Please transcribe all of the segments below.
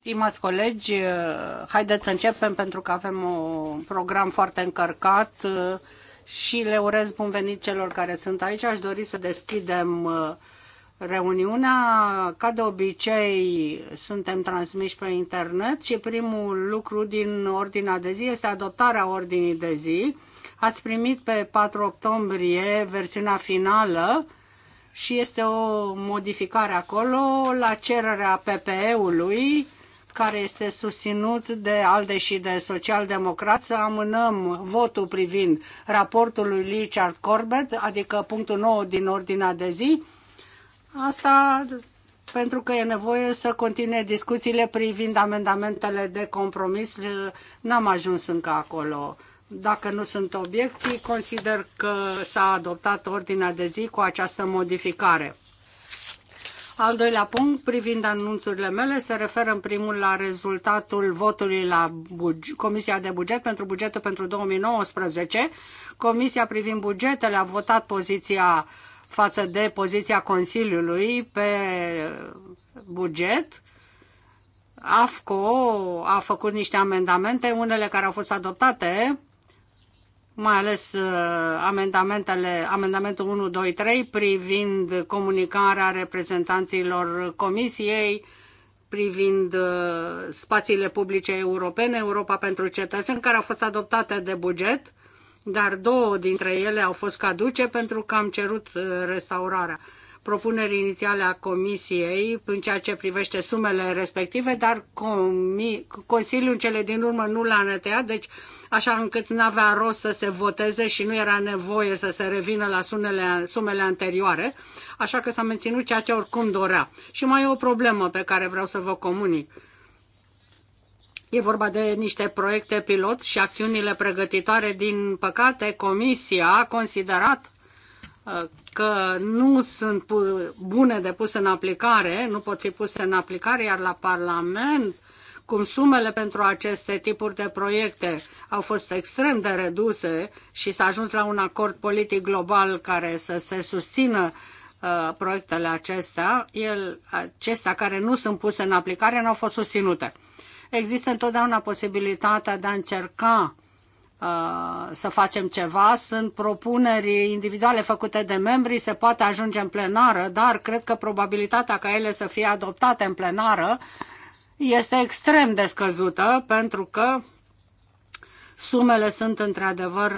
Stimați colegi, uh, haideți să începem pentru că avem un program foarte încărcat uh, și le urez bun venit celor care sunt aici. Aș dori să deschidem uh, reuniunea. Ca de obicei, suntem transmiși pe internet și primul lucru din ordinea de zi este adoptarea ordinii de zi. Ați primit pe 4 octombrie versiunea finală și este o modificare acolo la cererea PPE-ului care este susținut de ALDE și de socialdemocrați, să amânăm votul privind raportul lui Richard Corbett, adică punctul 9 din ordinea de zi. Asta pentru că e nevoie să continue discuțiile privind amendamentele de compromis. N-am ajuns încă acolo. Dacă nu sunt obiecții, consider că s-a adoptat ordinea de zi cu această modificare. Al doilea punct, privind anunțurile mele, se referă în primul la rezultatul votului la Comisia de Buget pentru bugetul pentru 2019. Comisia privind bugetele a votat poziția față de poziția Consiliului pe buget. AFCO a făcut niște amendamente, unele care au fost adoptate mai ales uh, amendamentele, amendamentul 1, 2, 3 privind comunicarea reprezentanților Comisiei, privind uh, spațiile publice europene, Europa pentru cetățeni, care au fost adoptate de buget, dar două dintre ele au fost caduce pentru că am cerut uh, restaurarea propunerii inițiale a Comisiei în ceea ce privește sumele respective, dar Consiliul cele din urmă nu l-a netăiat, deci așa încât n-avea rost să se voteze și nu era nevoie să se revină la sunele, sumele anterioare, așa că s-a menținut ceea ce oricum dorea. Și mai e o problemă pe care vreau să vă comunic. E vorba de niște proiecte pilot și acțiunile pregătitoare. Din păcate, Comisia a considerat uh, că nu sunt bune de pus în aplicare, nu pot fi puse în aplicare, iar la Parlament cum sumele pentru aceste tipuri de proiecte au fost extrem de reduse și s-a ajuns la un acord politic global care să se susțină uh, proiectele acestea, el, acestea care nu sunt puse în aplicare, nu au fost susținute. Există întotdeauna posibilitatea de a încerca uh, să facem ceva. Sunt propuneri individuale făcute de membri, se poate ajunge în plenară, dar cred că probabilitatea ca ele să fie adoptate în plenară uh, este extrem de scăzută pentru că sumele sunt într-adevăr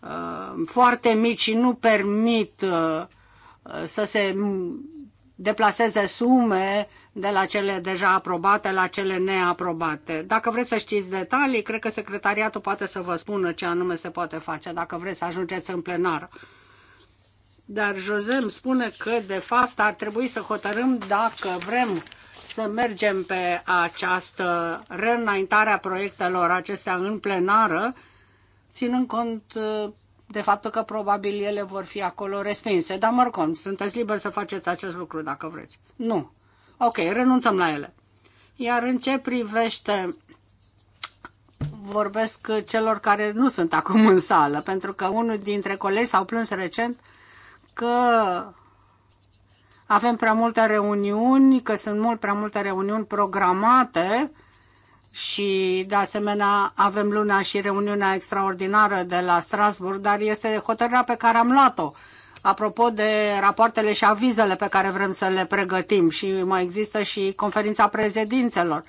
uh, foarte mici și nu permit uh, să se deplaseze sume de la cele deja aprobate la cele neaprobate. Dacă vreți să știți detalii, cred că secretariatul poate să vă spună ce anume se poate face dacă vreți să ajungeți în plenar. Dar Josem îmi spune că, de fapt, ar trebui să hotărâm dacă vrem să mergem pe această reînaintare a proiectelor acestea în plenară, ținând cont uh, de faptul că probabil ele vor fi acolo respinse. Dar, rog, sunteți liberi să faceți acest lucru dacă vreți. Nu. Ok, renunțăm la ele. Iar în ce privește vorbesc celor care nu sunt acum în sală, pentru că unul dintre colegi s-au plâns recent că avem prea multe reuniuni, că sunt mult prea multe reuniuni programate și de asemenea avem luna și reuniunea extraordinară de la Strasburg, dar este hotărârea pe care am luat-o. Apropo de rapoartele și avizele pe care vrem să le pregătim și mai există și conferința prezedințelor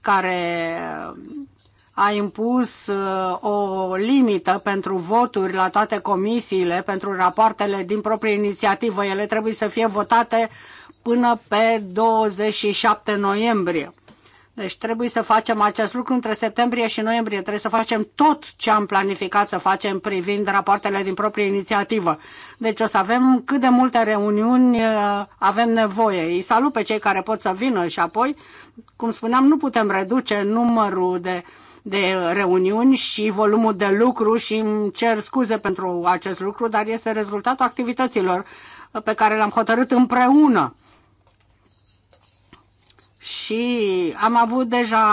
care a impus uh, o limită pentru voturi la toate comisiile, pentru rapoartele din proprie inițiativă. Ele trebuie să fie votate până pe 27 noiembrie. Deci trebuie să facem acest lucru între septembrie și noiembrie. Trebuie să facem tot ce am planificat să facem privind rapoartele din proprie inițiativă. Deci o să avem cât de multe reuniuni uh, avem nevoie. Îi salut pe cei care pot să vină și apoi, cum spuneam, nu putem reduce numărul de uh, de reuniuni și volumul de lucru și îmi cer scuze pentru acest lucru, dar este rezultatul activităților pe care le-am hotărât împreună. Și am avut deja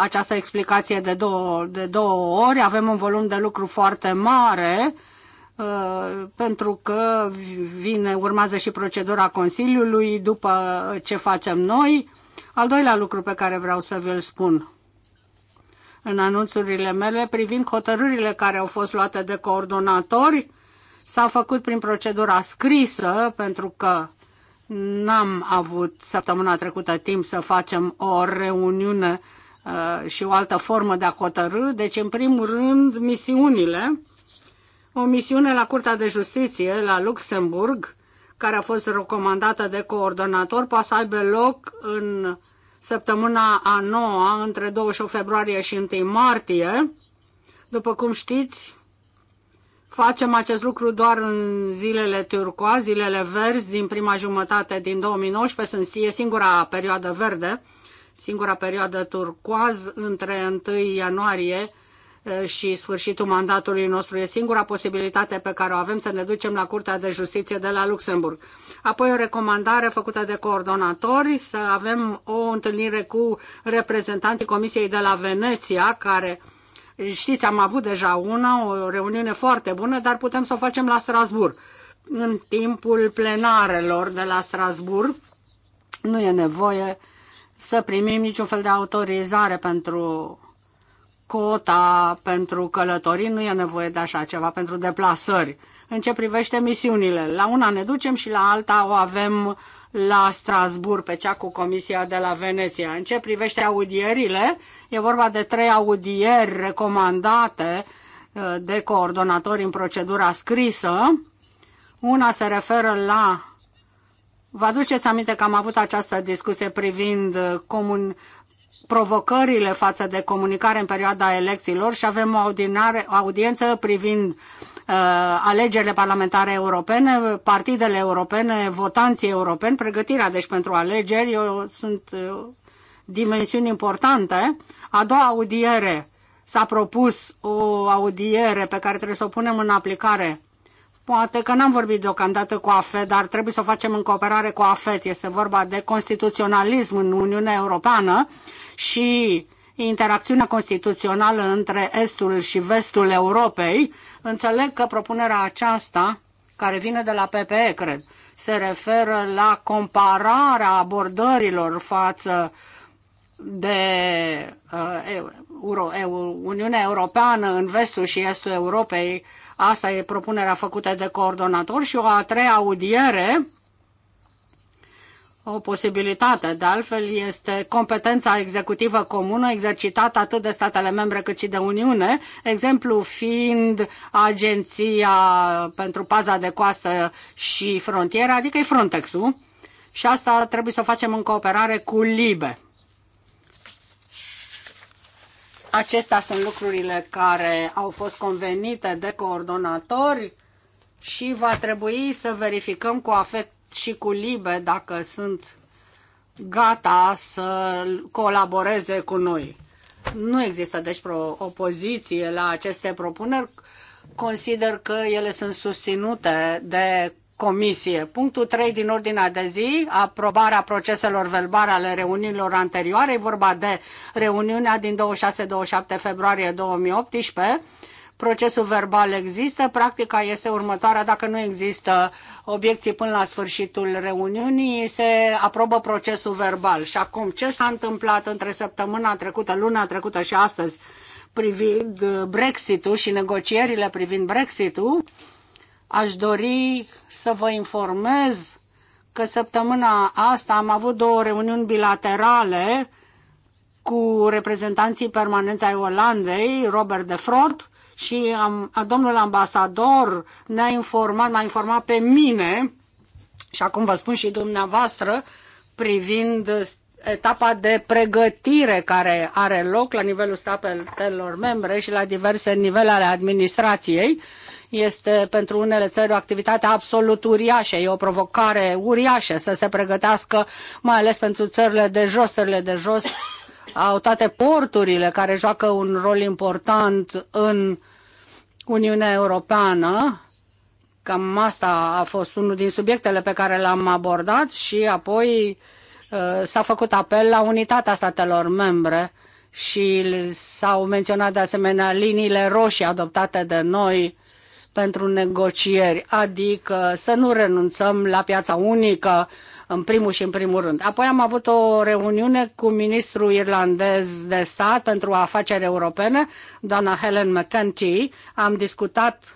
această explicație de două, de două ori, avem un volum de lucru foarte mare, uh, pentru că vine, urmează și procedura Consiliului după ce facem noi. Al doilea lucru pe care vreau să vi-l spun în anunțurile mele privind hotărârile care au fost luate de coordonatori. S-a făcut prin procedura scrisă, pentru că n-am avut săptămâna trecută timp să facem o reuniune uh, și o altă formă de a hotărâ. Deci, în primul rând, misiunile. O misiune la Curtea de Justiție, la Luxemburg, care a fost recomandată de coordonator, poate să aibă loc în săptămâna a noua, între 28 februarie și 1 martie. După cum știți, facem acest lucru doar în zilele turcoa, zilele verzi din prima jumătate din 2019, sunt, e singura perioadă verde, singura perioadă turcoaz între 1 ianuarie și sfârșitul mandatului nostru. E singura posibilitate pe care o avem să ne ducem la Curtea de Justiție de la Luxemburg. Apoi o recomandare făcută de coordonatori să avem o întâlnire cu reprezentanții Comisiei de la Veneția, care știți, am avut deja una, o reuniune foarte bună, dar putem să o facem la Strasburg. În timpul plenarelor de la Strasburg nu e nevoie să primim niciun fel de autorizare pentru cota pentru călătorii, nu e nevoie de așa ceva, pentru deplasări. În ce privește misiunile, la una ne ducem și la alta o avem la Strasburg, pe cea cu Comisia de la Veneția. În ce privește audierile, e vorba de trei audieri recomandate uh, de coordonatori în procedura scrisă. Una se referă la Vă aduceți aminte că am avut această discuție privind uh, comun, provocările față de comunicare în perioada elecțiilor și avem o audinare, audiență privind uh, alegerile parlamentare europene, partidele europene, votanții europeni, pregătirea deci pentru alegeri eu, sunt uh, dimensiuni importante. A doua audiere s-a propus o audiere pe care trebuie să o punem în aplicare Poate că n-am vorbit deocamdată cu AFET, dar trebuie să o facem în cooperare cu AFET. Este vorba de constituționalism în Uniunea Europeană și interacțiunea constituțională între estul și vestul Europei, înțeleg că propunerea aceasta, care vine de la PPE, cred, se referă la compararea abordărilor față de uh, Euro, Uniunea Europeană în vestul și estul Europei. Asta e propunerea făcută de coordonator și o a treia audiere o posibilitate. De altfel, este competența executivă comună exercitată atât de statele membre cât și de Uniune, exemplu fiind Agenția pentru Paza de Coastă și Frontieră, adică e Frontex-ul, și asta trebuie să o facem în cooperare cu LIBE. Acestea sunt lucrurile care au fost convenite de coordonatori și va trebui să verificăm cu afect și cu Libe dacă sunt gata să colaboreze cu noi. Nu există deci opoziție la aceste propuneri. Consider că ele sunt susținute de comisie. Punctul 3 din ordinea de zi, aprobarea proceselor verbale ale reuniunilor anterioare, e vorba de reuniunea din 26-27 februarie 2018, Procesul verbal există, practica este următoarea, dacă nu există obiecții până la sfârșitul reuniunii, se aprobă procesul verbal. Și acum, ce s-a întâmplat între săptămâna trecută, luna trecută și astăzi privind Brexit-ul și negocierile privind Brexit-ul, aș dori să vă informez că săptămâna asta am avut două reuniuni bilaterale cu reprezentanții permanenți ai Olandei, Robert de Frot, și am, domnul ambasador ne-a informat, m-a informat pe mine și acum vă spun și dumneavoastră privind etapa de pregătire care are loc la nivelul statelor membre și la diverse nivele ale administrației. Este pentru unele țări o activitate absolut uriașă, e o provocare uriașă să se pregătească, mai ales pentru țările de jos, țările de jos au toate porturile care joacă un rol important în Uniunea Europeană. Cam asta a fost unul din subiectele pe care l-am abordat și apoi uh, s-a făcut apel la unitatea statelor membre și s-au menționat de asemenea liniile roșii adoptate de noi pentru negocieri, adică să nu renunțăm la piața unică, în primul și în primul rând. Apoi am avut o reuniune cu ministrul irlandez de stat pentru afaceri europene, doamna Helen McEntee. Am discutat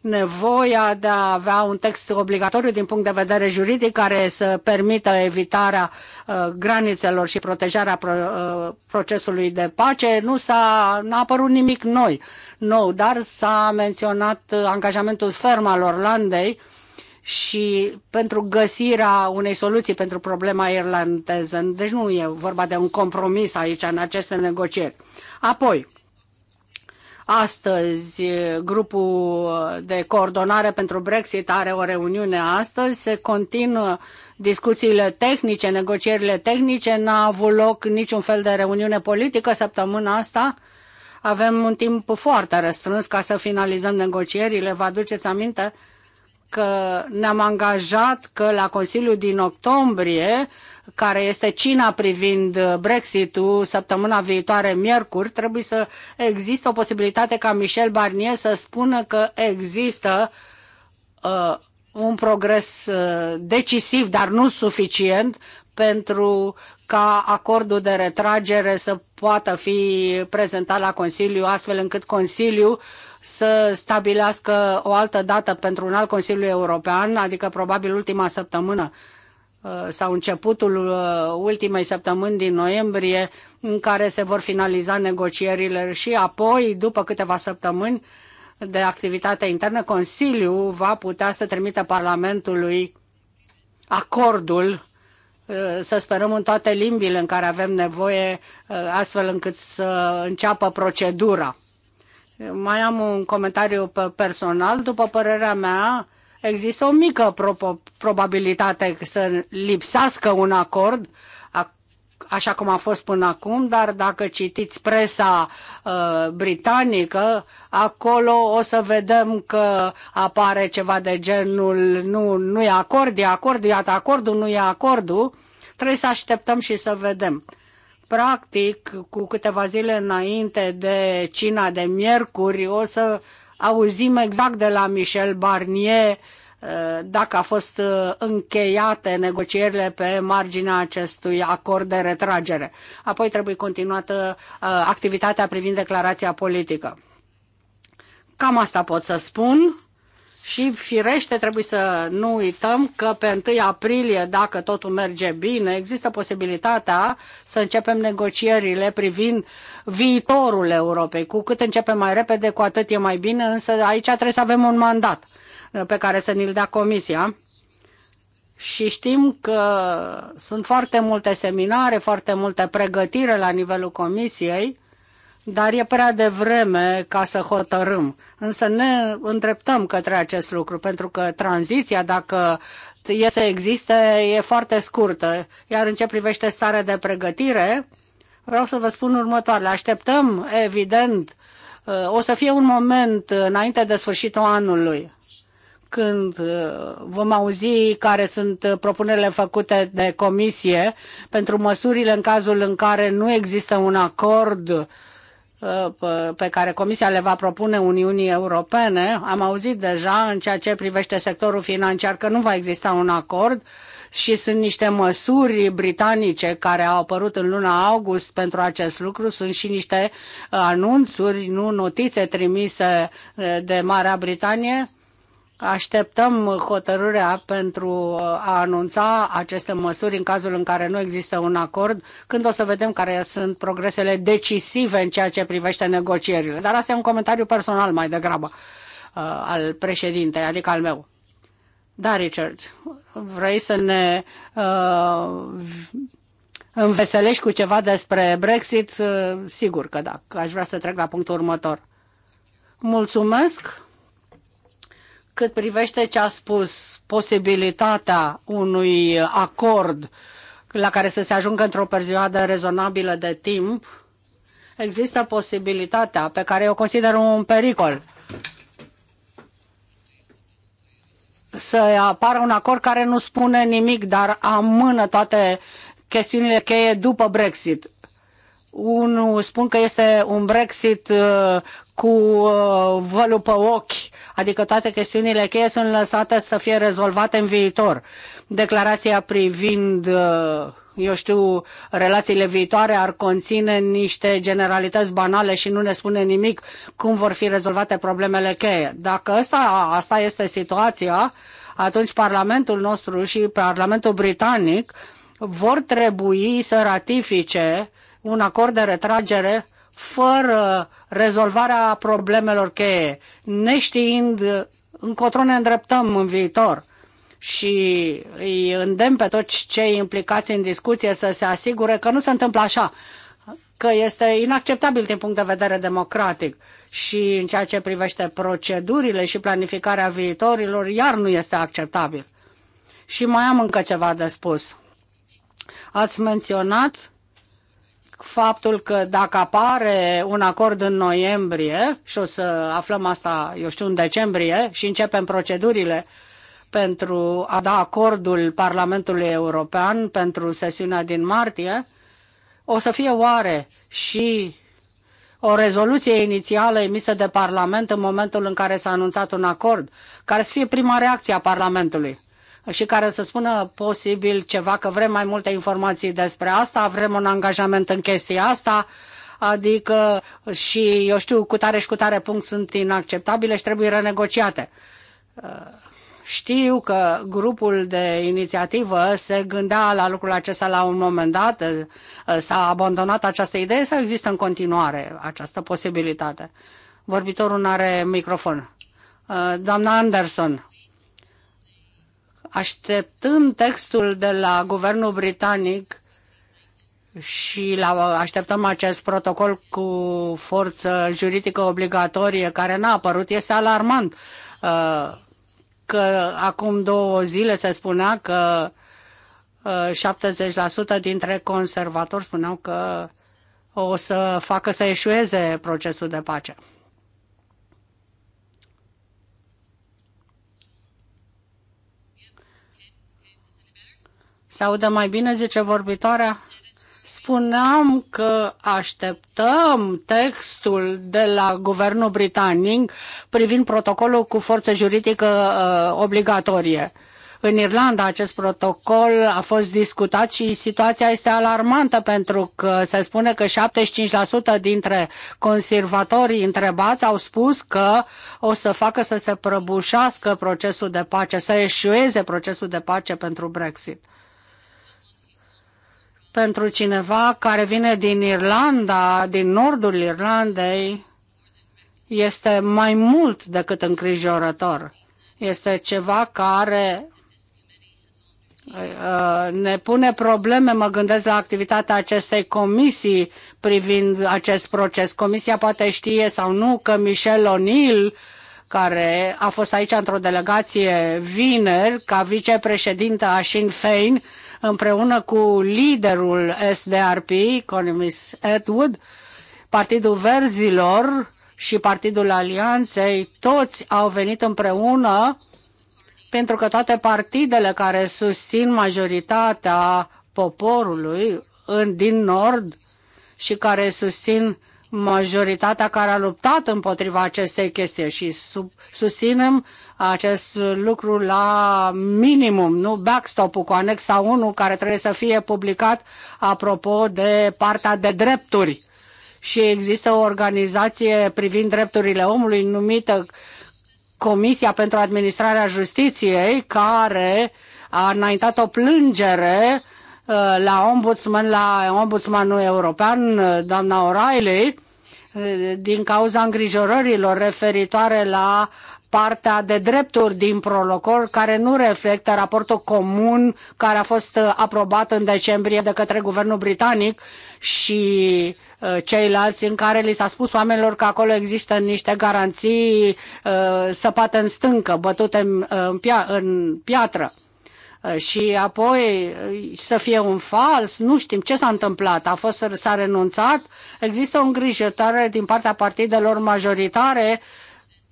nevoia de a avea un text obligatoriu din punct de vedere juridic care să permită evitarea uh, granițelor și protejarea pro, uh, procesului de pace, nu s-a n-a apărut nimic noi, nou, dar s-a menționat angajamentul ferm al Orlandei uh, și pentru găsirea unei soluții pentru problema irlandeză. Deci nu e vorba de un compromis aici în aceste negocieri. Apoi, astăzi grupul de coordonare pentru Brexit are o reuniune astăzi, se continuă discuțiile tehnice, negocierile tehnice, n-a avut loc niciun fel de reuniune politică săptămâna asta. Avem un timp foarte restrâns ca să finalizăm negocierile. Vă aduceți aminte? că ne-am angajat că la Consiliul din octombrie, care este China privind Brexit-ul săptămâna viitoare, miercuri, trebuie să există o posibilitate ca Michel Barnier să spună că există uh, un progres uh, decisiv, dar nu suficient, pentru ca acordul de retragere să poată fi prezentat la Consiliu, astfel încât Consiliul să stabilească o altă dată pentru un alt Consiliu European, adică probabil ultima săptămână uh, sau începutul uh, ultimei săptămâni din noiembrie, în care se vor finaliza negocierile și apoi, după câteva săptămâni de activitate internă, Consiliul va putea să trimită Parlamentului acordul uh, să sperăm în toate limbile în care avem nevoie, astfel încât să înceapă procedura. Mai am un comentariu personal. După părerea mea, există o mică pro- probabilitate să lipsească un acord, așa cum a fost până acum, dar dacă citiți presa uh, britanică, acolo o să vedem că apare ceva de genul nu, nu e acord, e acord, iată acordul, nu e acordul. Trebuie să așteptăm și să vedem. Practic, cu câteva zile înainte de cina de miercuri, o să auzim exact de la Michel Barnier uh, dacă a fost uh, încheiate negocierile pe marginea acestui acord de retragere. Apoi trebuie continuată uh, activitatea privind declarația politică. Cam asta pot să spun. Și firește trebuie să nu uităm că pe 1 aprilie, dacă totul merge bine, există posibilitatea să începem negocierile privind viitorul Europei. Cu cât începem mai repede, cu atât e mai bine, însă aici trebuie să avem un mandat uh, pe care să ne-l dea Comisia. Și știm că sunt foarte multe seminare, foarte multe pregătire la nivelul Comisiei dar e prea devreme ca să hotărâm. Însă ne îndreptăm către acest lucru, pentru că tranziția, dacă e să existe, e foarte scurtă. Iar în ce privește starea de pregătire, vreau să vă spun următoarele. Așteptăm, evident, uh, o să fie un moment înainte de sfârșitul anului, când uh, vom auzi care sunt propunerile făcute de comisie pentru măsurile în cazul în care nu există un acord pe care Comisia le va propune Uniunii Europene. Am auzit deja în ceea ce privește sectorul financiar că nu va exista un acord și sunt niște măsuri britanice care au apărut în luna august pentru acest lucru. Sunt și niște uh, anunțuri, nu notițe trimise uh, de Marea Britanie Așteptăm hotărârea pentru uh, a anunța aceste măsuri în cazul în care nu există un acord, când o să vedem care sunt progresele decisive în ceea ce privește negocierile. Dar asta e un comentariu personal mai degrabă uh, al președintei, adică al meu. Da, Richard, vrei să ne uh, înveselești cu ceva despre Brexit? Uh, sigur că da, aș vrea să trec la punctul următor. Mulțumesc! Cât privește ce a spus posibilitatea unui acord la care să se ajungă într-o perioadă rezonabilă de timp, există posibilitatea pe care o consider un pericol să apară un acord care nu spune nimic, dar amână toate chestiunile cheie după Brexit. Unul spun că este un Brexit uh, cu uh, vălul pe ochi, adică toate chestiunile cheie sunt lăsate să fie rezolvate în viitor. Declarația privind uh, eu știu, relațiile viitoare ar conține niște generalități banale și nu ne spune nimic cum vor fi rezolvate problemele cheie. Dacă asta, asta este situația, atunci Parlamentul nostru și Parlamentul Britanic vor trebui să ratifice un acord de retragere fără rezolvarea problemelor cheie, neștiind încotro ne îndreptăm în viitor și îi îndemn pe toți cei implicați în discuție să se asigure că nu se întâmplă așa, că este inacceptabil din punct de vedere democratic și în ceea ce privește procedurile și planificarea viitorilor, iar nu este acceptabil. Și mai am încă ceva de spus. Ați menționat faptul că dacă apare un acord în noiembrie, și o să aflăm asta, eu știu, în decembrie, și începem procedurile pentru a da acordul Parlamentului European pentru sesiunea din martie, o să fie oare și o rezoluție inițială emisă de Parlament în momentul în care s-a anunțat un acord? Care să fie prima reacție a Parlamentului? și care să spună posibil ceva că vrem mai multe informații despre asta, vrem un angajament în chestia asta, adică și, eu știu, cu tare și cu tare punct sunt inacceptabile și trebuie renegociate. Știu că grupul de inițiativă se gândea la lucrul acesta la un moment dat, s-a abandonat această idee sau există în continuare această posibilitate? Vorbitorul nu are microfon. Doamna Anderson, așteptând textul de la guvernul britanic și la, așteptăm acest protocol cu forță juridică obligatorie care n-a apărut, este alarmant uh, că acum două zile se spunea că 70% uh, dintre conservatori spuneau că o să facă să eșueze procesul de pace. se audă mai bine, zice vorbitoarea. Spuneam că așteptăm textul de la guvernul britanic privind protocolul cu forță juridică uh, obligatorie. În Irlanda acest protocol a fost discutat și situația este alarmantă pentru că se spune că 75% dintre conservatorii întrebați au spus că o să facă să se prăbușească procesul de pace, să eșueze procesul de pace pentru Brexit pentru cineva care vine din Irlanda, din nordul Irlandei, este mai mult decât îngrijorător. Este ceva care uh, ne pune probleme, mă gândesc la activitatea acestei comisii privind acest proces. Comisia poate știe sau nu că Michel O'Neill, care a fost aici într-o delegație vineri, ca vicepreședinte a Sinn Féin, împreună cu liderul SDRP, economist Edward, Partidul Verzilor și Partidul Alianței, toți au venit împreună pentru că toate partidele care susțin majoritatea poporului în, din Nord și care susțin majoritatea care a luptat împotriva acestei chestii și sub, susținem acest lucru la minimum, nu backstop-ul cu anexa 1 care trebuie să fie publicat apropo de partea de drepturi. Și există o organizație privind drepturile omului numită Comisia pentru Administrarea Justiției care a înaintat o plângere uh, la ombudsman, la ombudsmanul european, uh, doamna O'Reilly, uh, din cauza îngrijorărilor referitoare la partea de drepturi din protocol care nu reflectă raportul comun care a fost uh, aprobat în decembrie de către guvernul britanic și uh, ceilalți în care li s-a spus oamenilor că acolo există niște garanții uh, săpate în stâncă, bătute în, pia- în piatră și apoi să fie un fals, nu știm ce s-a întâmplat, a fost, s-a renunțat, există o îngrijătoare din partea partidelor majoritare uh,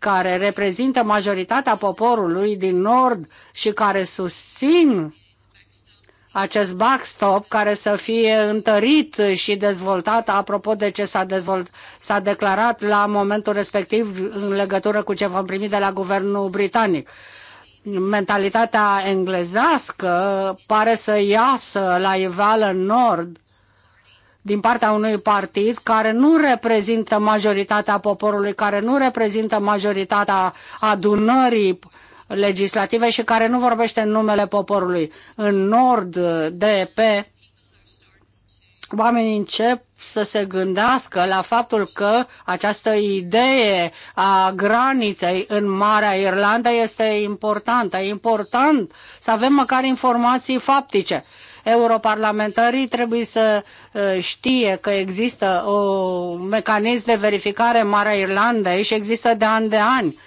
care reprezintă majoritatea poporului din Nord și care susțin acest backstop care să fie întărit și dezvoltat, apropo de ce s-a, dezvolt, s-a declarat la momentul respectiv în legătură cu ce vom primi de la guvernul britanic. Mentalitatea englezească pare să iasă la iveală în nord din partea unui partid care nu reprezintă majoritatea poporului, care nu reprezintă majoritatea adunării legislative și care nu vorbește în numele poporului. În nord de pe oamenii încep să se gândească la faptul că această idee a graniței în Marea Irlandă este importantă. E important să avem măcar informații faptice. Europarlamentarii trebuie să uh, știe că există un mecanism de verificare în Marea Irlandei și există de ani de ani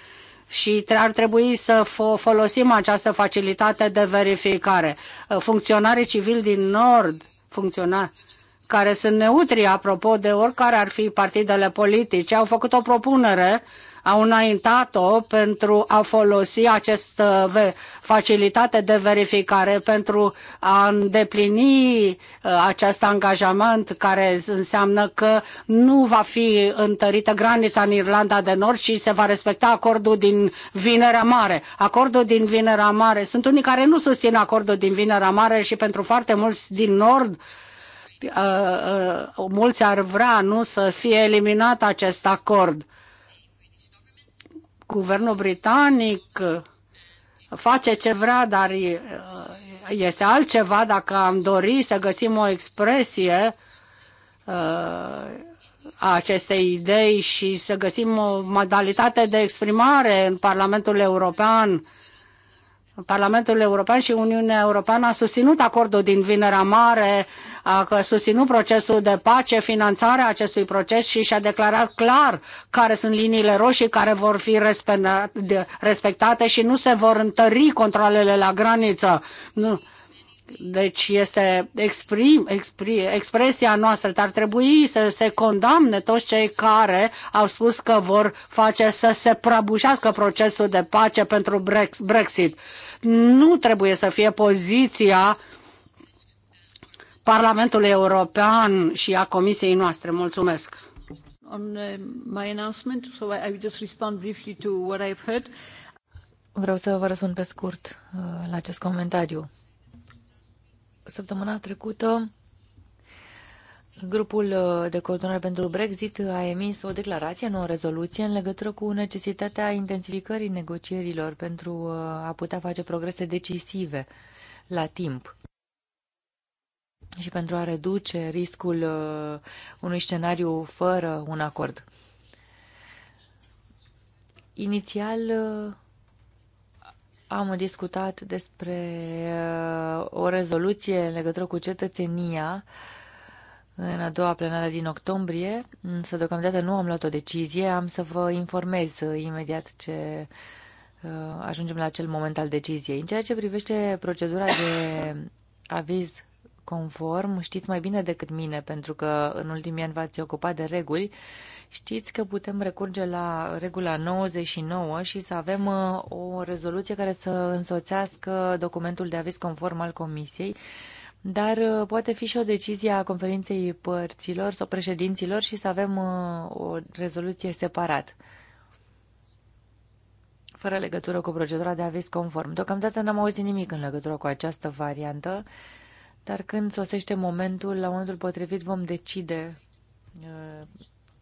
și ar trebui să folosim această facilitate de verificare. Uh, funcționarii civili din Nord, funcționari care sunt neutri, apropo de oricare ar fi partidele politice, au făcut o propunere au înaintat-o pentru a folosi această facilitate de verificare pentru a îndeplini uh, acest angajament care înseamnă că nu va fi întărită granița în Irlanda de Nord și se va respecta acordul din Vinerea Mare. Acordul din Vinerea Mare, sunt unii care nu susțin acordul din Vinerea Mare și pentru foarte mulți din Nord uh, uh, mulți ar vrea nu să fie eliminat acest acord Guvernul britanic face ce vrea, dar este altceva dacă am dori să găsim o expresie uh, a acestei idei și să găsim o modalitate de exprimare în Parlamentul European Parlamentul European și Uniunea Europeană a susținut acordul din Vinerea Mare, a susținut procesul de pace, finanțarea acestui proces și și-a declarat clar care sunt liniile roșii care vor fi respectate și nu se vor întări controlele la graniță. Nu deci este exprim, exprim, expresia noastră, dar ar trebui să se condamne toți cei care au spus că vor face să se prăbușească procesul de pace pentru Brexit. Nu trebuie să fie poziția Parlamentului European și a Comisiei noastre. Mulțumesc! Uh, Vreau să vă răspund pe scurt uh, la acest comentariu Săptămâna trecută, grupul uh, de coordonare pentru Brexit a emis o declarație, nu o rezoluție, în legătură cu necesitatea intensificării negocierilor pentru uh, a putea face progrese decisive la timp și pentru a reduce riscul uh, unui scenariu fără un acord. Inițial, am discutat despre uh, o rezoluție în legătură cu cetățenia în a doua plenară din octombrie, însă deocamdată nu am luat o decizie. Am să vă informez imediat ce uh, ajungem la acel moment al deciziei. În ceea ce privește procedura de aviz conform, știți mai bine decât mine, pentru că în ultimii ani v-ați ocupat de reguli Știți că putem recurge la regula 99 și să avem uh, o rezoluție care să însoțească documentul de aviz conform al Comisiei, dar uh, poate fi și o decizie a conferinței părților sau președinților și să avem uh, o rezoluție separat fără legătură cu procedura de aviz conform. Deocamdată n-am auzit nimic în legătură cu această variantă, dar când sosește momentul, la momentul potrivit vom decide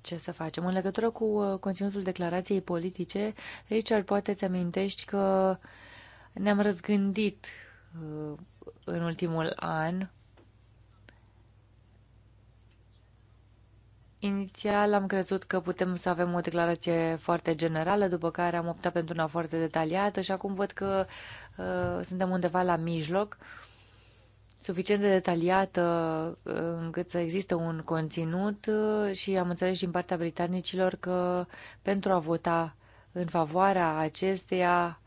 ce să facem. În legătură cu uh, conținutul declarației politice, Richard, poate să amintești că ne-am răzgândit uh, în ultimul an. Inițial am crezut că putem să avem o declarație foarte generală, după care am optat pentru una foarte detaliată și acum văd că uh, suntem undeva la mijloc. Uh, suficient de detaliată uh, încât să existe un conținut uh, și am înțeles din partea britanicilor că pentru a vota în favoarea acesteia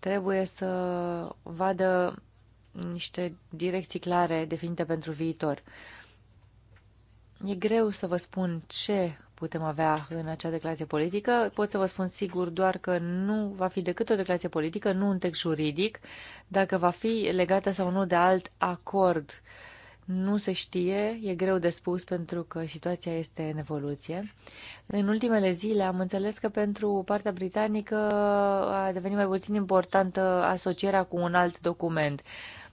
trebuie să vadă niște direcții clare definite pentru viitor. E greu să vă spun ce putem avea în acea declarație politică. Pot să vă spun sigur doar că nu va fi decât o declarație politică, nu un text juridic, dacă va fi legată sau nu de alt acord. Nu se știe, e greu de spus pentru că situația este în evoluție. În ultimele zile am înțeles că pentru partea britanică a devenit mai puțin importantă asocierea cu un alt document.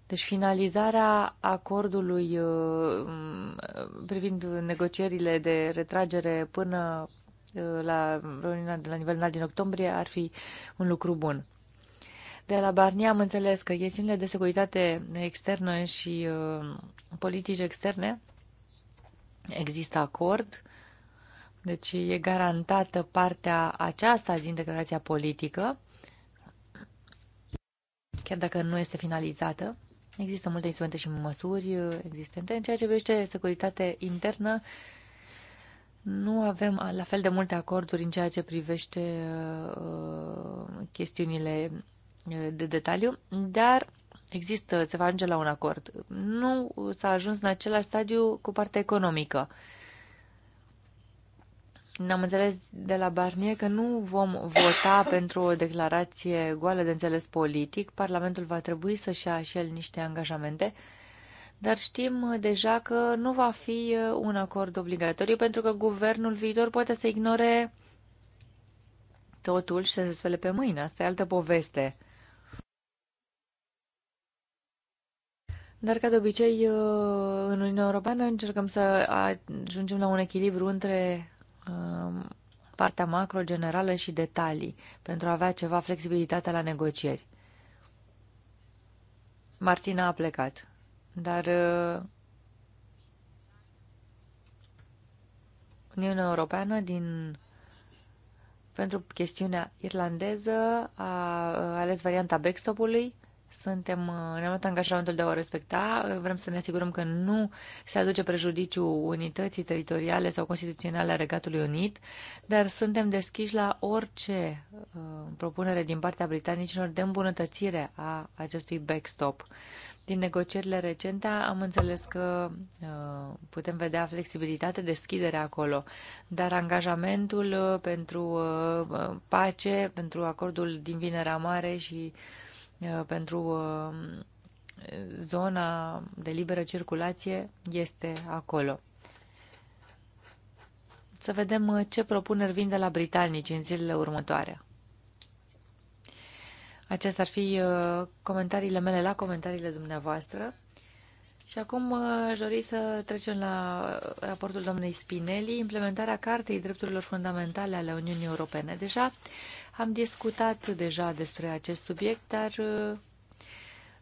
Deci finalizarea acordului uh, privind negocierile de retragere până uh, la reuniunea de la nivel înalt din octombrie ar fi un lucru bun. De la Barnier am înțeles că chestiunile de securitate externă și uh, politici externe există acord, deci e garantată partea aceasta din declarația politică, chiar dacă nu este finalizată. Există multe instrumente și măsuri existente. În ceea ce privește securitate internă, nu avem la fel de multe acorduri în ceea ce privește uh, chestiunile uh, de detaliu, dar există, se va ajunge la un acord. Nu s-a ajuns în același stadiu cu partea economică. Uh, ne am înțeles de la Barnier că nu vom vota pentru o declarație goală de înțeles politic. Parlamentul va trebui să-și ia și el niște angajamente, dar știm deja că nu va fi un acord obligatoriu pentru că guvernul viitor poate să ignore totul și să se spele pe mâine. Asta e altă poveste. Dar, ca de obicei, în Uniunea Europeană încercăm să ajungem la un echilibru între Um, partea macro, generală și detalii, pentru a avea ceva flexibilitate la negocieri. Martina a plecat, dar uh, Uniunea Europeană din pentru chestiunea irlandeză a uh, ales varianta backstop-ului suntem, uh, ne-am luat angajamentul de a o respecta. Vrem să ne asigurăm că nu se aduce prejudiciu unității teritoriale sau constituționale a Regatului Unit, dar suntem deschiși la orice uh, propunere din partea britanicilor de îmbunătățire a acestui backstop. Din negocierile recente am înțeles că uh, putem vedea flexibilitate, deschidere acolo, dar angajamentul uh, pentru uh, uh, pace, pentru acordul din Vinerea Mare și uh, Uh, pentru um, zona de liberă circulație este acolo. Să vedem uh, ce propuneri vin de la britanici în zilele următoare. Acestea ar fi uh, comentariile mele la comentariile dumneavoastră. Și acum aș dori să trecem la raportul doamnei Spinelli, implementarea Cartei Drepturilor Fundamentale ale Uniunii Europene. Deja am discutat deja despre acest subiect, dar uh,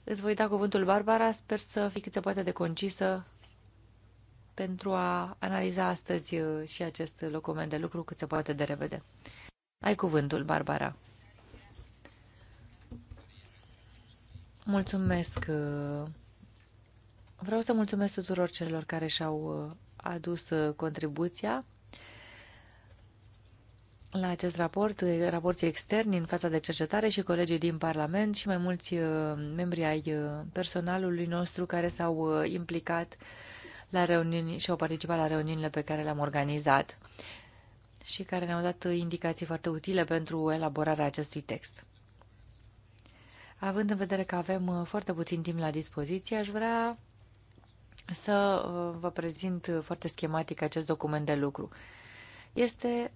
îți voi da cuvântul, Barbara. Sper să fii cât se poate de concisă pentru a analiza astăzi uh, și acest document de lucru cât se poate de repede. Ai cuvântul, Barbara. Mulțumesc. Uh, vreau să mulțumesc tuturor celor care și-au adus contribuția la acest raport, raporții externi în fața de cercetare și colegii din Parlament și mai mulți membri ai personalului nostru care s-au implicat la reuniuni și au participat la reuniunile pe care le-am organizat și care ne-au dat indicații foarte utile pentru elaborarea acestui text. Având în vedere că avem foarte puțin timp la dispoziție, aș vrea să vă prezint foarte schematic acest document de lucru. Este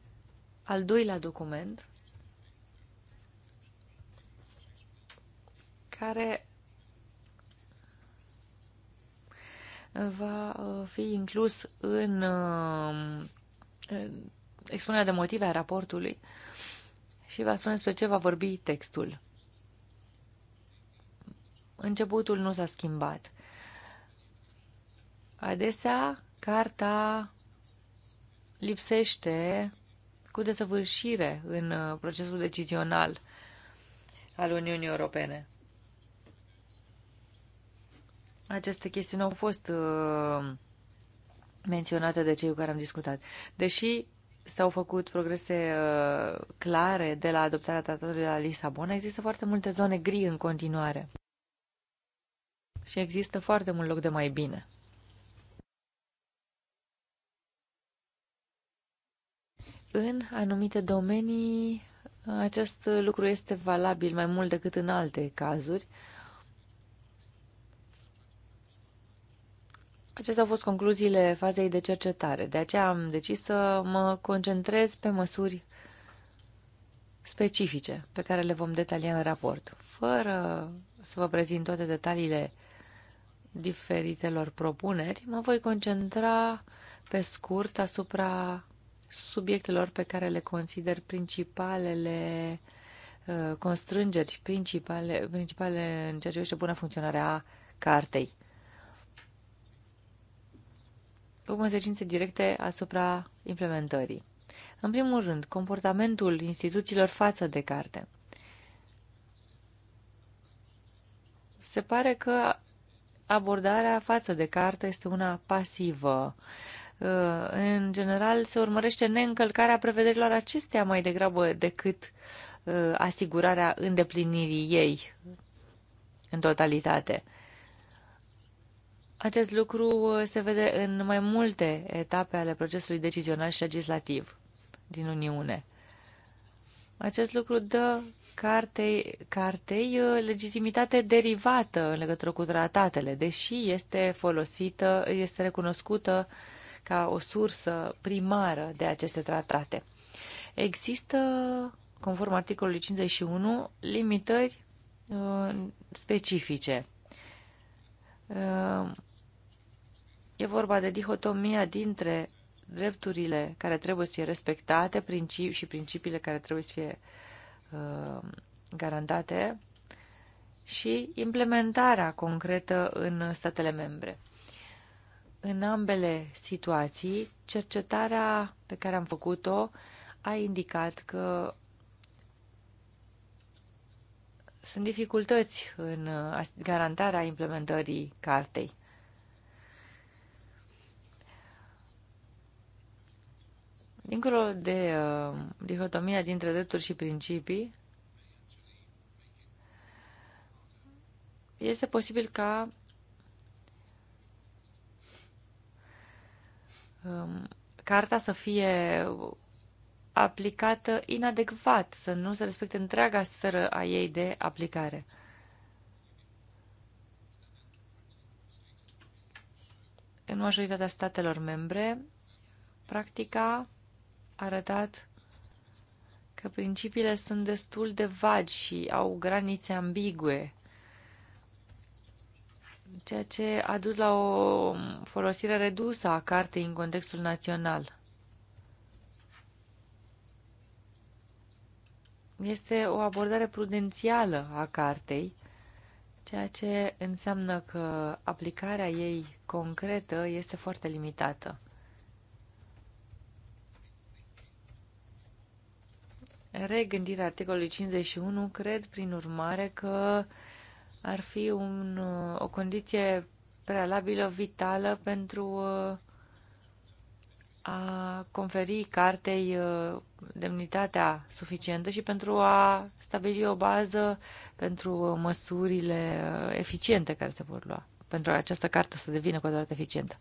al doilea document care va uh, fi inclus uh, în expunerea de motive a raportului și va spune despre ce va vorbi textul. Începutul nu s-a schimbat. Adesea, carta lipsește cu desăvârșire în uh, procesul decizional al Uniunii Europene. Aceste chestiuni au fost uh, menționate de cei cu care am discutat. Deși s-au făcut progrese uh, clare de la adoptarea tratatului la Lisabona, există foarte multe zone gri în continuare. Și există foarte mult loc de mai bine. În anumite domenii acest lucru este valabil mai mult decât în alte cazuri. Acestea au fost concluziile fazei de cercetare. De aceea am decis să mă concentrez pe măsuri specifice pe care le vom detalia în raport, fără să vă prezint toate detaliile diferitelor propuneri, mă voi concentra pe scurt asupra subiectelor pe care le consider principalele uh, constrângeri principale, principale în ceea ce privește bună funcționare a cartei. Cu consecințe directe asupra implementării. În primul rând, comportamentul instituțiilor față de carte. Se pare că abordarea față de carte este una pasivă Uh, în general, se urmărește neîncălcarea prevederilor acestea mai degrabă decât uh, asigurarea îndeplinirii ei în totalitate. Acest lucru uh, se vede în mai multe etape ale procesului decizional și legislativ din Uniune. Acest lucru dă cartei, cartei legitimitate derivată în legătură cu tratatele, deși este folosită, este recunoscută ca o sursă primară de aceste tratate. Există, conform articolului 51, limitări uh, specifice. Uh, e vorba de dihotomia dintre drepturile care trebuie să fie respectate principi și principiile care trebuie să fie uh, garantate și implementarea concretă în statele membre. În ambele situații, cercetarea pe care am făcut-o a indicat că sunt dificultăți în garantarea implementării cartei. Dincolo de uh, dihotomia dintre drepturi și principii, este posibil ca Um, carta să fie aplicată inadecvat, să nu se respecte întreaga sferă a ei de aplicare. În majoritatea statelor membre, practica a arătat că principiile sunt destul de vagi și au granițe ambigue ceea ce a dus la o folosire redusă a cartei în contextul național. Este o abordare prudențială a cartei, ceea ce înseamnă că aplicarea ei concretă este foarte limitată. Regândirea articolului 51, cred prin urmare că ar fi un, uh, o condiție prealabilă vitală pentru uh, a conferi cartei uh, demnitatea suficientă și pentru a stabili o bază pentru măsurile eficiente care se vor lua, pentru această carte să devină cu adevărat eficientă.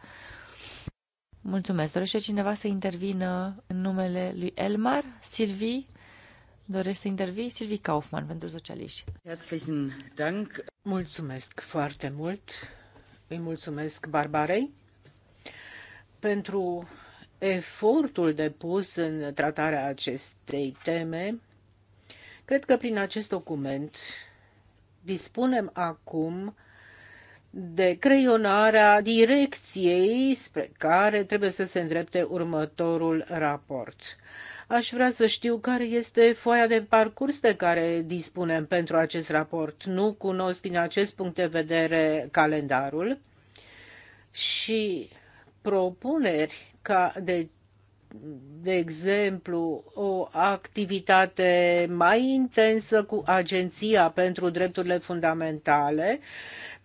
Mulțumesc. Dorește cineva să intervină în numele lui Elmar? Silvi? Doresc să intervii Silvi Kaufmann pentru socialiști. Herzlichen Dank. Mulțumesc foarte mult. Îi mulțumesc Barbarei pentru efortul depus în tratarea acestei teme. Cred că prin acest document dispunem acum de creionarea direcției spre care trebuie să se îndrepte următorul raport. Aș vrea să știu care este foaia de parcurs de care dispunem pentru acest raport. Nu cunosc din acest punct de vedere calendarul și propuneri ca de de exemplu, o activitate mai intensă cu Agenția pentru Drepturile Fundamentale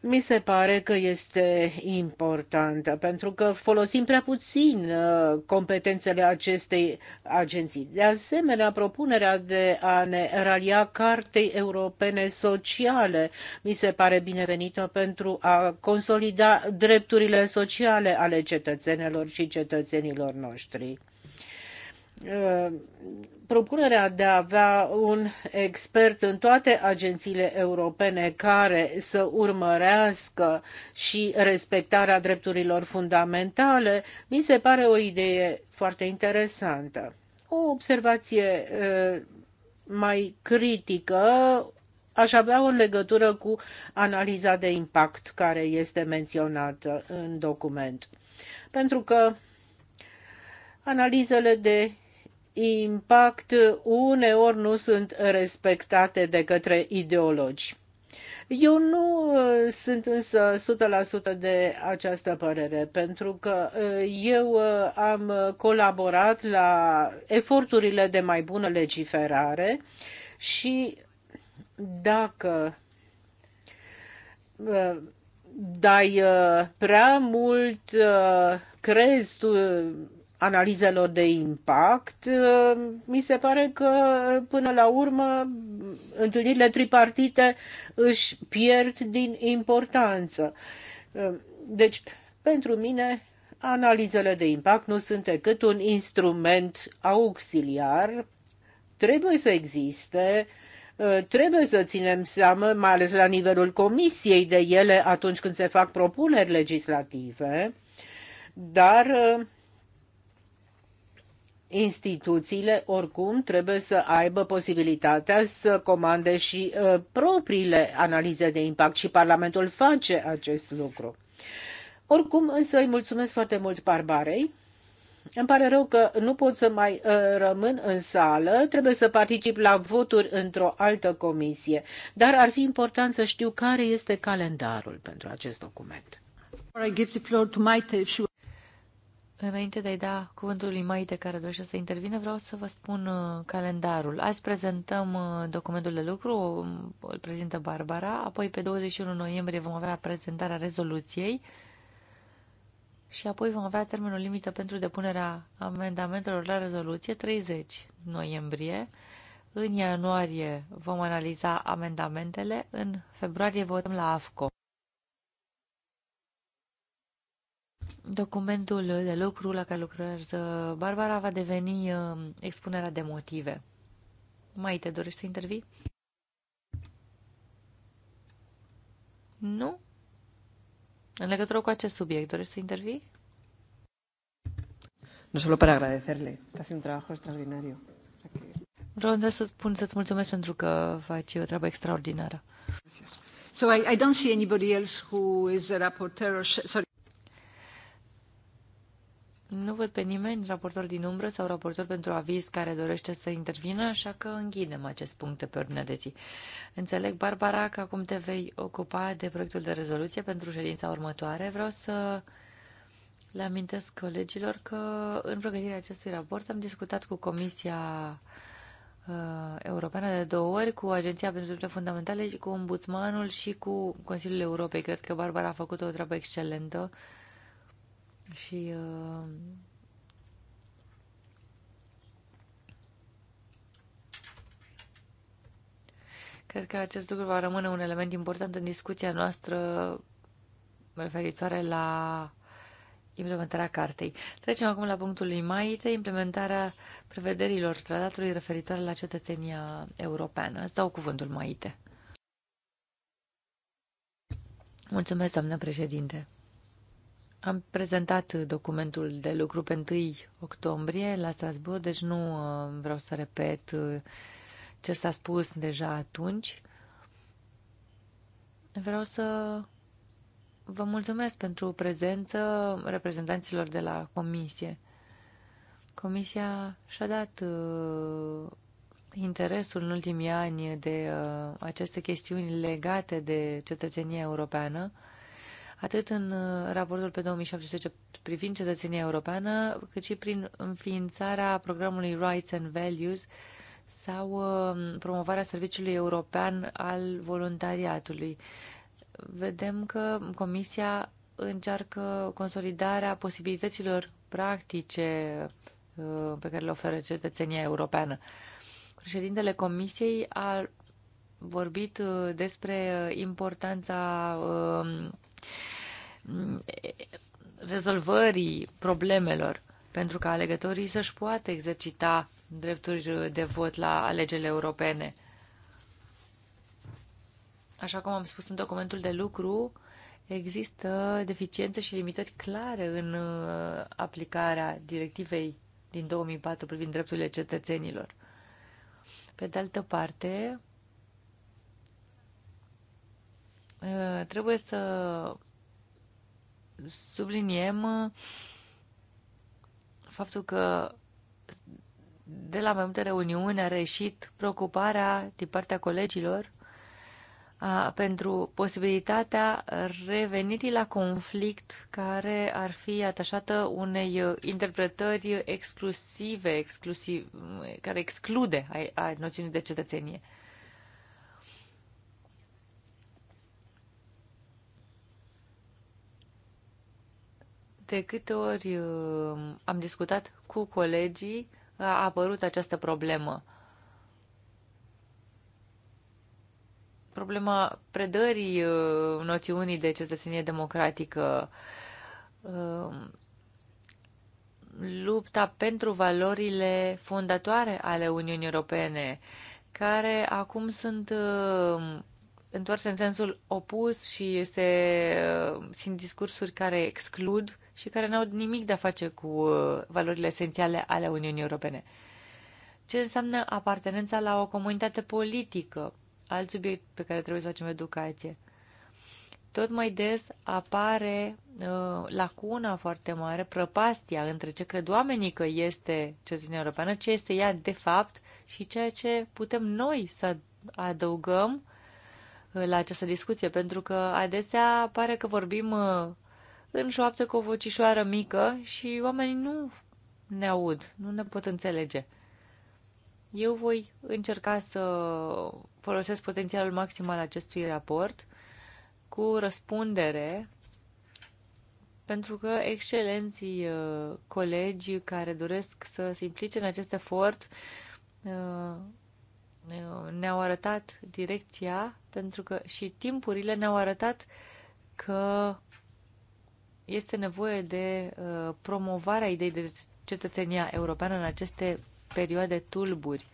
mi se pare că este importantă, pentru că folosim prea puțin uh, competențele acestei agenții. De asemenea, propunerea de a ne ralia Cartei Europene Sociale mi se pare binevenită pentru a consolida drepturile sociale ale cetățenilor și cetățenilor noștri. Uh, propunerea de a avea un expert în toate agențiile europene care să urmărească și respectarea drepturilor fundamentale, mi se pare o idee foarte interesantă. O observație uh, mai critică aș avea o legătură cu analiza de impact care este menționată în document. Pentru că analizele de impact uneori nu sunt respectate de către ideologi. Eu nu uh, sunt însă 100% de această părere, pentru că uh, eu uh, am colaborat la eforturile de mai bună legiferare și dacă dai prea mult crezi tu analizelor de impact, uh, mi se pare că uh, până la urmă întâlnirile tripartite își pierd din importanță. Uh, deci, pentru mine, analizele de impact nu sunt decât un instrument auxiliar. Trebuie să existe trebuie să ținem seama, mai ales la nivelul comisiei, de ele atunci când se fac propuneri legislative, dar instituțiile oricum trebuie să aibă posibilitatea să comande și uh, propriile analize de impact și Parlamentul face acest lucru. Oricum, însă îi mulțumesc foarte mult Barbarei. Îmi pare rău că nu pot să mai uh, rămân în sală, trebuie să particip la voturi într-o altă comisie, dar ar fi important să știu care este calendarul pentru acest document. Înainte de a-i da cuvântul lui Maite care dorește să intervine, vreau să vă spun uh, calendarul. Azi prezentăm uh, documentul de lucru, um, îl prezintă Barbara, apoi pe 21 noiembrie vom avea prezentarea rezoluției și apoi vom avea termenul limită pentru depunerea amendamentelor la rezoluție 30 noiembrie. În ianuarie vom analiza amendamentele, în februarie votăm la AFCO. documentul de lucru la care lucrează Barbara va deveni uh, expunerea de motive. Mai te dorești să intervii? Nu? În legătură cu acest subiect, dorești să intervii? Nu solo para agradecerle, está haciendo un trabajo extraordinario. Vreau doar să spun să-ți mulțumesc pentru că faci o treabă extraordinară. So I, I don't see anybody else who is a rapporteur or sorry. Nu văd pe nimeni, raportor din umbră sau raportor pentru aviz care dorește să intervină, așa că închidem acest punct de pe ordinea de zi. Înțeleg, Barbara, că acum te vei ocupa de proiectul de rezoluție pentru ședința următoare. Vreau să le amintesc colegilor că în pregătirea acestui raport am discutat cu Comisia uh, Europeană de două ori, cu Agenția pentru Drepturile Fundamentale, cu Ombudsmanul și cu Consiliul Europei. Cred că Barbara a făcut o treabă excelentă și uh, cred că acest lucru va rămâne un element important în discuția noastră referitoare la implementarea cartei. Trecem acum la punctul IMAITE, implementarea prevederilor tratatului referitoare la cetățenia europeană. Îți dau cuvântul MAITE. Mulțumesc, doamnă președinte. Am prezentat documentul de lucru pe 1 octombrie la Strasbourg, deci nu uh, vreau să repet uh, ce s-a spus deja atunci. Vreau să vă mulțumesc pentru prezență reprezentanților de la comisie. Comisia și-a dat uh, interesul în ultimii ani de uh, aceste chestiuni legate de cetățenia europeană. Uh, atât în uh, raportul pe 2017 privind cetățenia europeană, cât și prin înființarea programului Rights and Values sau uh, promovarea serviciului european al voluntariatului. Vedem că Comisia încearcă consolidarea posibilităților practice uh, pe care le oferă cetățenia europeană. Președintele Comisiei a vorbit despre importanța rezolvării problemelor pentru ca alegătorii să-și poată exercita drepturi de vot la alegerile europene. Așa cum am spus în documentul de lucru, există deficiențe și limitări clare în uh, aplicarea directivei din 2004 privind drepturile cetățenilor. Pe de altă parte, Eh, trebuie să subliniem eh, faptul că de la mai multe reuniuni a reșit preocuparea din partea colegilor a, pentru posibilitatea revenirii la conflict care ar fi atașată unei eh, interpretări exclusive, exclusiv, care exclude a, a noțiunii de cetățenie. De câte ori uh, am discutat cu colegii, a apărut această problemă. Problema predării uh, noțiunii de cetățenie democratică, uh, lupta pentru valorile fondatoare ale Uniunii Europene, care acum sunt întors în sensul opus și se, sunt discursuri care exclud și care n-au nimic de a face cu uh, valorile esențiale ale Uniunii Europene. Ce înseamnă apartenența la o comunitate politică? Alt subiect pe care trebuie să facem educație. Tot mai des apare uh, lacuna foarte mare, prăpastia între ce cred oamenii că este cetățenia europeană, ce este ea de fapt și ceea ce putem noi să adăugăm uh, Uh, la această discuție, pentru că adesea pare că vorbim uh, în șoaptă cu o vocișoară mică și oamenii nu ne aud, nu ne pot înțelege. Eu voi încerca să folosesc potențialul maxim al acestui raport cu răspundere, pentru că excelenții uh, colegi care doresc să se implice în acest efort ne-au arătat direcția, pentru că și timpurile ne-au arătat că este nevoie de uh, promovarea ideii de cetățenia europeană în aceste perioade tulburi.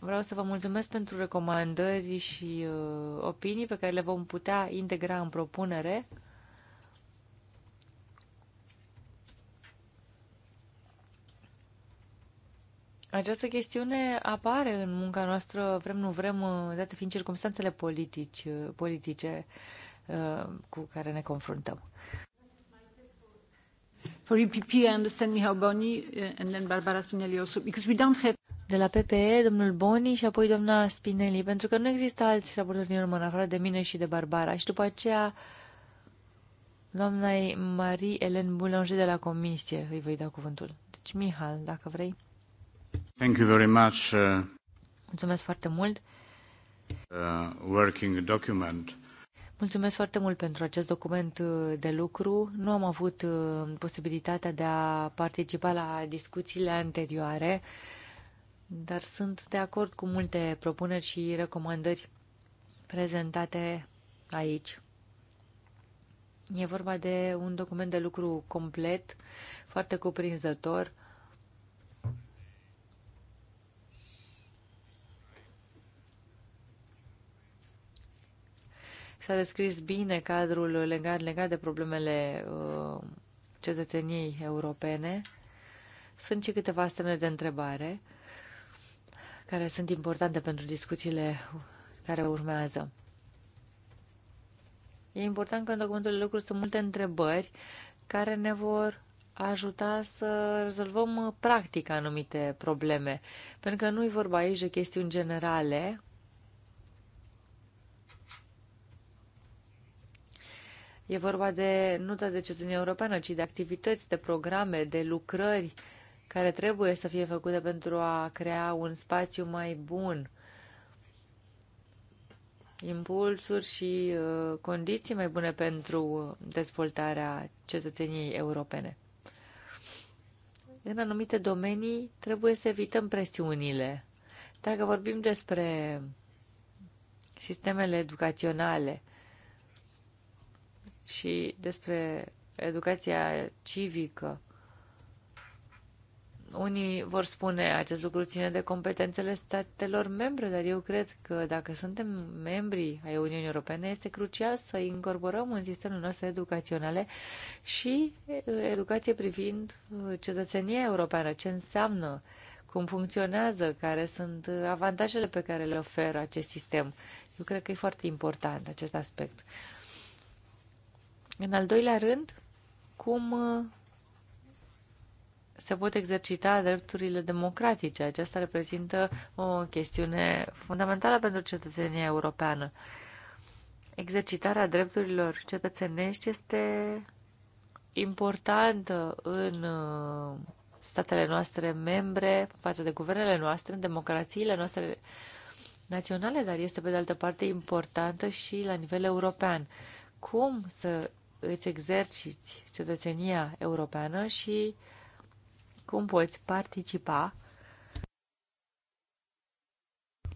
Vreau să vă mulțumesc pentru recomandări și uh, opinii pe care le vom putea integra în propunere Această chestiune apare în munca noastră vrem nu vrem, date fiind circumstanțele politici, politice uh, cu care ne confruntăm. For EPP, I understand Boni uh, and then Barbara Spinelli also, because we don't have de la PPE, domnul Boni și apoi doamna Spinelli, pentru că nu există alți raportori din urmă, în afară de mine și de Barbara. Și după aceea, doamna Marie Elen Boulanger de la Comisie, îi voi da cuvântul. Deci, Mihal, dacă vrei. Thank you very much. Uh, Mulțumesc foarte mult. Uh, working document. Mulțumesc foarte mult pentru acest document uh, de lucru. Nu am avut uh, posibilitatea de a participa la discuțiile anterioare, dar sunt de acord cu multe propuneri și recomandări prezentate aici. E vorba de un document de lucru complet, foarte cuprinzător, S-a descris bine cadrul legat, legat de problemele uh, cetățeniei europene. Sunt și câteva semne de întrebare care sunt importante pentru discuțiile care urmează. E important că în documentul de lucru sunt multe întrebări care ne vor ajuta să rezolvăm uh, practic anumite probleme. Pentru că nu e vorba aici de chestiuni generale, E vorba de, nu doar de cetățenie europeană, ci de activități, de programe, de lucrări care trebuie să fie făcute pentru a crea un spațiu mai bun, impulsuri și uh, condiții mai bune pentru uh, dezvoltarea cetățeniei europene. În anumite domenii trebuie să evităm presiunile. Dacă vorbim despre sistemele educaționale, și despre educația civică. Unii vor spune acest lucru ține de competențele statelor membre, dar eu cred că dacă suntem membri ai Uniunii Europene, este crucial să incorporăm în sistemul nostru educaționale și educație privind uh, cetățenia europeană, ce înseamnă, cum funcționează, care sunt uh, avantajele pe care le oferă acest sistem. Eu cred că e foarte important acest aspect. În al doilea rând, cum uh, se pot exercita drepturile democratice. Aceasta reprezintă o chestiune fundamentală pentru cetățenia europeană. Exercitarea drepturilor cetățenești este importantă în uh, statele noastre membre, față de guvernele noastre, în democrațiile noastre naționale, dar este pe de altă parte importantă și la nivel european. Cum să îți exerciți cetățenia europeană și cum poți participa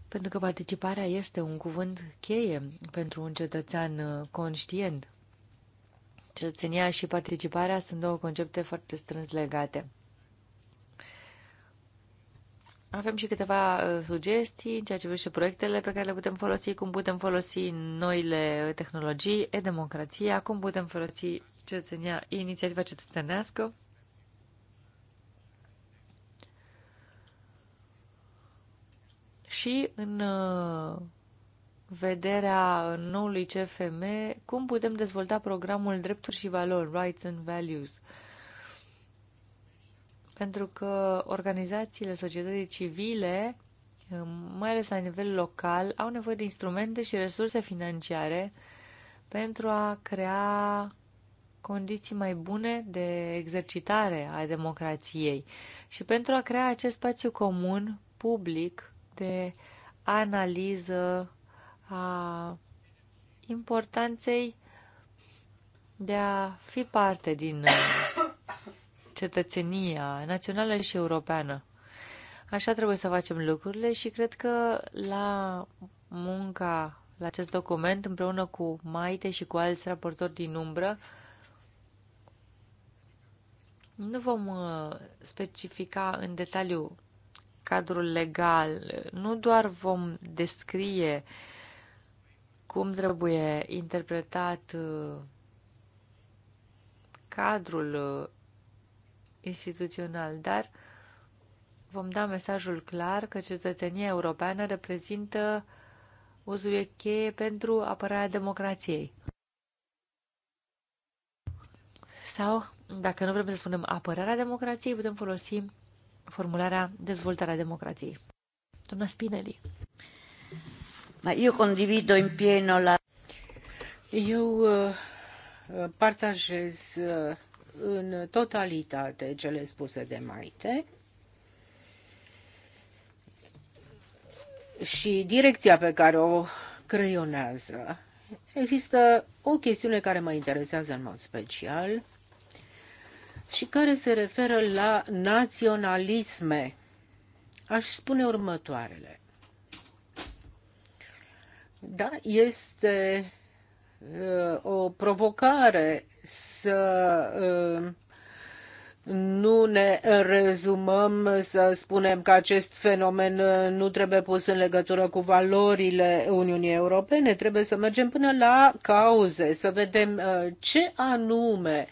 pentru că participarea este un cuvânt cheie pentru un cetățean uh, conștient. Cetățenia și participarea sunt două concepte foarte strâns legate. Avem și câteva uh, sugestii în ceea ce privește proiectele pe care le putem folosi, cum putem folosi noile tehnologii, e-democrația, cum putem folosi cetățenia, inițiativa cetățenească. Și în uh, vederea noului CFM, cum putem dezvolta programul Drepturi și Valori, Rights and Values, uh, pentru că organizațiile societății civile, um, mai ales la nivel local, au nevoie de instrumente și resurse financiare pentru a crea condiții mai bune de exercitare a democrației și pentru a crea acest spațiu comun public de analiză a importanței de a fi parte din uh, cetățenia națională și europeană. Așa trebuie să facem lucrurile și cred că la munca la acest document, împreună cu Maite și cu alți raportori din umbră, nu vom uh, specifica în detaliu cadrul legal, nu doar vom descrie cum trebuie interpretat uh, cadrul uh, instituțional, dar vom da mesajul clar că cetățenia europeană reprezintă o cheie pentru apărarea democrației. Sau, dacă nu vrem să spunem apărarea democrației, putem folosi formularea dezvoltarea democrației. Doamna Spinelli. Ma eu condivido în pieno la... Eu uh, partajez uh, în totalitate cele spuse de Maite. Și direcția pe care o creionează. Există o chestiune care mă interesează în mod special și care se referă la naționalisme. Aș spune următoarele. Da, este uh, o provocare să uh, nu ne rezumăm să spunem că acest fenomen uh, nu trebuie pus în legătură cu valorile Uniunii Europene, trebuie să mergem până la cauze, să vedem uh, ce anume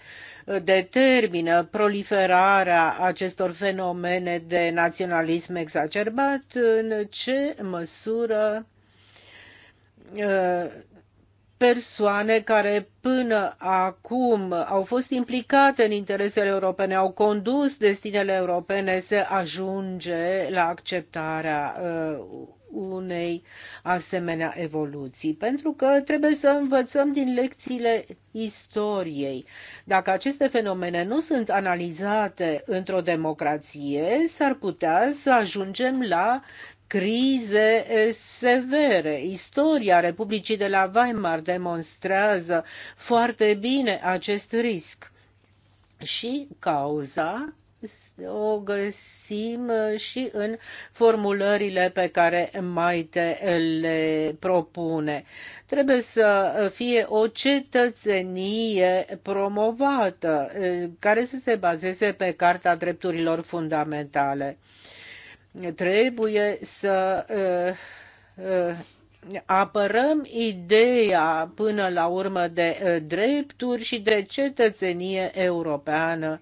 determină proliferarea acestor fenomene de naționalism exacerbat, în ce măsură persoane care până acum au fost implicate în interesele europene, au condus destinele europene să ajunge la acceptarea uh, unei asemenea evoluții, pentru că trebuie să învățăm din lecțiile istoriei. Dacă aceste fenomene nu sunt analizate într-o democrație, s-ar putea să ajungem la crize eh, severe. Istoria Republicii de la Weimar demonstrează foarte bine acest risc. Și cauza o găsim eh, și în formulările pe care Maite le propune. Trebuie să fie o cetățenie promovată, eh, care să se bazeze pe Carta Drepturilor Fundamentale. Trebuie să eh, eh, apărăm ideea până la urmă de eh, drepturi și de cetățenie europeană.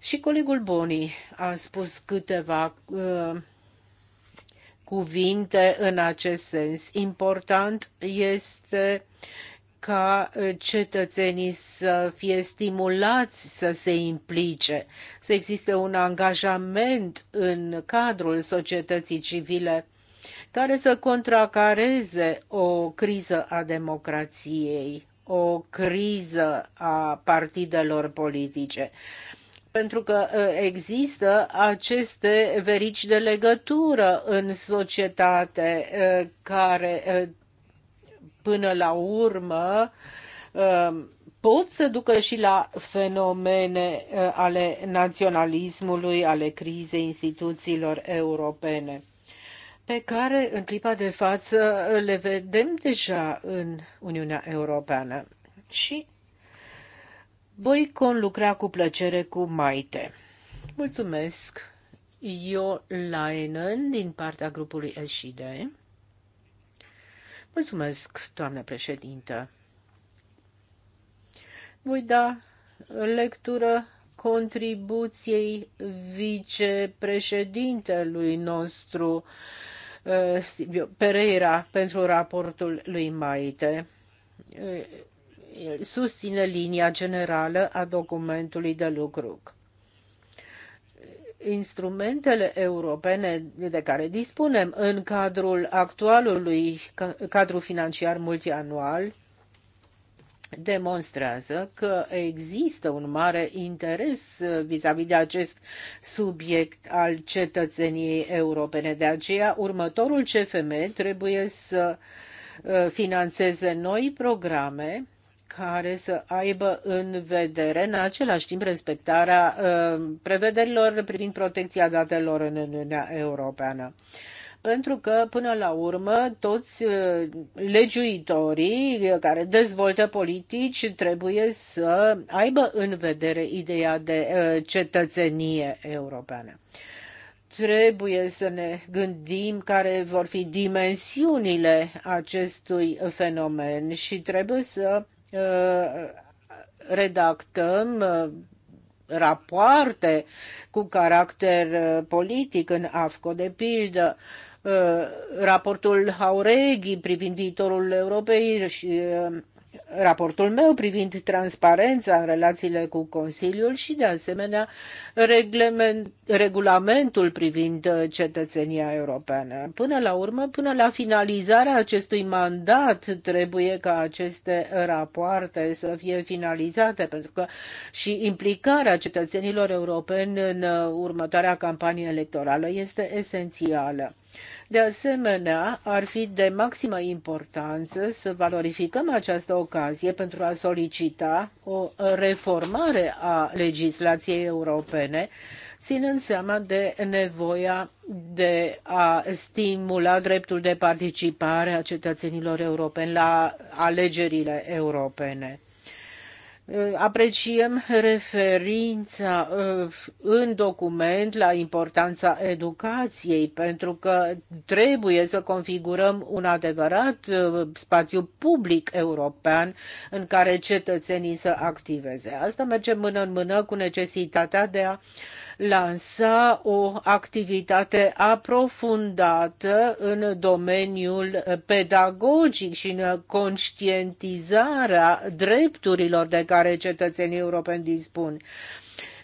Și colegul Boni a spus câteva cuvinte în acest sens. Important este ca uh, cetățenii să fie stimulați să se implice, să existe un angajament în cadrul societății civile care să contracareze o criză a democrației, o criză a partidelor politice. Pentru că uh, există aceste verici de legătură în societate uh, care până la urmă um, pot să ducă și la fenomene uh, ale naționalismului, ale crizei instituțiilor europene, pe care în clipa de față le vedem deja în Uniunea Europeană. Și voi conlucra cu plăcere cu Maite. Mulțumesc! Io Leinen, din partea grupului Eșide. Mulțumesc, doamnă președintă. Voi da lectură contribuției vicepreședintelui nostru, eh, Silvio Pereira, pentru raportul lui Maite. Eh, el susține linia generală a documentului de lucru instrumentele europene de care dispunem în cadrul actualului cadru financiar multianual demonstrează că există un mare interes vis-a-vis -vis de acest subiect al cetățeniei europene. De aceea, următorul CFM trebuie să uh, financeze noi programe care să aibă în vedere, în același timp, respectarea uh, prevederilor privind protecția datelor în Uniunea Europeană. Pentru că, până la urmă, toți uh, legiuitorii care dezvoltă politici trebuie să aibă în vedere ideea de uh, cetățenie europeană trebuie să ne gândim care vor fi dimensiunile acestui fenomen și trebuie să Uh, redactăm uh, rapoarte cu caracter uh, politic în AFCO, de pildă raportul Haureghi privind viitorul Europei și raportul meu privind transparența în relațiile cu Consiliul și, de asemenea, regulamentul privind uh, cetățenia europeană. Până la urmă, până la finalizarea acestui mandat, trebuie ca aceste rapoarte să fie finalizate, pentru că și implicarea cetățenilor europeni în uh, următoarea campanie electorală este esențială. De asemenea, ar fi de maximă importanță să valorificăm această ocazie pentru a solicita o reformare a legislației europene, ținând seama de nevoia de a stimula dreptul de participare a cetățenilor europeni la alegerile europene. Eh, apreciem referința eh, în document la importanța educației, pentru că trebuie să configurăm un adevărat eh, spațiu public european în care cetățenii să activeze. Asta merge mână în mână cu necesitatea de a lansa o activitate aprofundată în domeniul pedagogic și în conștientizarea drepturilor de care cetățenii europeni dispun.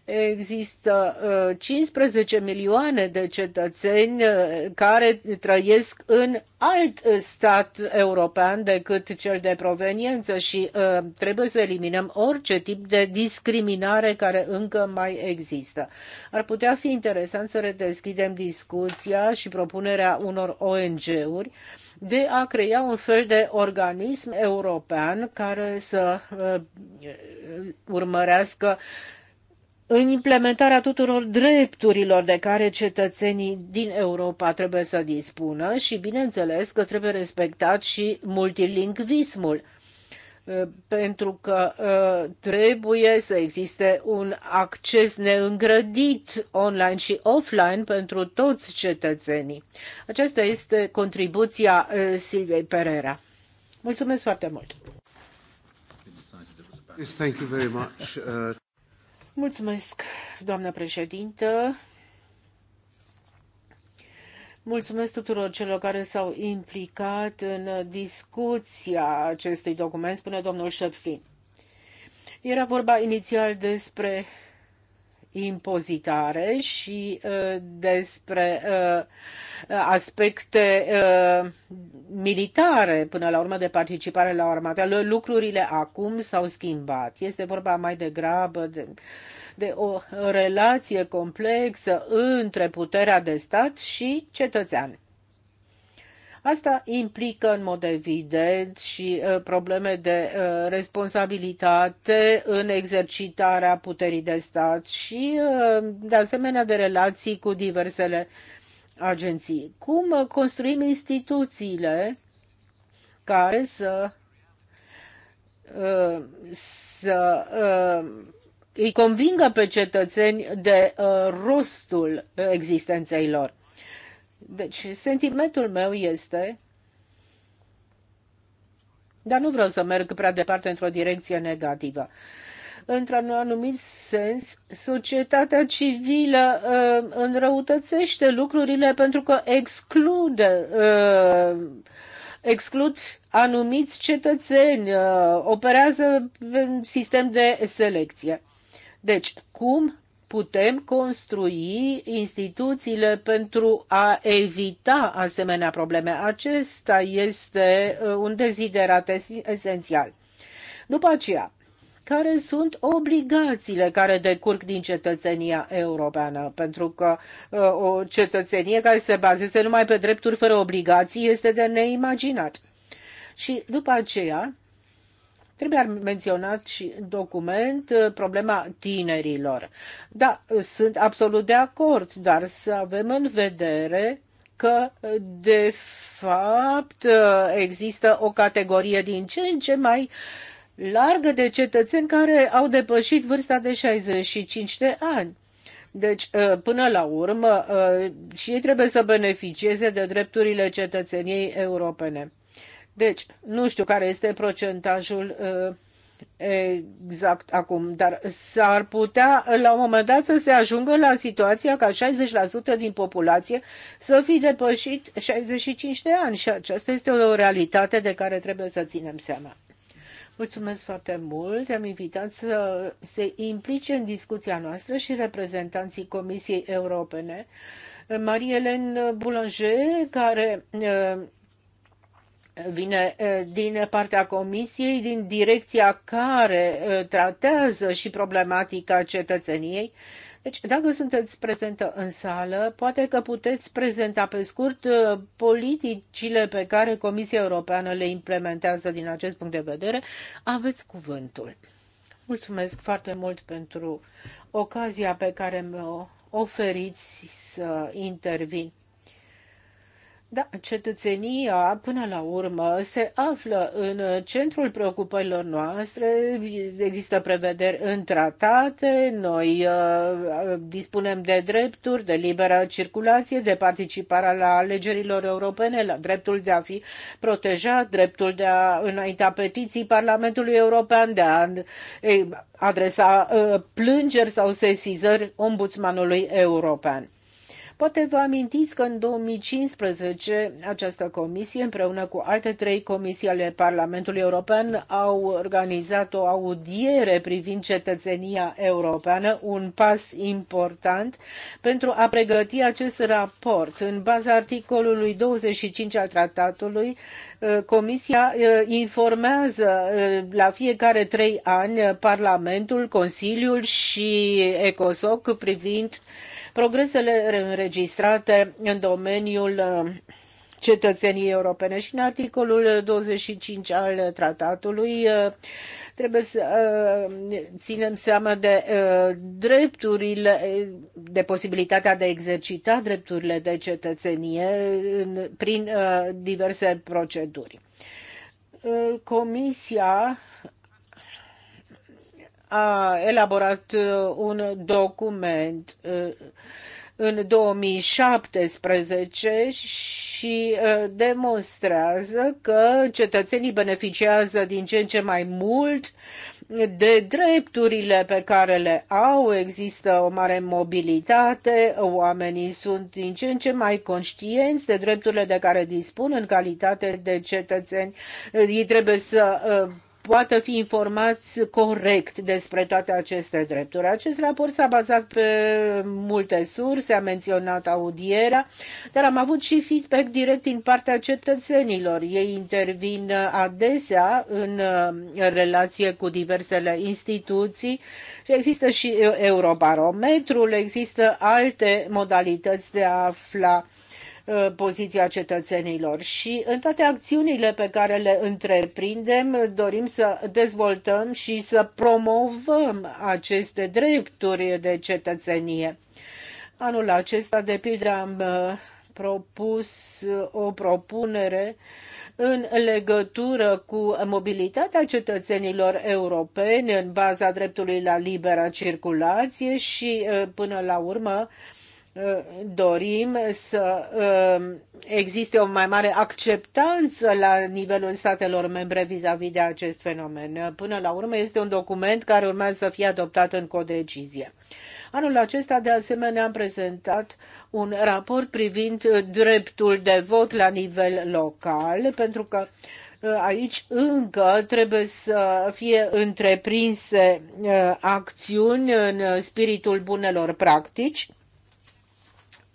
Există 15 uh, milioane de cetățeni uh, care trăiesc în alt stat european decât cel de proveniență și uh, trebuie să eliminăm orice tip de discriminare care încă mai există. Ar putea fi interesant să redeschidem discuția și propunerea unor ONG-uri de a crea un fel de organism european care să urmărească în implementarea tuturor drepturilor de care cetățenii din Europa trebuie să dispună și, bineînțeles, că trebuie respectat și multilingvismul uh, pentru că uh, trebuie să existe un acces neîngrădit online și offline pentru toți cetățenii. Aceasta este contribuția uh, Silviei Pereira. Mulțumesc foarte mult! Thank you very much. Mulțumesc, doamnă președintă. Mulțumesc tuturor celor care s-au implicat în discuția acestui document, spune domnul Șepfin. Era vorba inițial despre impozitare și uh, despre uh, aspecte uh, militare, până la urmă de participare la armată. Lucrurile acum s-au schimbat. Este vorba mai degrabă de, de o relație complexă între puterea de stat și cetățean. Asta implică în mod evident și uh, probleme de uh, responsabilitate în exercitarea puterii de stat și uh, de asemenea de relații cu diversele agenții. Cum construim instituțiile care să să îi convingă pe cetățeni de rostul existenței lor. Deci, sentimentul meu este, dar nu vreau să merg prea departe într-o direcție negativă. Într-un anumit sens, societatea civilă uh, înrăutățește lucrurile pentru că exclude uh, exclud anumiți cetățeni, uh, operează un sistem de selecție. Deci, cum putem construi instituțiile pentru a evita asemenea probleme. Acesta este uh, un deziderat esențial. După aceea, care sunt obligațiile care decurg din cetățenia europeană, pentru că uh, o cetățenie care se bazează numai pe drepturi fără obligații este de neimaginat. Și după aceea, Trebuie menționat și în document uh, problema tinerilor. Da, sunt absolut de acord, dar să avem în vedere că, uh, de fapt, uh, există o categorie din ce în ce mai largă de cetățeni care au depășit vârsta de 65 de ani. Deci, până la urmă, și ei trebuie să beneficieze de drepturile cetățeniei europene. Deci, nu știu care este procentajul uh, exact acum, dar s-ar putea la un moment dat să se ajungă la situația ca 60% din populație să fi depășit 65 de ani și aceasta este o realitate de care trebuie să ținem seama. Mulțumesc foarte mult. Am invitat să se implice în discuția noastră și reprezentanții Comisiei Europene. Marie-Hélène Boulanger, care uh, vine din partea Comisiei, din direcția care tratează și problematica cetățeniei. Deci, dacă sunteți prezentă în sală, poate că puteți prezenta pe scurt politicile pe care Comisia Europeană le implementează din acest punct de vedere. Aveți cuvântul. Mulțumesc foarte mult pentru ocazia pe care mi-o oferiți să intervin. Da, cetățenia, până la urmă, se află în centrul preocupărilor noastre. Există prevederi în tratate, noi uh, dispunem de drepturi, de liberă circulație, de participare la alegerilor europene, la dreptul de a fi protejat, dreptul de a înainta petiții Parlamentului European, de a adresa uh, plângeri sau sesizări ombudsmanului european. Poate vă amintiți că în 2015 această comisie, împreună cu alte trei comisii ale Parlamentului European, au organizat o audiere privind cetățenia europeană, un pas important pentru a pregăti acest raport. În baza articolului 25 al tratatului, eh, Comisia eh, informează eh, la fiecare trei ani Parlamentul, Consiliul și ECOSOC privind progresele înregistrate în domeniul uh, cetățeniei europene și în articolul 25 al tratatului uh, trebuie să uh, ținem seama de drepturile, de posibilitatea de a exercita drepturile de cetățenie prin diverse proceduri. Comisia a elaborat uh, un document uh, în 2017 și uh, demonstrează că cetățenii beneficiază din ce în ce mai mult de drepturile pe care le au, există o mare mobilitate, oamenii sunt din ce în ce mai conștienți de drepturile de care dispun în calitate de cetățeni, ei trebuie să poată fi informați corect despre toate aceste drepturi. Acest raport s-a bazat pe multe surse, a menționat audierea, dar am avut și feedback direct din partea cetățenilor. Ei intervin adesea în relație cu diversele instituții. Există și Eurobarometrul, există alte modalități de a afla Uh, poziția cetățenilor și în toate acțiunile pe care le întreprindem uh, dorim să dezvoltăm și să promovăm aceste drepturi de cetățenie. Anul acesta, de pildă, am uh, propus o propunere în legătură cu mobilitatea cetățenilor europeni în baza dreptului la liberă circulație și, până la urmă, dorim să um, existe o mai mare acceptanță la nivelul statelor membre vis-a-vis de acest fenomen. Până la urmă este un document care urmează să fie adoptat în codecizie. Anul acesta, de asemenea, am prezentat un raport privind dreptul de vot la nivel local, pentru că uh, aici încă trebuie să fie întreprinse uh, acțiuni în spiritul bunelor practici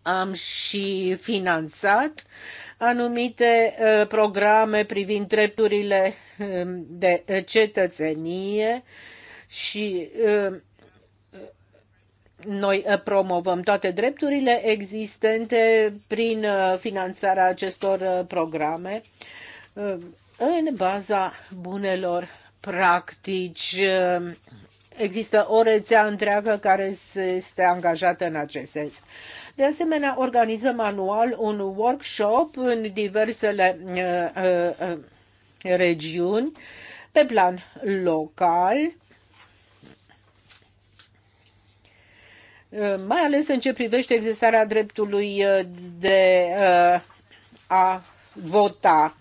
am și finanțat anumite uh, programe privind drepturile um, de uh, cetățenie și um, noi uh, promovăm toate drepturile existente prin finanțarea acestor programe um, în baza bunelor practici există o rețea întreagă care este angajată în acest sens. De asemenea, organizăm anual un workshop în diversele uh, uh, uh regiuni pe plan local, uh, mai ales în ce privește exersarea dreptului uh, de a vota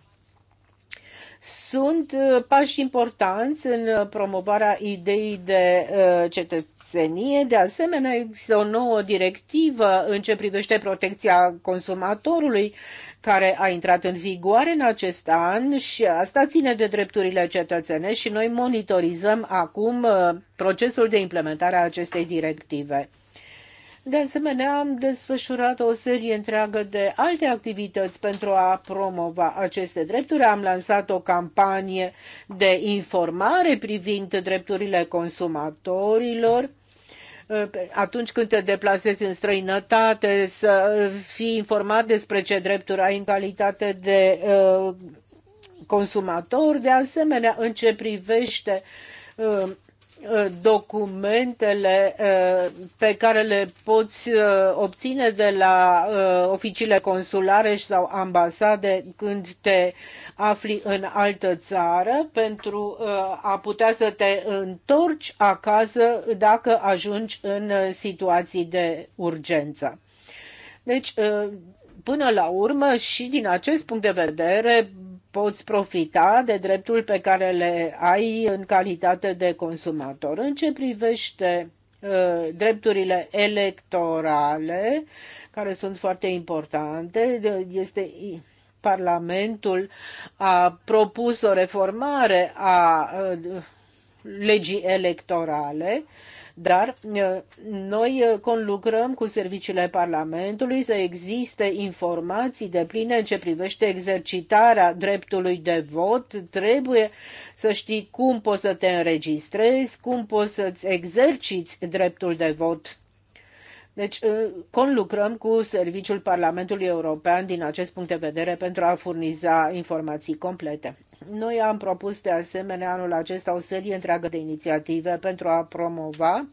sunt uh, pași importanți în uh, promovarea ideii de uh, cetățenie. De asemenea, există o nouă directivă în ce privește protecția consumatorului, care a intrat în vigoare în acest an și asta ține de drepturile cetățenești și noi monitorizăm acum procesul de implementare a acestei directive. De asemenea, am desfășurat o serie întreagă de alte activități pentru a promova aceste drepturi. Am lansat o campanie de informare privind drepturile consumatorilor atunci când te deplasezi în străinătate, să fii informat despre ce drepturi ai în calitate de uh, consumator. De asemenea, în ce privește uh, Uh, documentele uh, pe care le poți uh, obține de la oficiile consulare sau ambasade când te afli în altă țară pentru a putea să te întorci acasă dacă ajungi în situații de urgență. Deci, până la urmă și din acest punct de vedere poți profita de dreptul pe care le ai în calitate de consumator. În ce privește uh, drepturile electorale, care sunt foarte importante, este Parlamentul a propus o reformare a uh, legii electorale dar noi conlucrăm cu serviciile Parlamentului să existe informații de pline în ce privește exercitarea dreptului de vot. Trebuie să știi cum poți să te înregistrezi, cum poți să-ți exerciți dreptul de vot deci uh, conlucrăm cu Serviciul Parlamentului European din acest punct de vedere pentru a furniza informații complete. Noi am propus de asemenea anul acesta o serie întreagă de inițiative pentru a promova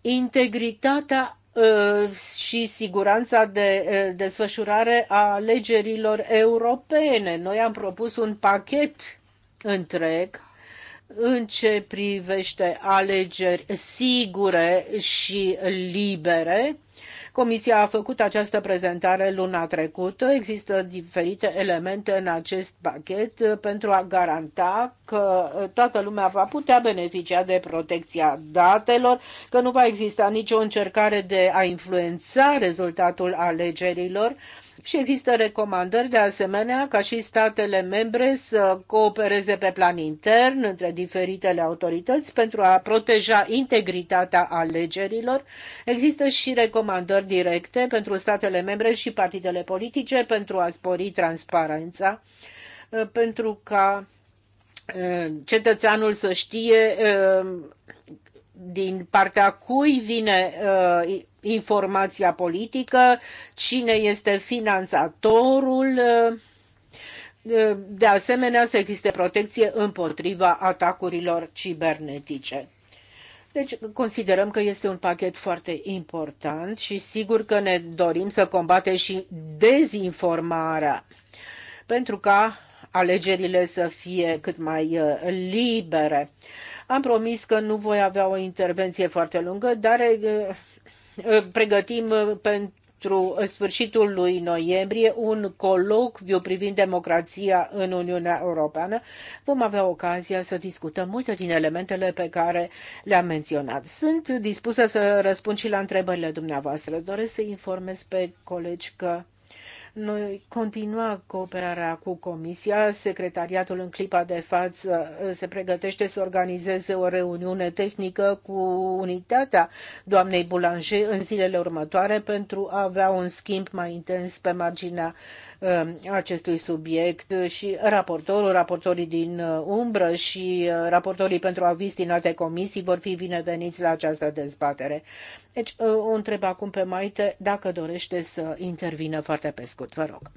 integritatea uh, și siguranța de uh, desfășurare a alegerilor europene. Noi am propus un pachet întreg în ce privește alegeri sigure și libere. Comisia a făcut această prezentare luna trecută. Există diferite elemente în acest pachet pentru a garanta că toată lumea va putea beneficia de protecția datelor, că nu va exista nicio încercare de a influența rezultatul alegerilor și există recomandări de asemenea ca și statele membre să coopereze pe plan intern între diferitele autorități pentru a proteja integritatea alegerilor. Există și recomandări directe pentru statele membre și partidele politice pentru a spori transparența, uh, pentru ca uh, cetățeanul să știe uh, din partea cui vine informația politică, cine este finanțatorul. De asemenea, să existe protecție împotriva atacurilor cibernetice. Deci considerăm că este un pachet foarte important și sigur că ne dorim să combate și dezinformarea pentru ca alegerile să fie cât mai uh, libere. Am promis că nu voi avea o intervenție foarte lungă, dar uh, pregătim pentru sfârșitul lui noiembrie un colocviu privind democrația în Uniunea Europeană. Vom avea ocazia să discutăm multe din elementele pe care le-am menționat. Sunt dispusă să răspund și la întrebările dumneavoastră. Doresc să informez pe colegi că noi continua cooperarea cu Comisia. Secretariatul în clipa de față uh, se pregătește să organizeze o reuniune tehnică cu unitatea doamnei Boulanger în zilele următoare pentru a avea un schimb mai intens pe marginea uh, Uh, acestui subiect și raportorul, raportorii din uh, umbră și uh, raportorii pentru aviz din alte comisii vor fi bineveniți la această dezbatere. Deci o întreb acum pe Maite dacă dorește să intervină foarte pe scurt. Vă rog.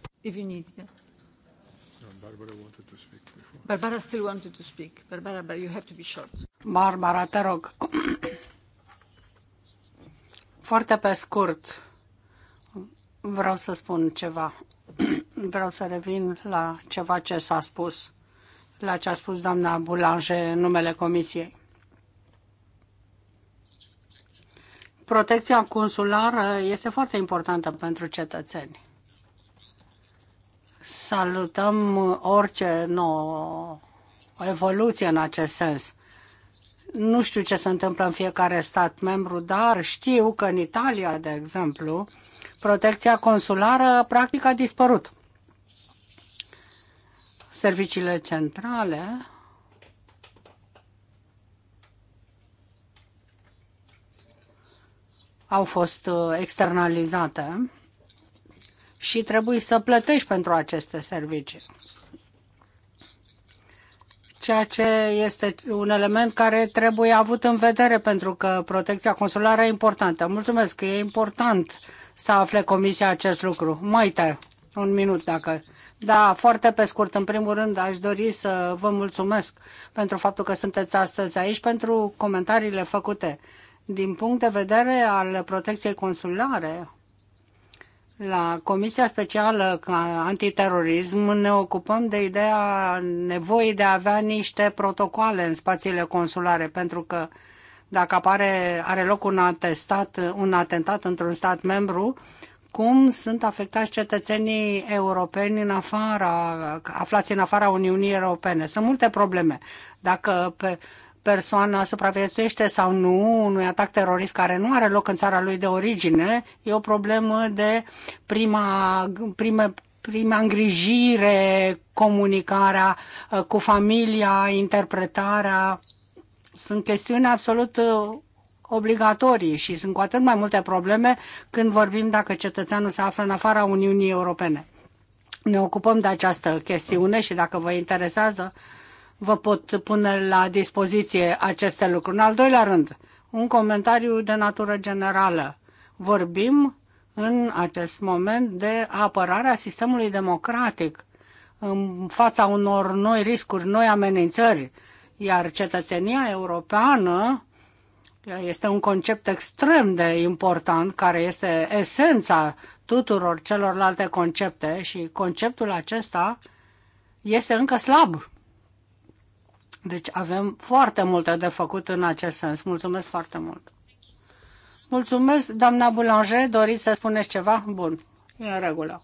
Barbara Barbara still wanted to speak. Barbara, but you have to be short. Barbara, te rog. Foarte pe scurt, vreau să spun ceva. Vreau să revin la ceva ce s-a spus, la ce a spus doamna Boulanger în numele Comisiei. Protecția consulară este foarte importantă pentru cetățeni. Salutăm orice nouă evoluție în acest sens. Nu știu ce se întâmplă în fiecare stat membru, dar știu că în Italia, de exemplu, protecția consulară practic a dispărut. Serviciile centrale au fost uh, externalizate și trebuie să plătești pentru aceste servicii. Ceea ce este un element care trebuie avut în vedere pentru că protecția consulară e importantă. Mulțumesc că e important uh, să afle comisia acest lucru. mai Maite, un minut dacă... Da, foarte pe scurt. În primul rând, aș dori să vă mulțumesc pentru faptul că sunteți astăzi aici, pentru comentariile făcute. Din punct de vedere al protecției consulare, la Comisia Specială Antiterorism ne ocupăm de ideea nevoii de a avea niște protocoale în spațiile consulare, pentru că uh, dacă apare, are loc un, atestat, un atentat într-un stat membru, cum sunt afectați cetățenii europeni în afara, aflați în afara Uniunii Europene. Sunt multe probleme. Dacă pe persoana supraviețuiește sau nu unui atac terorist care nu are loc în țara lui de origine, e o problemă de prima, prime, prima îngrijire, comunicarea uh, cu familia, interpretarea sunt chestiuni absolut uh, obligatorii și sunt cu atât mai multe probleme când vorbim dacă cetățeanul se află în afara Uniunii Europene. Ne ocupăm de această chestiune și dacă vă interesează, vă pot pune la dispoziție aceste lucruri. În al doilea rând, un comentariu de natură generală. Vorbim în acest moment de apărarea sistemului democratic în fața unor noi riscuri, noi amenințări iar cetățenia europeană este un concept extrem de important care este esența tuturor celorlalte concepte și conceptul acesta este încă slab. Deci avem foarte multe de făcut în acest sens. Mulțumesc foarte mult. Mulțumesc, doamna Boulanger. Doriți să spuneți ceva? Bun, e în regulă.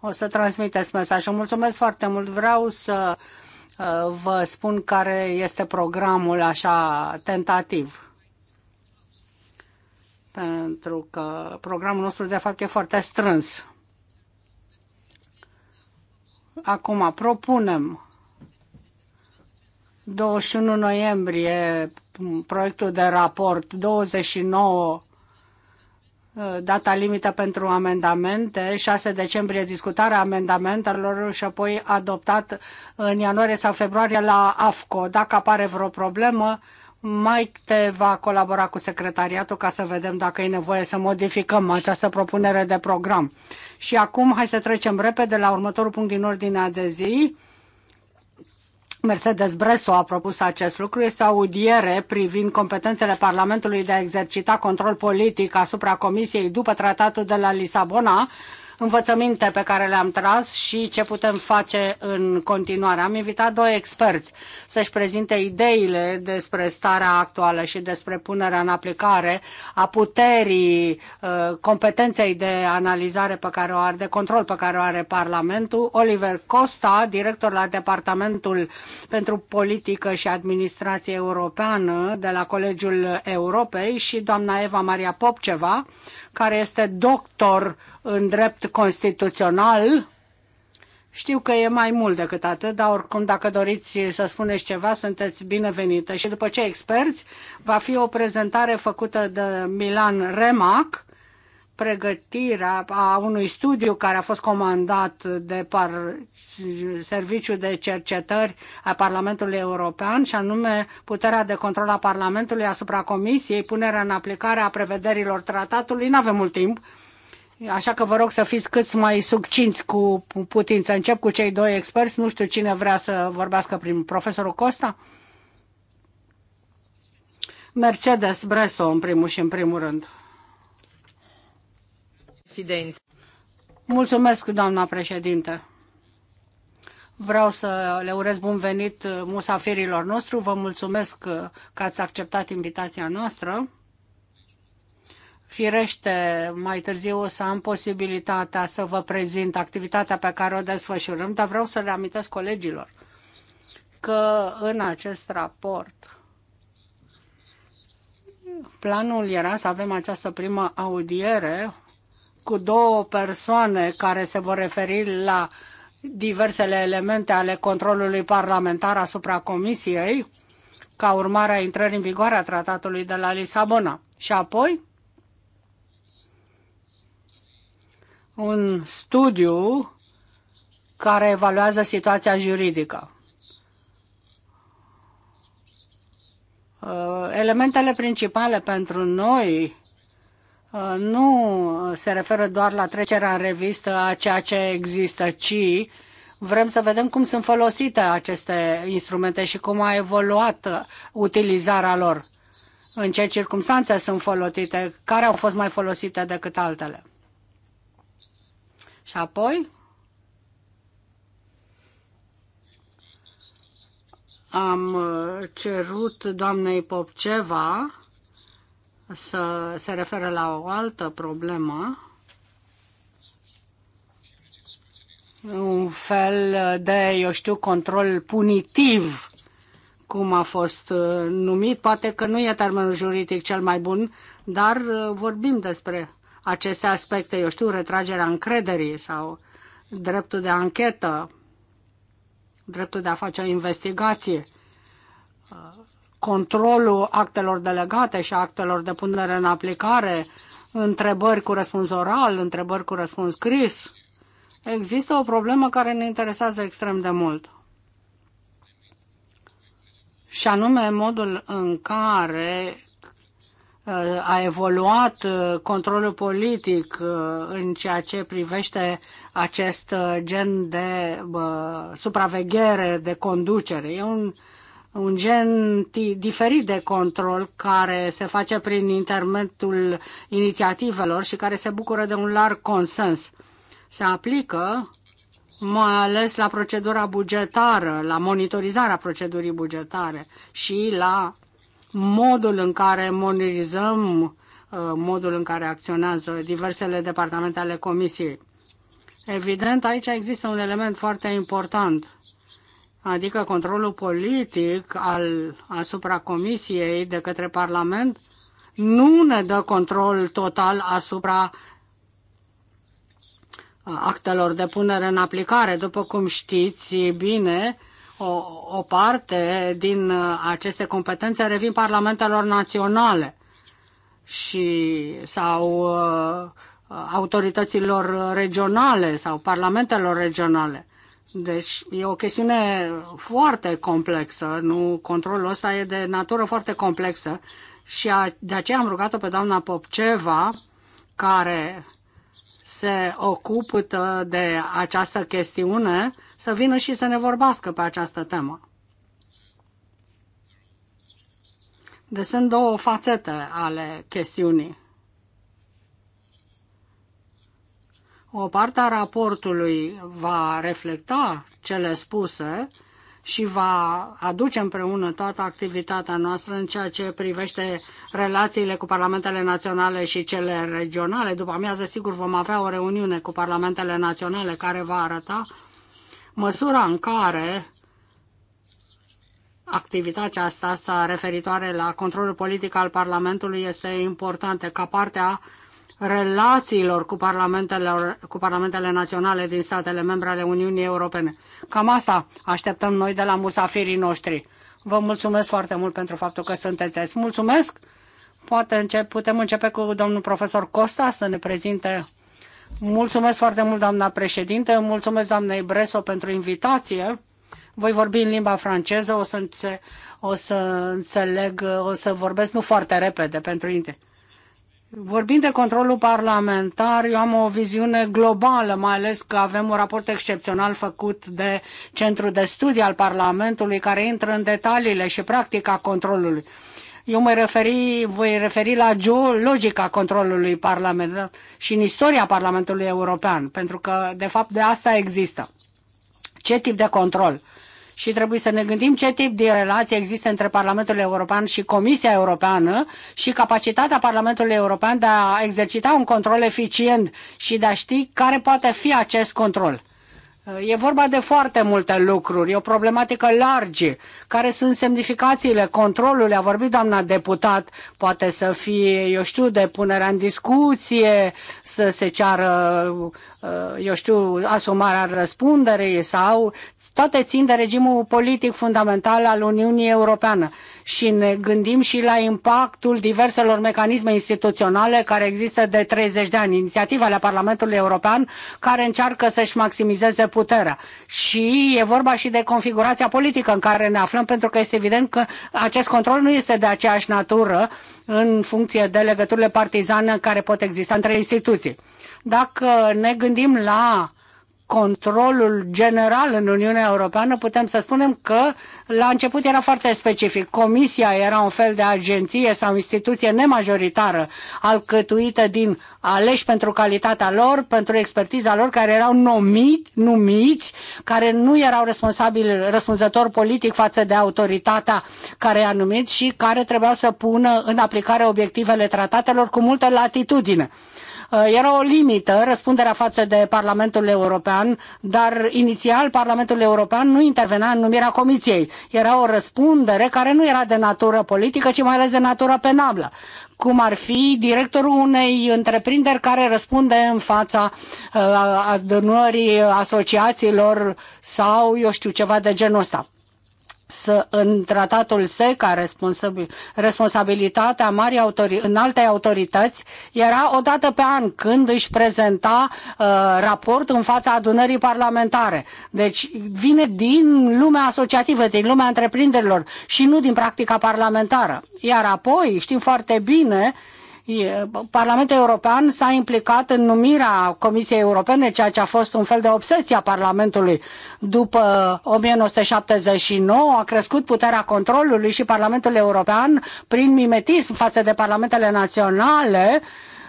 O să transmiteți mesajul. Mulțumesc foarte mult. Vreau să vă spun care este programul așa tentativ. Pentru că programul nostru de fapt e foarte strâns. Acum propunem 21 noiembrie proiectul de raport, 29 Uh, data limită pentru amendamente, 6 decembrie discutarea amendamentelor și apoi adoptat în ianuarie sau februarie la AFCO. Dacă apare vreo problemă, mai te va colabora cu secretariatul ca să vedem dacă e nevoie să modificăm această propunere de program. Și acum hai să trecem repede la următorul punct din ordinea de zi. Mercedes Bresso a propus acest lucru. Este o audiere privind competențele Parlamentului de a exercita control politic asupra Comisiei după tratatul de la Lisabona învățăminte pe care le-am tras și ce putem face în continuare. Am invitat doi experți să-și prezinte ideile despre starea actuală și despre punerea în aplicare a puterii, uh, competenței de analizare pe care o are, de control pe care o are Parlamentul. Oliver Costa, director la Departamentul pentru Politică și Administrație Europeană de la Colegiul Europei și doamna Eva Maria Popceva, care este doctor în drept constituțional. Știu că e mai mult decât atât, dar oricum dacă doriți să spuneți ceva, sunteți binevenită. Și după ce experți, va fi o prezentare făcută de Milan Remac, pregătirea a unui studiu care a fost comandat de par, Serviciul de Cercetări a Parlamentului European și anume puterea de control a Parlamentului asupra Comisiei, punerea în aplicare a prevederilor tratatului. Nu avem mult timp, Așa că vă rog să fiți cât mai succinți cu putință. Încep cu cei doi experți. Nu știu cine vrea să vorbească prin profesorul Costa. Mercedes Bresso, în primul și în primul rând. Sident. Mulțumesc, doamna președinte. Vreau să le urez bun venit musafirilor nostru. Vă mulțumesc că ați acceptat invitația noastră. Firește, mai târziu o să am posibilitatea să vă prezint activitatea pe care o desfășurăm, dar vreau să le amintesc colegilor că în acest raport planul era să avem această primă audiere cu două persoane care se vor referi la diversele elemente ale controlului parlamentar asupra Comisiei ca urmare a intrării în vigoare a tratatului de la Lisabona. Și apoi un studiu care evaluează situația juridică. Uh, elementele principale pentru noi uh, nu se referă doar la trecerea în revistă a ceea ce există, ci vrem să vedem cum sunt folosite aceste instrumente și cum a evoluat utilizarea lor, în ce circunstanțe sunt folosite, care au fost mai folosite decât altele. Și apoi am uh, cerut doamnei Popceva să se referă la o altă problemă, un fel de, eu știu, control punitiv, cum a fost uh, numit. Poate că nu e termenul juridic cel mai bun, dar uh, vorbim despre aceste aspecte, eu știu, retragerea încrederii sau dreptul de anchetă, dreptul de a face o investigație, controlul actelor delegate și actelor de punere în aplicare, întrebări cu răspuns oral, întrebări cu răspuns scris. Există o problemă care ne interesează extrem de mult. Și anume modul în care a evoluat uh, controlul politic uh, în ceea ce privește acest uh, gen de supraveghere, de conducere. E un, un gen diferit de control care se face prin intermediul inițiativelor și care se bucură de un larg consens. Se aplică mai ales la procedura bugetară, la monitorizarea procedurii bugetare și la modul în care monitorizăm uh, modul în care acționează diversele departamente ale Comisiei. Evident, aici există un element foarte important, adică controlul politic al, asupra Comisiei de către Parlament nu ne dă control total asupra uh, actelor de punere în aplicare. După cum știți bine, o, o parte din uh, aceste competențe revin parlamentelor naționale și sau uh, autorităților regionale sau parlamentelor regionale. Deci e o chestiune foarte complexă, nu controlul ăsta e de natură foarte complexă și a, de aceea am rugat-o pe doamna Popceva, care se ocupă de această chestiune, să vină și să ne vorbească pe această temă. Deci sunt două fațete ale chestiunii. O parte a raportului va reflecta cele spuse și va aduce împreună toată activitatea noastră în ceea ce privește relațiile cu parlamentele naționale și cele regionale. După amiază, sigur, vom avea o reuniune cu parlamentele naționale care va arăta uh, măsura în care activitatea asta sa referitoare la controlul politic al Parlamentului este importantă ca partea relațiilor cu parlamentele, cu parlamentele naționale din statele membre ale Uniunii Europene. Cam asta așteptăm noi de la musafirii noștri. Vă mulțumesc foarte mult pentru faptul că sunteți aici. Mulțumesc! Poate încep, putem începe cu domnul profesor Costa să ne prezinte Mulțumesc foarte mult, doamna președinte, mulțumesc doamnei Breso pentru invitație. Voi vorbi în limba franceză, o să, înțe- o să înțeleg, o să vorbesc nu foarte repede pentru inte. Vorbind de controlul parlamentar, eu am o viziune globală, mai ales că avem un raport excepțional făcut de Centrul de Studii al Parlamentului, care intră în detaliile și practica controlului. Eu mă referi, voi referi la geologica controlului Parlamentului și în istoria Parlamentului European, pentru că, de fapt, de asta există. Ce tip de control? și trebuie să ne gândim ce tip de relație există între Parlamentul European și Comisia Europeană și capacitatea Parlamentului European de a exercita un control eficient și de a ști care poate fi acest control. E vorba de foarte multe lucruri, e o problematică largă. Care sunt semnificațiile controlului? A vorbit doamna deputat, poate să fie, eu știu, de punerea în discuție, să se ceară, uh, eu știu, asumarea răspunderei sau toate țin de regimul politic fundamental al Uniunii Europeană și ne gândim și la impactul diverselor mecanisme instituționale care există de 30 de ani, inițiativa ale Parlamentului European care încearcă să-și maximizeze puterea. Și e vorba și de configurația politică în care ne aflăm, pentru că este evident că acest control nu este de aceeași natură în funcție de legăturile partizane care pot exista între instituții. Dacă ne gândim la controlul general în Uniunea Europeană, putem să spunem că la început era foarte specific. Comisia era un fel de agenție sau instituție nemajoritară, alcătuită din aleși pentru calitatea lor, pentru expertiza lor, care erau numiți, numiți care nu erau responsabili, răspunzător politic față de autoritatea care i-a numit și care trebuiau să pună în aplicare obiectivele tratatelor cu multă latitudine. Eh, era o limită, răspunderea față de Parlamentul European, dar inițial Parlamentul European nu intervenea în numirea comisiei. Era o răspundere care nu era de natură politică, ci mai ales de natură penală cum ar fi directorul unei întreprinderi care răspunde în fața eh, adunării asociațiilor sau eu știu ceva de genul ăsta să, în tratatul SECA responsabil, responsabilitatea marii autori, în alte autorități era o dată pe an când își prezenta uh, raport în fața adunării parlamentare. Deci vine din lumea asociativă, din lumea întreprinderilor și nu din practica parlamentară. Iar apoi știm foarte bine Parlamentul European s-a implicat în numirea Comisiei Europene, ceea ce a fost un fel de obsesie a Parlamentului. După 1979 a crescut puterea controlului și Parlamentul European, prin mimetism față de parlamentele naționale,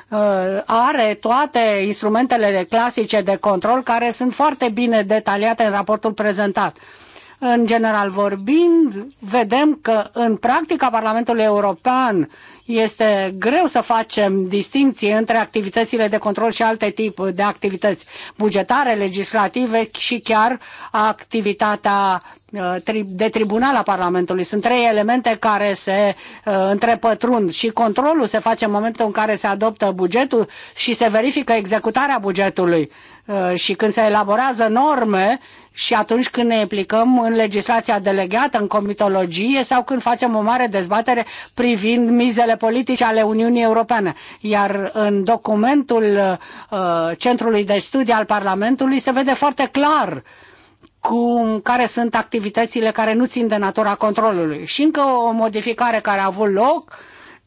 uh, are toate instrumentele clasice de control care sunt foarte bine detaliate în raportul prezentat în general vorbind, vedem că în practica Parlamentului European este greu să facem distinție între activitățile de control și alte tipuri de activități bugetare, legislative și chiar activitatea uh, de tribunal a Parlamentului. Sunt trei elemente care se uh, întrepătrund și controlul se face în momentul în care se adoptă bugetul și se verifică executarea bugetului uh, și când se elaborează norme și atunci când ne implicăm în legislația delegată, în comitologie sau când facem o mare dezbatere privind mizele politice ale Uniunii Europene. Iar în documentul uh, Centrului de Studii al Parlamentului se vede foarte clar cu care sunt activitățile care nu țin de natura controlului. Și încă o modificare care a avut loc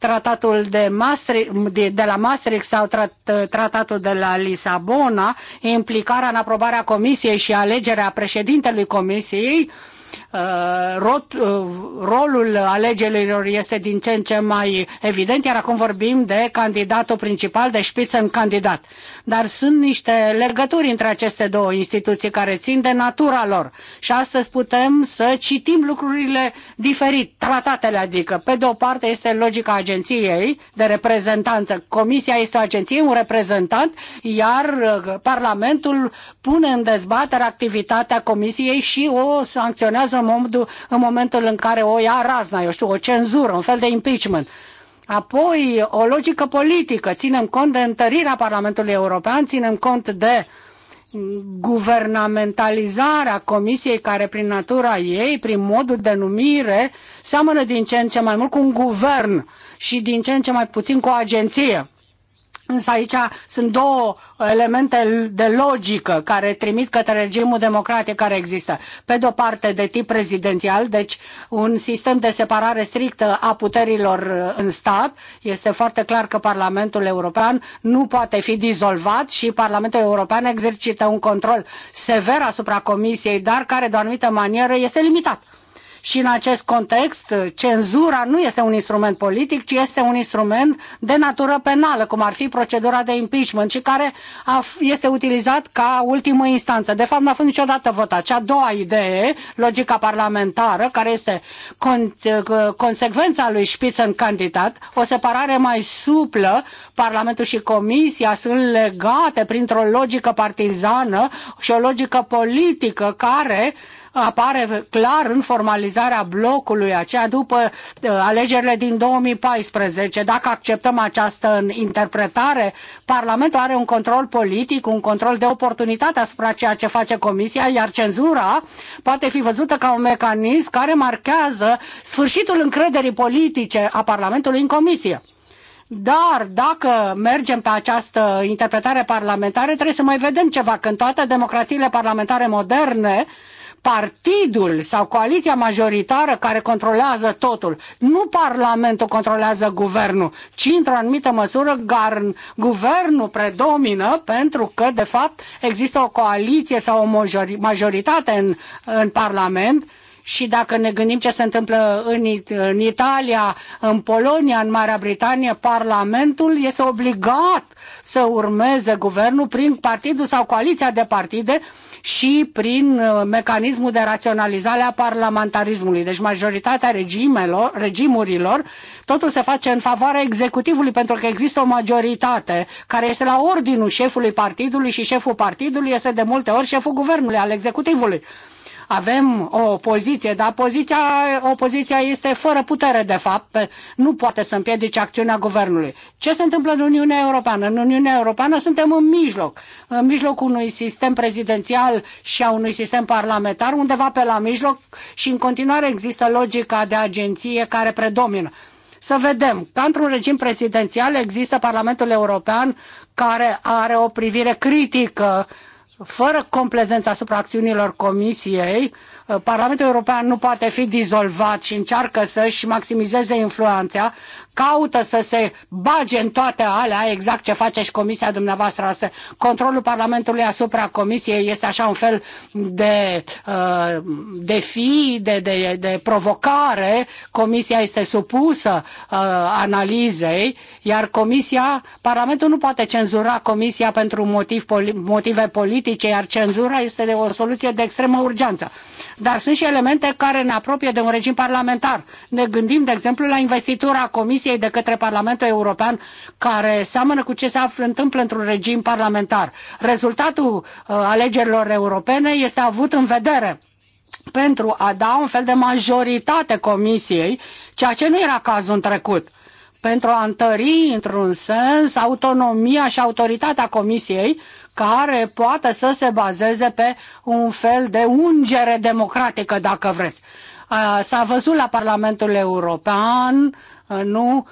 tratatul de, Maastricht, de la Maastricht sau trat, tratatul de la Lisabona, implicarea în aprobarea comisiei și alegerea președintelui comisiei, uh, Rot, uh, rolul alegerilor este din ce în ce mai evident, iar acum vorbim de candidatul principal, de în candidat dar sunt niște legături între aceste două instituții care țin de natura lor. Și astăzi putem să citim lucrurile diferit, tratatele adică. Pe de o parte este logica agenției de reprezentanță. Comisia este o agenție, un reprezentant, iar uh, Parlamentul pune în dezbatere activitatea Comisiei și o sancționează în momentul în care o ia razna, eu știu, o cenzură, un fel de impeachment. Apoi, o logică politică. Ținem cont de întărirea Parlamentului European, ținem cont de guvernamentalizarea comisiei care prin natura ei, prin modul de numire, seamănă din ce în ce mai mult cu un guvern și din ce în ce mai puțin cu o agenție. Însă aici sunt două elemente de logică care trimit către regimul democratic care există. Pe de o parte de tip prezidențial, deci un sistem de separare strictă a puterilor uh, în stat. Este foarte clar că Parlamentul European nu poate fi dizolvat și Parlamentul European exercită un control sever asupra Comisiei, dar care de o anumită manieră este limitat și în acest context, cenzura nu este un instrument politic, ci este un instrument de natură penală, cum ar fi procedura de impeachment și care este utilizat ca ultimă instanță. De fapt, n-a fost niciodată votat. Cea a doua idee, logica parlamentară, care este con- consecvența lui candidat, o separare mai suplă, Parlamentul și Comisia sunt legate printr-o logică partizană și o logică politică care apare clar în formalizarea blocului aceea după uh, alegerile din 2014. Dacă acceptăm această interpretare, Parlamentul are un control politic, un control de oportunitate asupra ceea ce face Comisia, iar cenzura poate fi văzută ca un mecanism care marchează sfârșitul încrederii politice a Parlamentului în Comisie. Dar dacă mergem pe această interpretare parlamentară, trebuie să mai vedem ceva, când toate democrațiile parlamentare moderne partidul sau coaliția majoritară care controlează totul. Nu Parlamentul controlează guvernul, ci într-o anumită măsură guvernul predomină pentru că, de fapt, există o coaliție sau o majoritate în, în Parlament și dacă ne gândim ce se întâmplă în, în Italia, în Polonia, în Marea Britanie, Parlamentul este obligat să urmeze guvernul prin partidul sau coaliția de partide și prin uh, mecanismul de raționalizare a parlamentarismului. Deci majoritatea regimelor, regimurilor, totul se face în favoarea executivului pentru că există o majoritate care este la ordinul șefului partidului și șeful partidului este de multe ori șeful guvernului al executivului avem o opoziție, dar poziția, opoziția este fără putere, de fapt, nu poate să împiedice acțiunea guvernului. Ce se întâmplă în Uniunea Europeană? În Uniunea Europeană suntem în mijloc, în mijlocul unui sistem prezidențial și a unui sistem parlamentar, undeva pe la mijloc și în continuare există logica de agenție care predomină să vedem că într-un regim prezidențial există Parlamentul European care are o privire critică fără complezență asupra acțiunilor comisiei Uh, Parlamentul European nu poate fi dizolvat și încearcă să-și maximizeze influența, caută să se bage în toate alea, exact ce face și Comisia dumneavoastră astăzi. Controlul Parlamentului asupra Comisiei este așa un fel de, uh, de fi, de, de, de provocare. Comisia este supusă uh, analizei, iar Comisia, Parlamentul nu poate cenzura Comisia pentru motiv, motive politice, iar cenzura este o soluție de extremă urgență dar sunt și elemente care ne apropie de un regim parlamentar. Ne gândim, de exemplu, la investitura Comisiei de către Parlamentul European, care seamănă cu ce se întâmplă într-un regim parlamentar. Rezultatul uh, alegerilor europene este avut în vedere pentru a da un fel de majoritate Comisiei, ceea ce nu era cazul în trecut pentru a întări, într-un sens, autonomia și autoritatea Comisiei care poate să se bazeze pe un fel de ungere democratică, dacă vreți. S-a văzut la Parlamentul European, nu?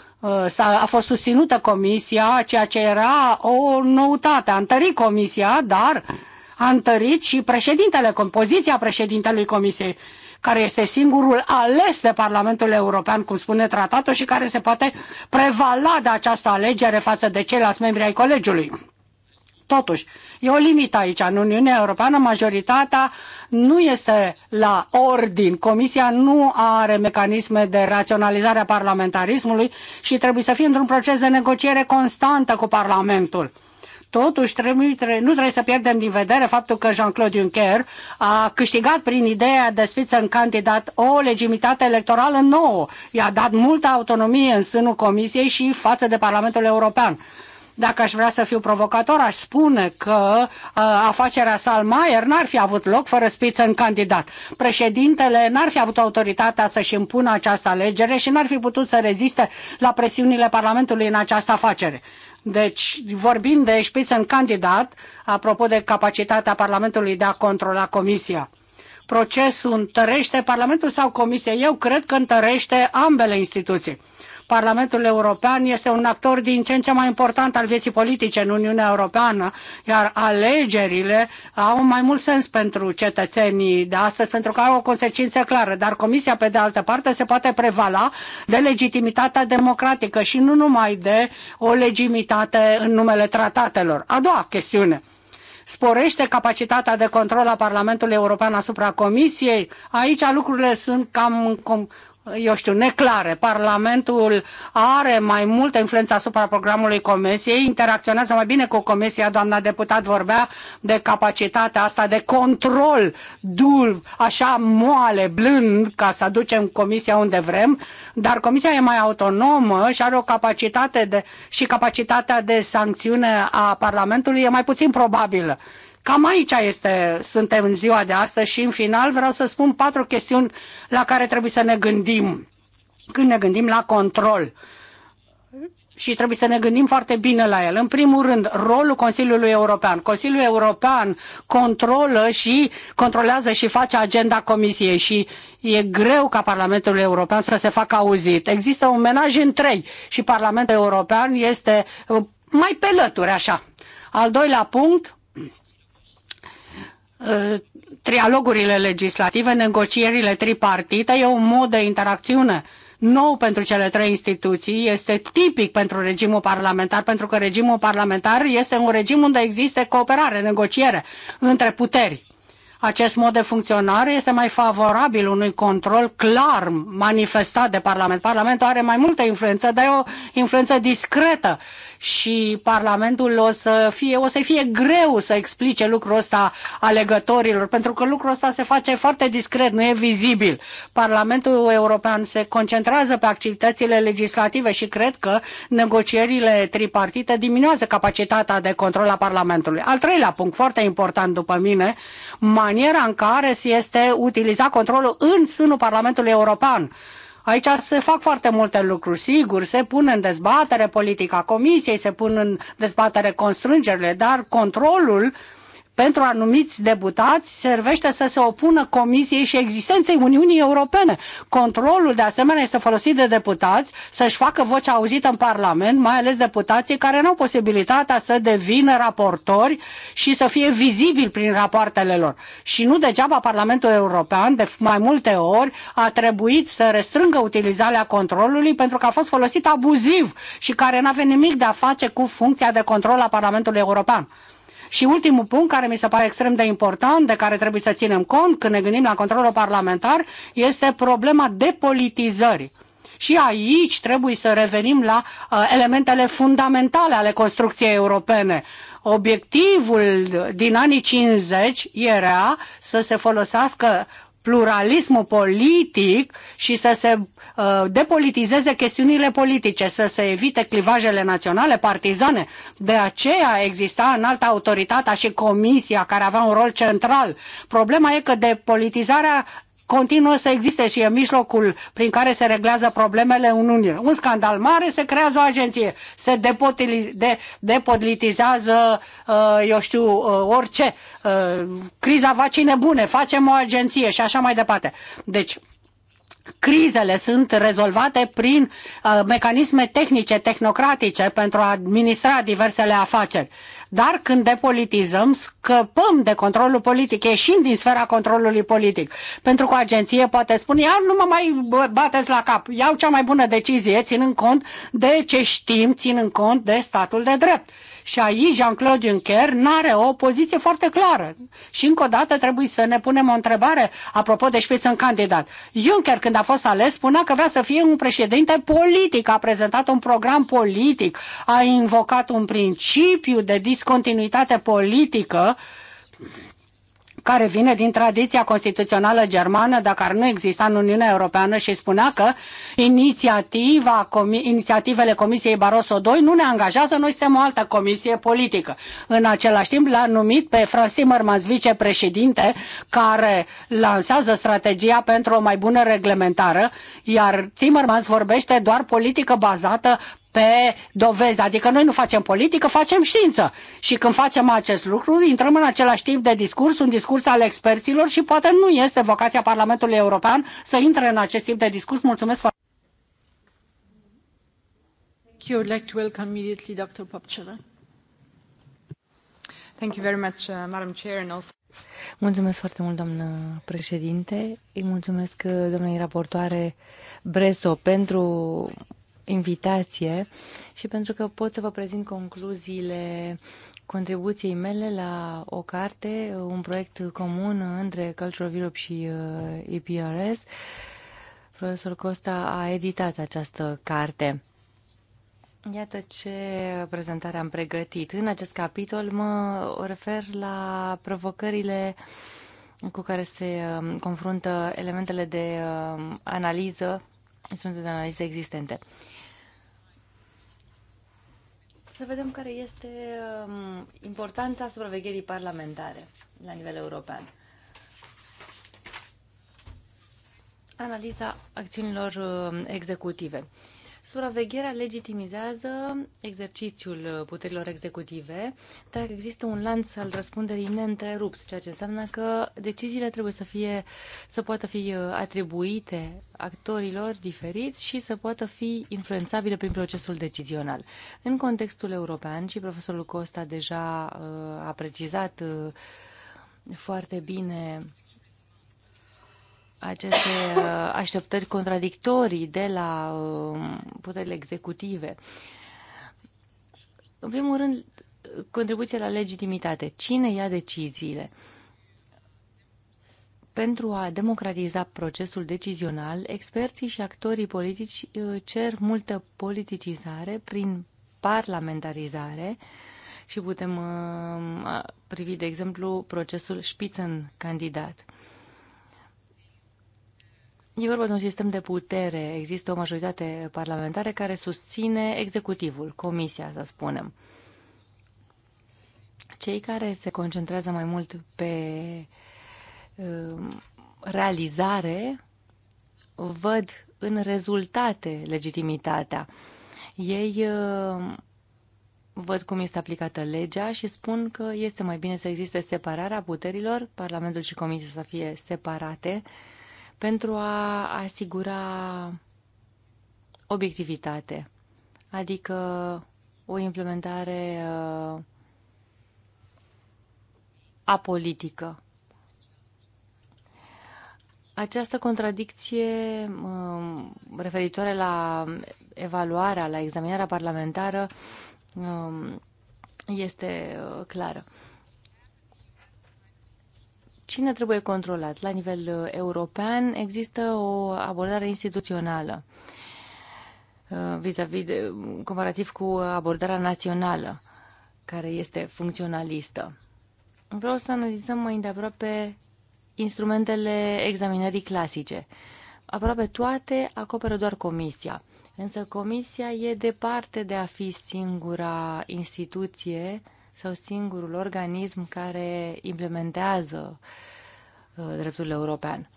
S-a, a fost susținută comisia, ceea ce era o noutate. A întărit comisia, dar a întărit și președintele, compoziția președintelui comisiei care este singurul ales de Parlamentul European, cum spune tratatul, și care se poate prevala de această alegere față de ceilalți membri ai colegiului. Totuși, e o limită aici. În Uniunea Europeană majoritatea nu este la ordin. Comisia nu are mecanisme de raționalizare a parlamentarismului și trebuie să fie într-un proces de negociere constantă cu Parlamentul. Totuși, trebuie, nu trebuie să pierdem din vedere faptul că Jean-Claude Juncker a câștigat prin ideea de spiță în candidat o legitimitate electorală nouă. I-a dat multă autonomie în sânul Comisiei și față de Parlamentul European. Dacă aș vrea să fiu provocator, aș spune că uh, afacerea Salmaier n-ar fi avut loc fără spiță în candidat. Președintele n-ar fi avut autoritatea să-și impună această alegere și n-ar fi putut să reziste la presiunile Parlamentului în această afacere. Deci, vorbim de spiță în candidat, apropo de capacitatea Parlamentului de a controla Comisia procesul întărește Parlamentul sau Comisia? Eu cred că întărește ambele instituții. Parlamentul European este un actor din ce în ce mai important al vieții politice în Uniunea Europeană, iar alegerile au mai mult sens pentru cetățenii de astăzi, pentru că au o consecință clară. Dar Comisia, pe de altă parte, se poate prevala de legitimitatea democratică și nu numai de o legitimitate în numele tratatelor. A doua chestiune sporește capacitatea de control a Parlamentului European asupra Comisiei. Aici lucrurile sunt cam eu știu, neclare. Parlamentul are mai multă influență asupra programului Comisiei, interacționează mai bine cu Comisia, doamna deputat vorbea de capacitatea asta de control dur, așa moale, blând, ca să aducem Comisia unde vrem, dar Comisia e mai autonomă și are o capacitate de, și capacitatea de sancțiune a Parlamentului e mai puțin probabilă. Cam aici este, suntem în ziua de astăzi și în final vreau să spun patru chestiuni la care trebuie să ne gândim când ne gândim la control și trebuie să ne gândim foarte bine la el. În primul rând, rolul Consiliului European. Consiliul European controlă și controlează și face agenda Comisiei și e greu ca Parlamentul European să se facă auzit. Există un menaj în trei și Parlamentul European este uh, mai pe lături, așa. Al doilea punct, trialogurile legislative, negocierile tripartite, e un mod de interacțiune nou pentru cele trei instituții, este tipic pentru regimul parlamentar, pentru că regimul parlamentar este un regim unde există cooperare, negociere între puteri. Acest mod de funcționare este mai favorabil unui control clar manifestat de Parlament. Parlamentul are mai multă influență, dar e o influență discretă și Parlamentul o să fie, o să fie greu să explice lucrul ăsta alegătorilor, pentru că lucrul ăsta se face foarte discret, nu e vizibil. Parlamentul European se concentrează pe activitățile legislative și cred că negocierile tripartite diminuează capacitatea de control a Parlamentului. Al treilea punct, foarte important după mine, maniera în care se este utilizat controlul în sânul Parlamentului European. Aici se fac foarte multe lucruri, sigur, se pun în dezbatere politica comisiei, se pun în dezbatere constrângerile, dar controlul uh, pentru anumiți deputați servește să se opună Comisiei și existenței Uniunii Europene. Controlul, de asemenea, este folosit de deputați să-și facă vocea auzită în Parlament, mai ales deputații care nu au posibilitatea să devină raportori și să fie vizibili prin rapoartele lor. Și nu degeaba Parlamentul European, de mai multe ori, a trebuit să restrângă utilizarea controlului pentru că a fost folosit abuziv și care nu avea nimic de a face cu funcția de control a Parlamentului European. Și ultimul punct care mi se pare extrem de important, de care trebuie să ținem cont când ne gândim la controlul parlamentar, este problema depolitizării. Și aici trebuie să revenim la uh, elementele fundamentale ale construcției europene. Obiectivul din anii 50 era să se folosească pluralismul politic și să se uh, depolitizeze chestiunile politice, să se evite clivajele naționale, partizane. De aceea exista în alta autoritatea și comisia care avea un rol central. Problema e că depolitizarea continuă să existe și e mijlocul prin care se reglează problemele în Uniune. Un scandal mare, se creează o agenție, se depolitizează, uh, eu știu, uh, orice. Uh, criza vaccine bune, facem o agenție și așa mai departe. Deci, Crizele sunt rezolvate prin mecanisme tehnice, tehnocratice pentru a administra diversele afaceri. Dar când depolitizăm, scăpăm de controlul politic, ieșim din sfera controlului politic. Pentru că o agenție poate spune, ia nu mă mai bateți la cap, iau cea mai bună decizie, ținând cont de ce știm, ținând cont de statul de drept. Și aici Jean-Claude Juncker n-are o poziție foarte clară. Și încă o dată trebuie să ne punem o întrebare apropo de șpiță în candidat. Juncker, când a fost ales, spunea că vrea să fie un președinte politic, a prezentat un program politic, a invocat un principiu de discontinuitate politică uh, care vine din tradiția constituțională germană, dacă ar nu exista în Uniunea Europeană și spunea că inițiativa, comi, inițiativele Comisiei Barroso II nu ne angajează, noi suntem o altă comisie politică. În același timp l-a numit pe Franz Timmermans vicepreședinte care lansează strategia pentru o mai bună reglementare, iar Timmermans vorbește doar politică bazată pe dovezi. Adică noi nu facem politică, facem știință. Și când facem acest lucru, intrăm în același timp de discurs, un discurs al experților și poate nu este vocația Parlamentului European să intre în acest timp de discurs. Mulțumesc foarte mult, you. I'd like to welcome immediately Dr. Thank you very much, uh, Madam Chair, and also Mulțumesc foarte mult, doamnă președinte. Îi mulțumesc uh, doamnei raportoare Breso pentru invitație și pentru că pot să vă prezint concluziile contribuției mele la o carte, un proiect comun între Cultural Europe și uh, EPRS. Profesor Costa a editat această carte. Iată ce prezentare am pregătit. În acest capitol mă refer la provocările cu care se um, confruntă elementele de um, analiză, instrumente de analiză existente să vedem care este um, importanța supravegherii parlamentare la nivel european. Analiza acțiunilor um, executive. Supravegherea legitimizează exercițiul uh, puterilor executive, dar există un lanț al răspunderii neîntrerupt, ceea ce înseamnă că deciziile trebuie să, fie, să poată fi uh, atribuite actorilor diferiți și să poată fi influențabile prin procesul decizional. În contextul european, și profesorul Costa deja uh, a precizat foarte bine aceste uh, așteptări contradictorii de la uh, puterile executive. În primul rând, contribuție la legitimitate. Cine ia deciziile? Pentru a democratiza procesul decizional, experții și actorii politici uh, cer multă politicizare prin parlamentarizare și putem privi, de exemplu, procesul Spitzenkandidat. candidat E vorba de un sistem de putere. Există o majoritate parlamentară care susține executivul, comisia, să spunem. Cei care se concentrează mai mult pe um, realizare văd în rezultate legitimitatea. Ei um, văd cum este aplicată legea și spun că este mai bine să existe separarea puterilor, Parlamentul și Comisia să fie separate, uh, pentru a asigura obiectivitate, adică o implementare uh, apolitică. Această contradicție um, referitoare la evaluarea, la examinarea parlamentară um, este uh, clară. Cine trebuie controlat? La nivel uh, european există o abordare instituțională uh, vis-a-vis -vis de, comparativ cu abordarea națională care este funcționalistă. Vreau să analizăm mai îndeaproape instrumentele examinării clasice. Aproape toate acoperă doar comisia. Însă comisia e departe de a fi singura instituție sau singurul organism care implementează uh, dreptul european.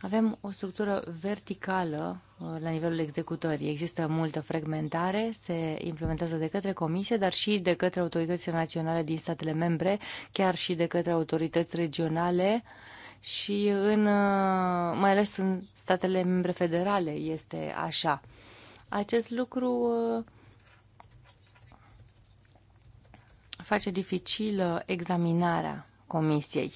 Avem o structură verticală uh, la nivelul executării. Există multă fragmentare, se implementează de către comisie, dar și de către autoritățile naționale din statele membre, chiar și de către autorități regionale și în, uh, mai ales în statele membre federale este așa. Acest lucru uh, face dificilă uh, examinarea Comisiei.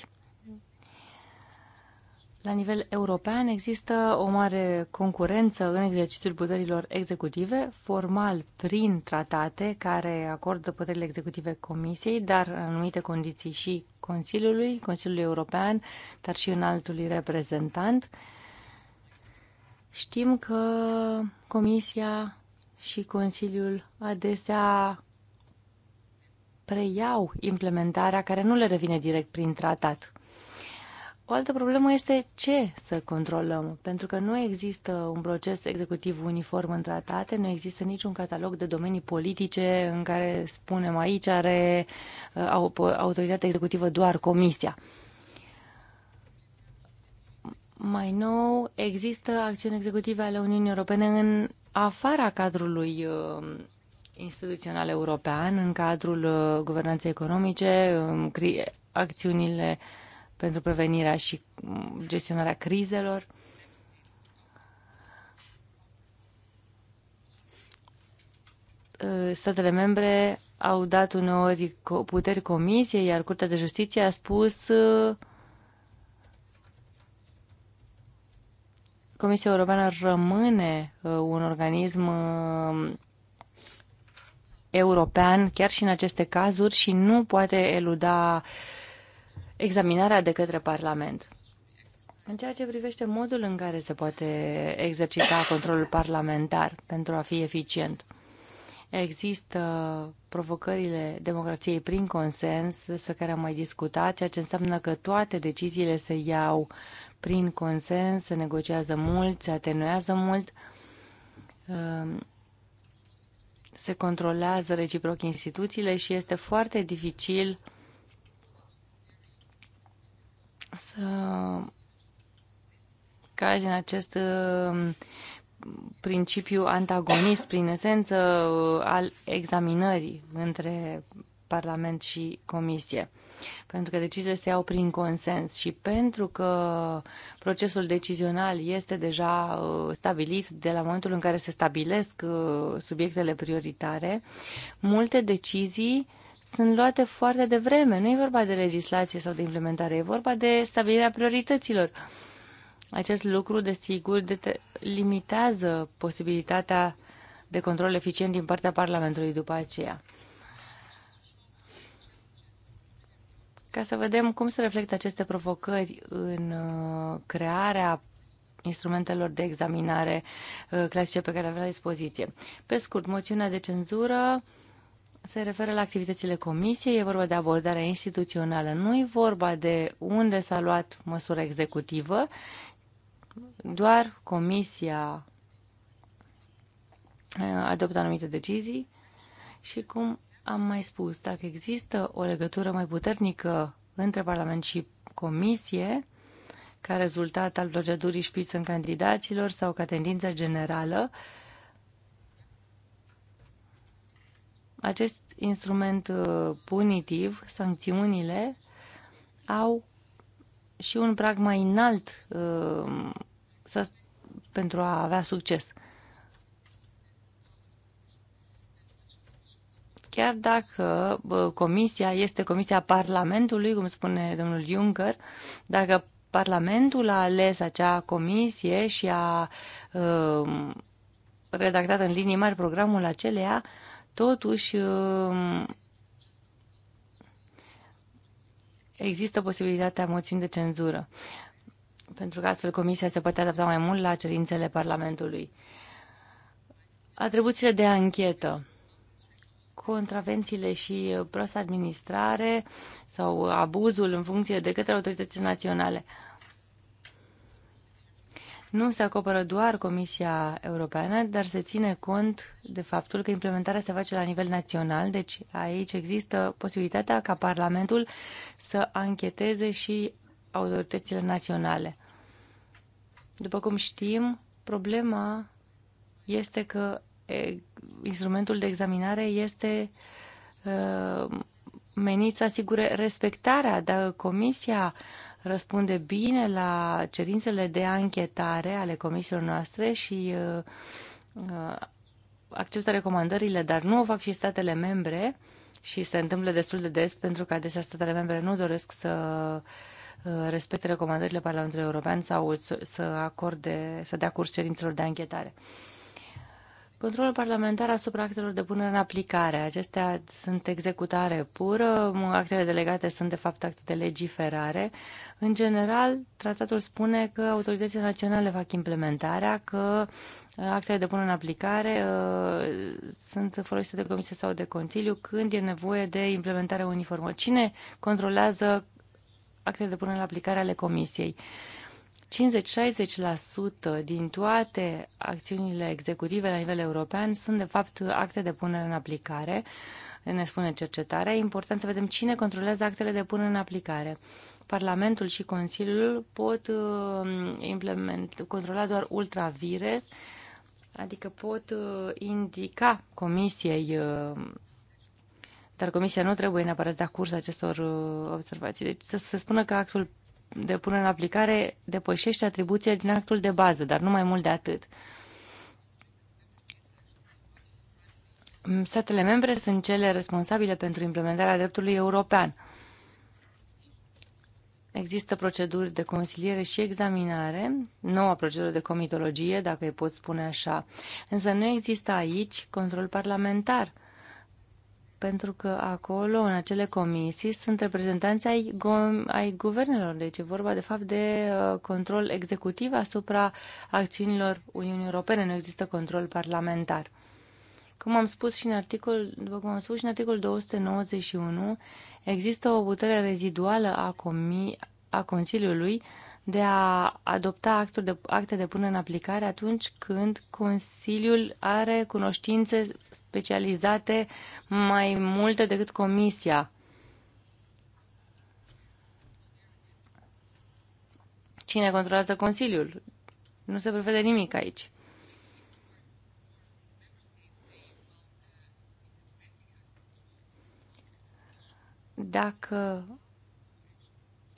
La nivel european există o mare concurență în exercițiul puterilor executive, formal prin tratate care acordă puterile executive Comisiei, dar în anumite condiții și Consiliului, Consiliului European, dar și altului reprezentant. Știm că Comisia și Consiliul adesea preiau implementarea care nu le revine direct prin tratat. O altă problemă este ce să controlăm, pentru că nu există un proces executiv uniform în tratate, nu există niciun catalog de domenii politice în care, spunem aici, are uh, autoritatea executivă doar Comisia. Mai nou, există acțiuni executive ale Uniunii Europene în afara cadrului uh, instituțional european în cadrul uh, guvernanței economice, um, acțiunile pentru prevenirea și um, gestionarea crizelor. Uh, statele membre au dat uneori puteri comisiei, iar Curtea de Justiție a spus uh, Comisia Europeană rămâne un organism um, european, chiar și în aceste cazuri, și nu poate eluda examinarea de către Parlament. În ceea ce privește modul în care se poate exercita controlul parlamentar pentru a fi eficient, există provocările democrației prin consens, despre care am mai discutat, ceea ce înseamnă că toate deciziile se iau prin consens, se negociază mult, se atenuează mult. Ehm, se controlează reciproc instituțiile și este foarte dificil să cazi în acest uh, principiu antagonist, prin esență, uh, al examinării între Parlament și Comisie pentru că deciziile se iau prin consens și pentru că procesul decizional este deja uh, stabilit de la momentul în care se stabilesc uh, subiectele prioritare, multe decizii sunt luate foarte devreme. Nu e vorba de legislație sau de implementare, e vorba de stabilirea priorităților. Acest lucru, desigur, limitează posibilitatea de control eficient din partea Parlamentului după aceea. ca să vedem cum se reflectă aceste provocări în uh, crearea instrumentelor de examinare uh, clasice pe care le avem la dispoziție. Pe scurt, moțiunea de cenzură se referă la activitățile comisiei, e vorba de abordarea instituțională, nu e vorba de unde s-a luat măsura executivă, doar comisia uh, adoptă anumite decizii și cum am mai spus, dacă există o legătură mai puternică între Parlament și Comisie, ca rezultat al procedurii șpiță în candidaților sau ca tendință generală, acest instrument uh, punitiv, sancțiunile, au și un prag mai înalt uh, să, pentru a avea succes. chiar dacă comisia este comisia Parlamentului, cum spune domnul Juncker, dacă Parlamentul a ales acea comisie și a uh, redactat în linii mari programul aceleia, totuși uh, există posibilitatea moțiunii de cenzură, pentru că astfel comisia se poate adapta mai mult la cerințele Parlamentului. Atribuțiile de anchetă contravențiile și uh, prost administrare sau abuzul în funcție de către autoritățile naționale. Nu se acoperă doar Comisia Europeană, dar se ține cont de faptul că implementarea se face la nivel național, deci aici există posibilitatea ca Parlamentul să ancheteze și autoritățile naționale. După cum știm, problema este că instrumentul de examinare este uh, menit să asigure respectarea. Dacă comisia răspunde bine la cerințele de anchetare ale comisiilor noastre și uh, uh, acceptă recomandările, dar nu o fac și statele membre, și se întâmplă destul de des pentru că adesea statele membre nu doresc să respecte recomandările Parlamentului European sau să acorde, să dea curs cerințelor de anchetare. Controlul parlamentar asupra actelor de punere în aplicare. Acestea sunt executare pură, actele delegate sunt de fapt acte de legiferare. În general, tratatul spune că autoritățile naționale fac implementarea, că uh, actele de punere în aplicare uh, sunt folosite de comisie sau de conciliu când e nevoie de implementare uniformă. Cine controlează actele de punere în aplicare ale comisiei? Uh, 50-60% din toate acțiunile executive la nivel european sunt, de fapt, acte de punere în aplicare, ne spune cercetarea. E important să vedem cine controlează actele de punere în aplicare. Parlamentul și Consiliul pot uh, implement, controla doar ultravires, adică pot uh, indica comisiei, uh, dar comisia nu trebuie neapărat să dea curs acestor observații. Deci să se spună că actul de punere în aplicare depășește atribuția din actul de bază, dar nu mai mult de atât. Statele membre sunt cele responsabile pentru implementarea dreptului european. Există proceduri de consiliere și examinare, noua procedură de comitologie, dacă îi pot spune așa, însă nu există aici control parlamentar pentru că acolo, în acele comisii, sunt reprezentanți ai, ai guvernelor. Deci e vorba, de fapt, de uh, control executiv asupra acțiunilor Uniunii Europene. Nu există control parlamentar. Cum am spus și în articol, după cum am spus și în articol 291, există o putere reziduală a, comi, a Consiliului uh, de a adopta actul de, acte de până în aplicare atunci când Consiliul are cunoștințe specializate mai multe decât Comisia. Cine controlează Consiliul? Nu se prevede nimic aici. Dacă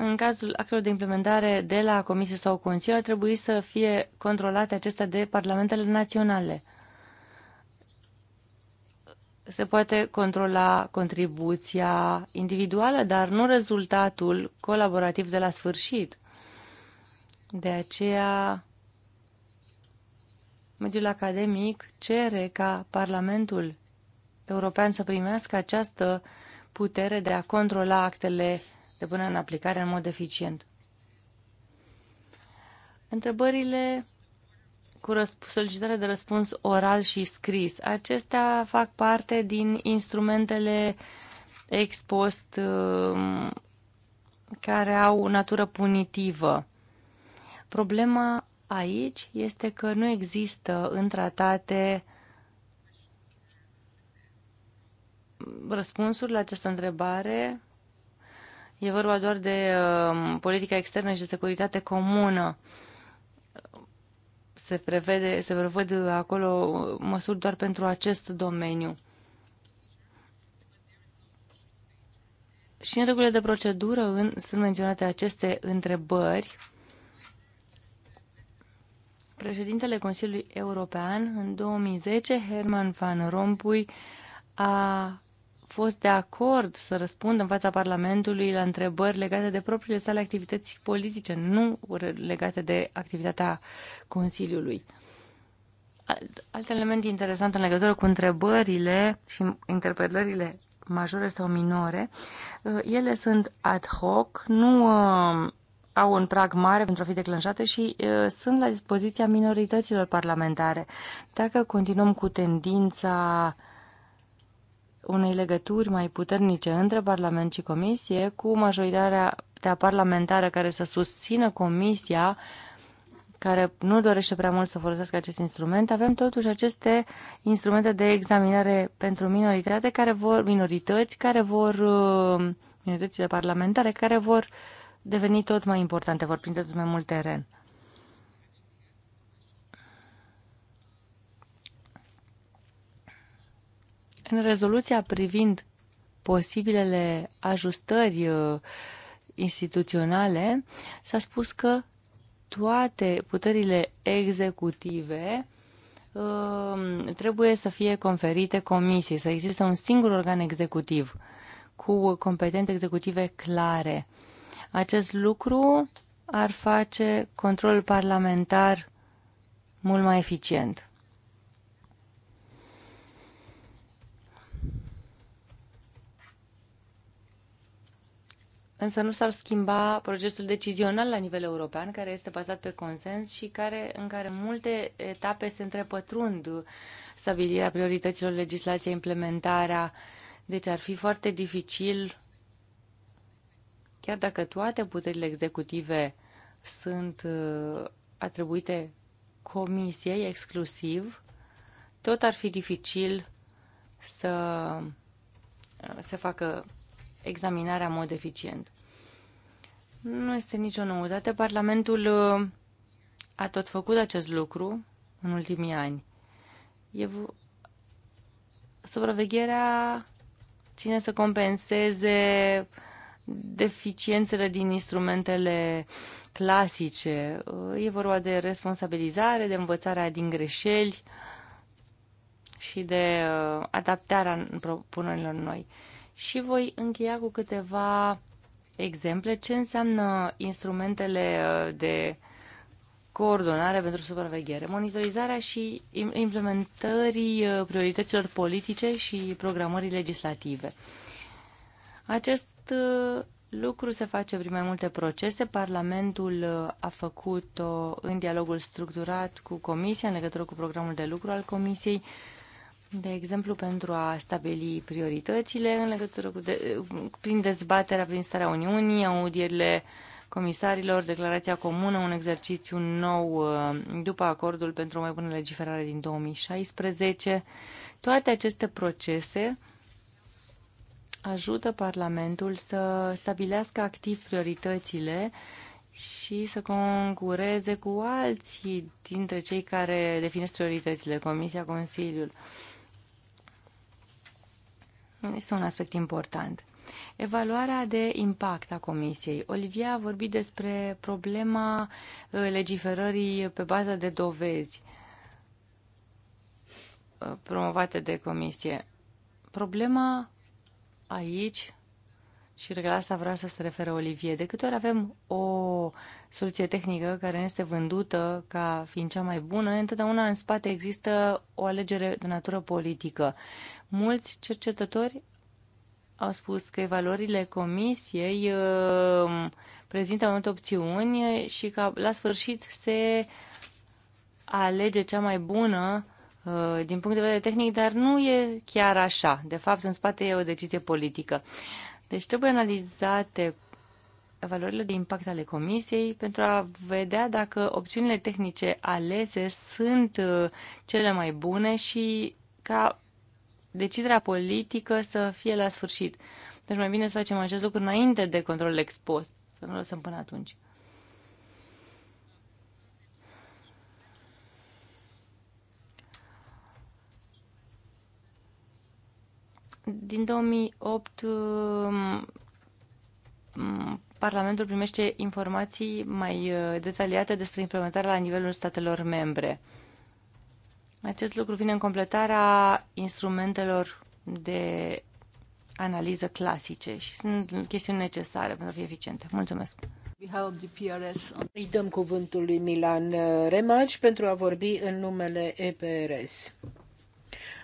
în cazul actelor de implementare de la Comisie sau Consiliu, ar trebui să fie controlate acestea de parlamentele naționale. Se poate controla contribuția individuală, dar nu rezultatul colaborativ de la sfârșit. De aceea, mediul academic cere ca Parlamentul European să primească această putere de a controla actele de până în aplicare în mod eficient. Întrebările cu solicitare de răspuns oral și scris. Acestea fac parte din instrumentele ex post um, care au natură punitivă. Problema aici este că nu există în tratate răspunsuri la această întrebare E vorba doar de uh, politica externă și de securitate comună. Se, prevede, se prevăd acolo măsuri doar pentru acest domeniu. Și în regulile de procedură în, sunt menționate aceste întrebări. Președintele Consiliului European, în 2010, Herman Van Rompuy, a fost de acord să răspundă în fața Parlamentului la întrebări legate de propriile sale activități politice, nu legate de activitatea Consiliului. Alt, element interesant în legătură cu întrebările și interpelările majore sau minore, uh, ele sunt ad hoc, nu uh, au un prag mare pentru a fi declanșate și uh, sunt la dispoziția minorităților parlamentare. Dacă continuăm cu tendința uh, unei legături mai puternice între Parlament și Comisie cu majoritatea parlamentară care să susțină Comisia care nu dorește prea mult să folosească acest instrument, avem totuși aceste instrumente de examinare pentru minoritate care vor, minorități care vor, uh, minoritățile parlamentare care vor deveni tot mai importante, vor prinde tot mai mult teren. În rezoluția privind posibilele ajustări uh, instituționale, s-a spus că toate puterile executive uh, trebuie să fie conferite comisiei, să existe un singur organ executiv cu competențe executive clare. Acest lucru ar face controlul parlamentar mult mai eficient. însă nu s-ar schimba procesul decizional la nivel european, care este bazat pe consens și care, în care multe etape se întrepătrund stabilirea priorităților, legislația, implementarea. Deci ar fi foarte dificil, chiar dacă toate puterile executive sunt uh, atribuite comisiei exclusiv, tot ar fi dificil să uh, se facă examinarea în mod eficient. Nu este nicio noutate. Parlamentul uh, a tot făcut acest lucru în ultimii ani. E supravegherea ține să compenseze deficiențele din instrumentele clasice. Uh, e vorba de responsabilizare, de învățarea din greșeli și de uh, adaptarea propunerilor noi și voi încheia cu câteva exemple ce înseamnă instrumentele uh, de coordonare pentru supraveghere, monitorizarea și implementării uh, priorităților politice și programării legislative. Acest uh, lucru se face prin mai multe procese. Parlamentul a făcut-o în dialogul structurat cu Comisia, în legătură cu programul de lucru al Comisiei, de exemplu, pentru a stabili prioritățile în legătură cu de, prin dezbaterea prin starea Uniunii, audierile comisarilor, declarația comună, un exercițiu nou uh, după acordul pentru o mai bună legiferare din 2016. Toate aceste procese ajută Parlamentul să stabilească activ prioritățile și să concureze cu alții dintre cei care definesc prioritățile, Comisia, Consiliul. Uh, este un aspect important. Evaluarea de impact a Comisiei. Olivia a vorbit despre problema uh, legiferării pe bază de dovezi uh, promovate de Comisie. Problema aici și la asta vreau să se referă Olivier. De câte ori avem o soluție tehnică care ne este vândută ca fiind cea mai bună, întotdeauna în spate există o alegere de natură politică. Mulți cercetători au spus că evaluările comisiei uh, prezintă multe opțiuni și că la sfârșit se alege cea mai bună uh, din punct de vedere tehnic, dar nu e chiar așa. De fapt, în spate e o decizie politică. Deci trebuie analizate valorile de impact ale comisiei pentru a vedea dacă opțiunile tehnice alese sunt uh, cele mai bune și ca deciderea politică să fie la sfârșit. Deci mai bine să facem acest lucru înainte de controlul expost, să nu lăsăm până atunci. Din 2008, um, Parlamentul primește informații mai uh, detaliate despre implementarea la nivelul statelor membre. Acest lucru vine în completarea instrumentelor de analiză clasice și sunt chestiuni necesare pentru a fi eficiente. Mulțumesc! Îi dăm cuvântul lui Milan uh, Remaci pentru a vorbi în numele EPRS.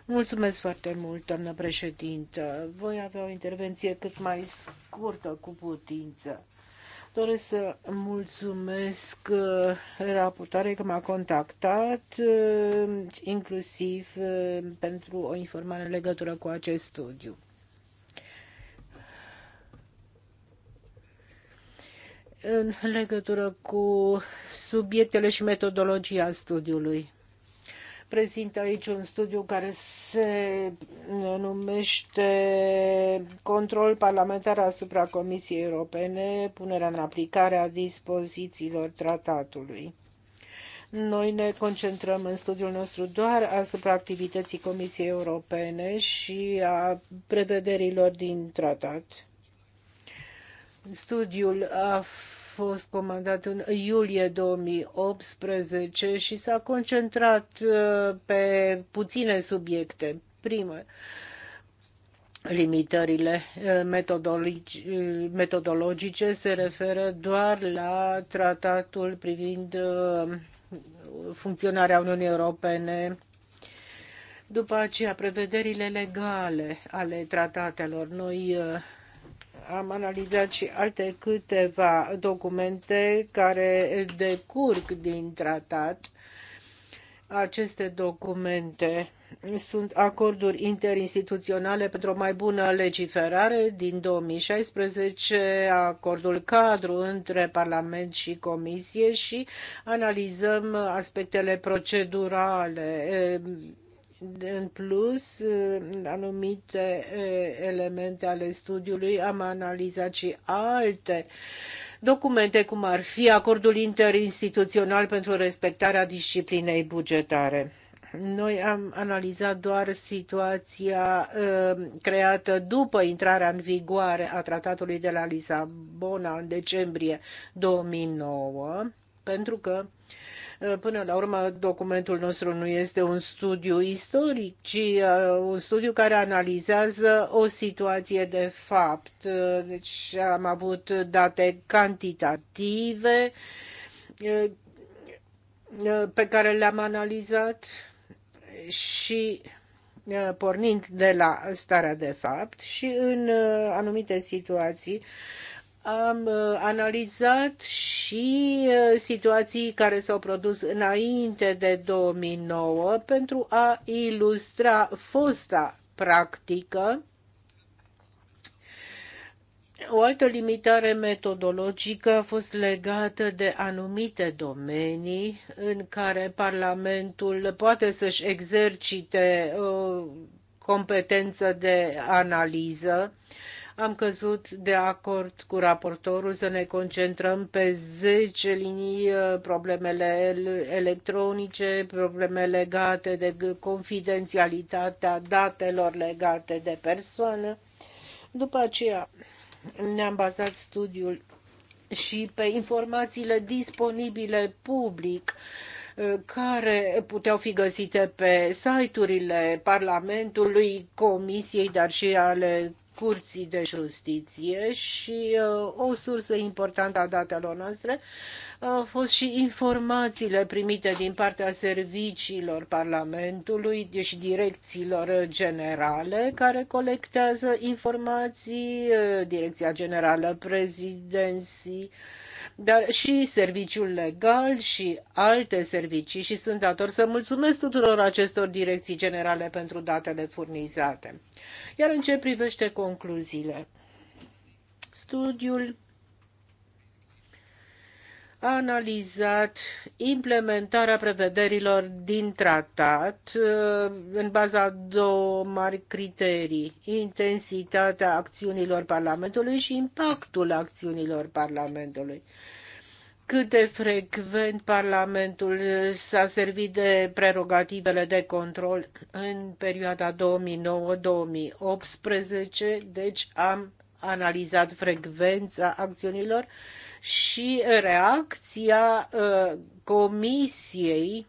Mulțumesc foarte mult, doamnă președintă. Voi avea o intervenție cât mai scurtă cu putință. Doresc să mulțumesc uh, raportoare că m-a contactat, uh, inclusiv uh, pentru o informare în legătură cu acest studiu. În legătură cu subiectele și metodologia studiului prezintă aici un studiu care se numește Control parlamentar asupra Comisiei Europene, punerea în aplicare a dispozițiilor tratatului. Noi ne concentrăm în studiul nostru doar asupra activității Comisiei Europene și a prevederilor din tratat. Studiul a fost comandat în iulie 2018 și s-a concentrat uh, pe puține subiecte. Primă, limitările uh, uh, metodologice se referă doar la tratatul privind funcționarea Uniunii Europene, după aceea prevederile legale ale tratatelor. Noi am analizat și alte câteva documente care decurg din tratat. Aceste documente sunt acorduri interinstituționale pentru o mai bună legiferare din 2016, acordul cadru între Parlament și Comisie și analizăm aspectele procedurale în plus, eh, anumite eh, elemente ale studiului am analizat și alte documente, cum ar fi acordul interinstituțional pentru respectarea disciplinei bugetare. Noi am analizat doar situația uh, creată după intrarea în vigoare a tratatului de la Lisabona în decembrie 2009, pentru că uh, Eh, până la urmă, documentul nostru nu este un studiu istoric, ci eh, un studiu care analizează o situație de fapt. Eh, deci am avut date cantitative pe care le-am analizat și pornind de la starea de fapt și în anumite situații am uh, analizat și uh, situații care s-au produs înainte de 2009 pentru a ilustra fosta practică. O altă limitare metodologică a fost legată de anumite domenii în care Parlamentul poate să-și exercite uh, competență de analiză am căzut de acord cu raportorul să ne concentrăm pe 10 linii, uh, problemele electronice, probleme legate de confidențialitatea datelor legate de persoană. După aceea ne-am bazat studiul și pe informațiile disponibile public uh, care puteau fi găsite pe site-urile Parlamentului, Comisiei, dar și ale Curții de Justiție și uh, o sursă importantă a datelor noastre au fost și informațiile primite din partea serviciilor Parlamentului și direcțiilor generale care colectează informații, uh, Direcția Generală Prezidenții, dar și serviciul legal și alte servicii și sunt dator să mulțumesc tuturor acestor direcții generale pentru datele furnizate. Iar în ce privește concluziile? Studiul analizat implementarea prevederilor din tratat uh, în baza două mari criterii, intensitatea acțiunilor Parlamentului și impactul acțiunilor Parlamentului cât de frecvent Parlamentul s-a servit de prerogativele de control în perioada 2009-2018, deci am analizat frecvența acțiunilor și reacția uh, Comisiei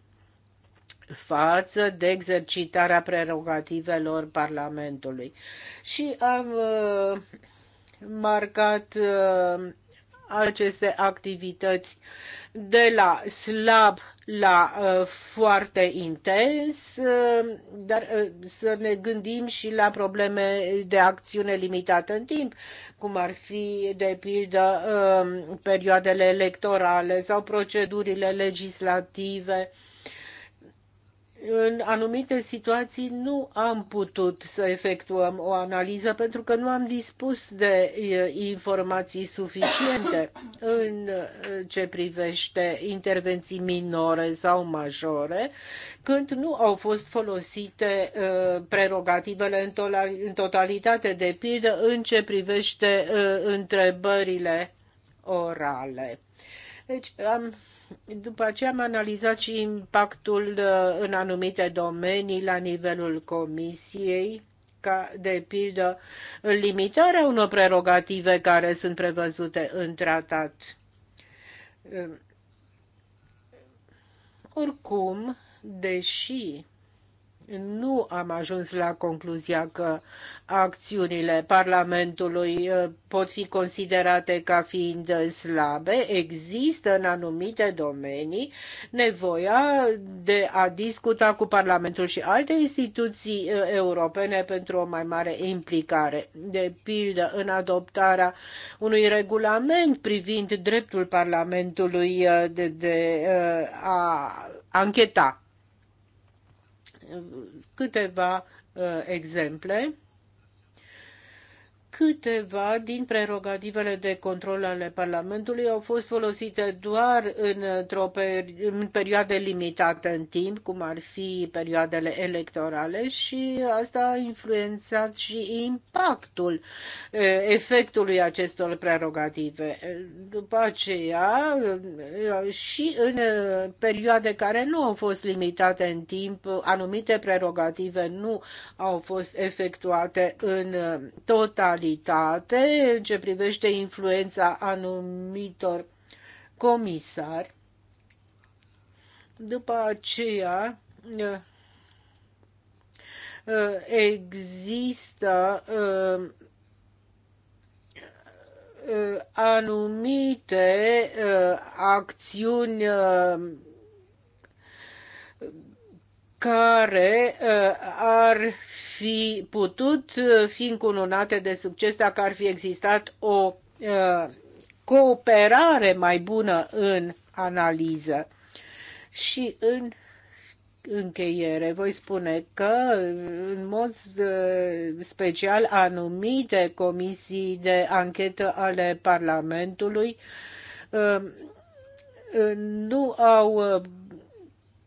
față de exercitarea prerogativelor Parlamentului. Și am uh, marcat uh, aceste activități de la slab la uh, foarte intens, uh, dar uh, să ne gândim și la probleme de acțiune limitată în timp, cum ar fi, de pildă, uh, perioadele electorale sau procedurile legislative. Uh, în anumite situații nu am putut să efectuăm o analiză pentru că nu am dispus de informații suficiente în ce privește intervenții minore sau majore, când nu au fost folosite prerogativele în totalitate, de pildă în ce privește întrebările orale. Deci am după aceea am analizat și impactul uh, în anumite domenii la nivelul comisiei, ca de pildă limitarea unor prerogative care sunt prevăzute în tratat. Uh, oricum, deși nu am ajuns la concluzia că acțiunile Parlamentului uh, pot fi considerate ca fiind slabe. Există în anumite domenii nevoia de a discuta cu Parlamentul și alte instituții uh, europene pentru o mai mare implicare. De pildă, în adoptarea unui regulament privind dreptul Parlamentului uh, de, de a ancheta câteva uh, exemple câteva din prerogativele de control ale Parlamentului au fost folosite doar într-o peri- în perioade limitate în timp, cum ar fi perioadele electorale și asta a influențat și impactul efectului acestor prerogative. După aceea și în perioade care nu au fost limitate în timp, anumite prerogative nu au fost efectuate în totalitate neutralitate în ce privește influența anumitor comisari. După aceea, eh, eh, există eh, anumite acțiuni care uh, ar fi putut uh, fi încununate de succes dacă ar fi existat o uh, cooperare mai bună în analiză. Și în încheiere voi spune că, în mod special, anumite comisii de anchetă ale Parlamentului nu au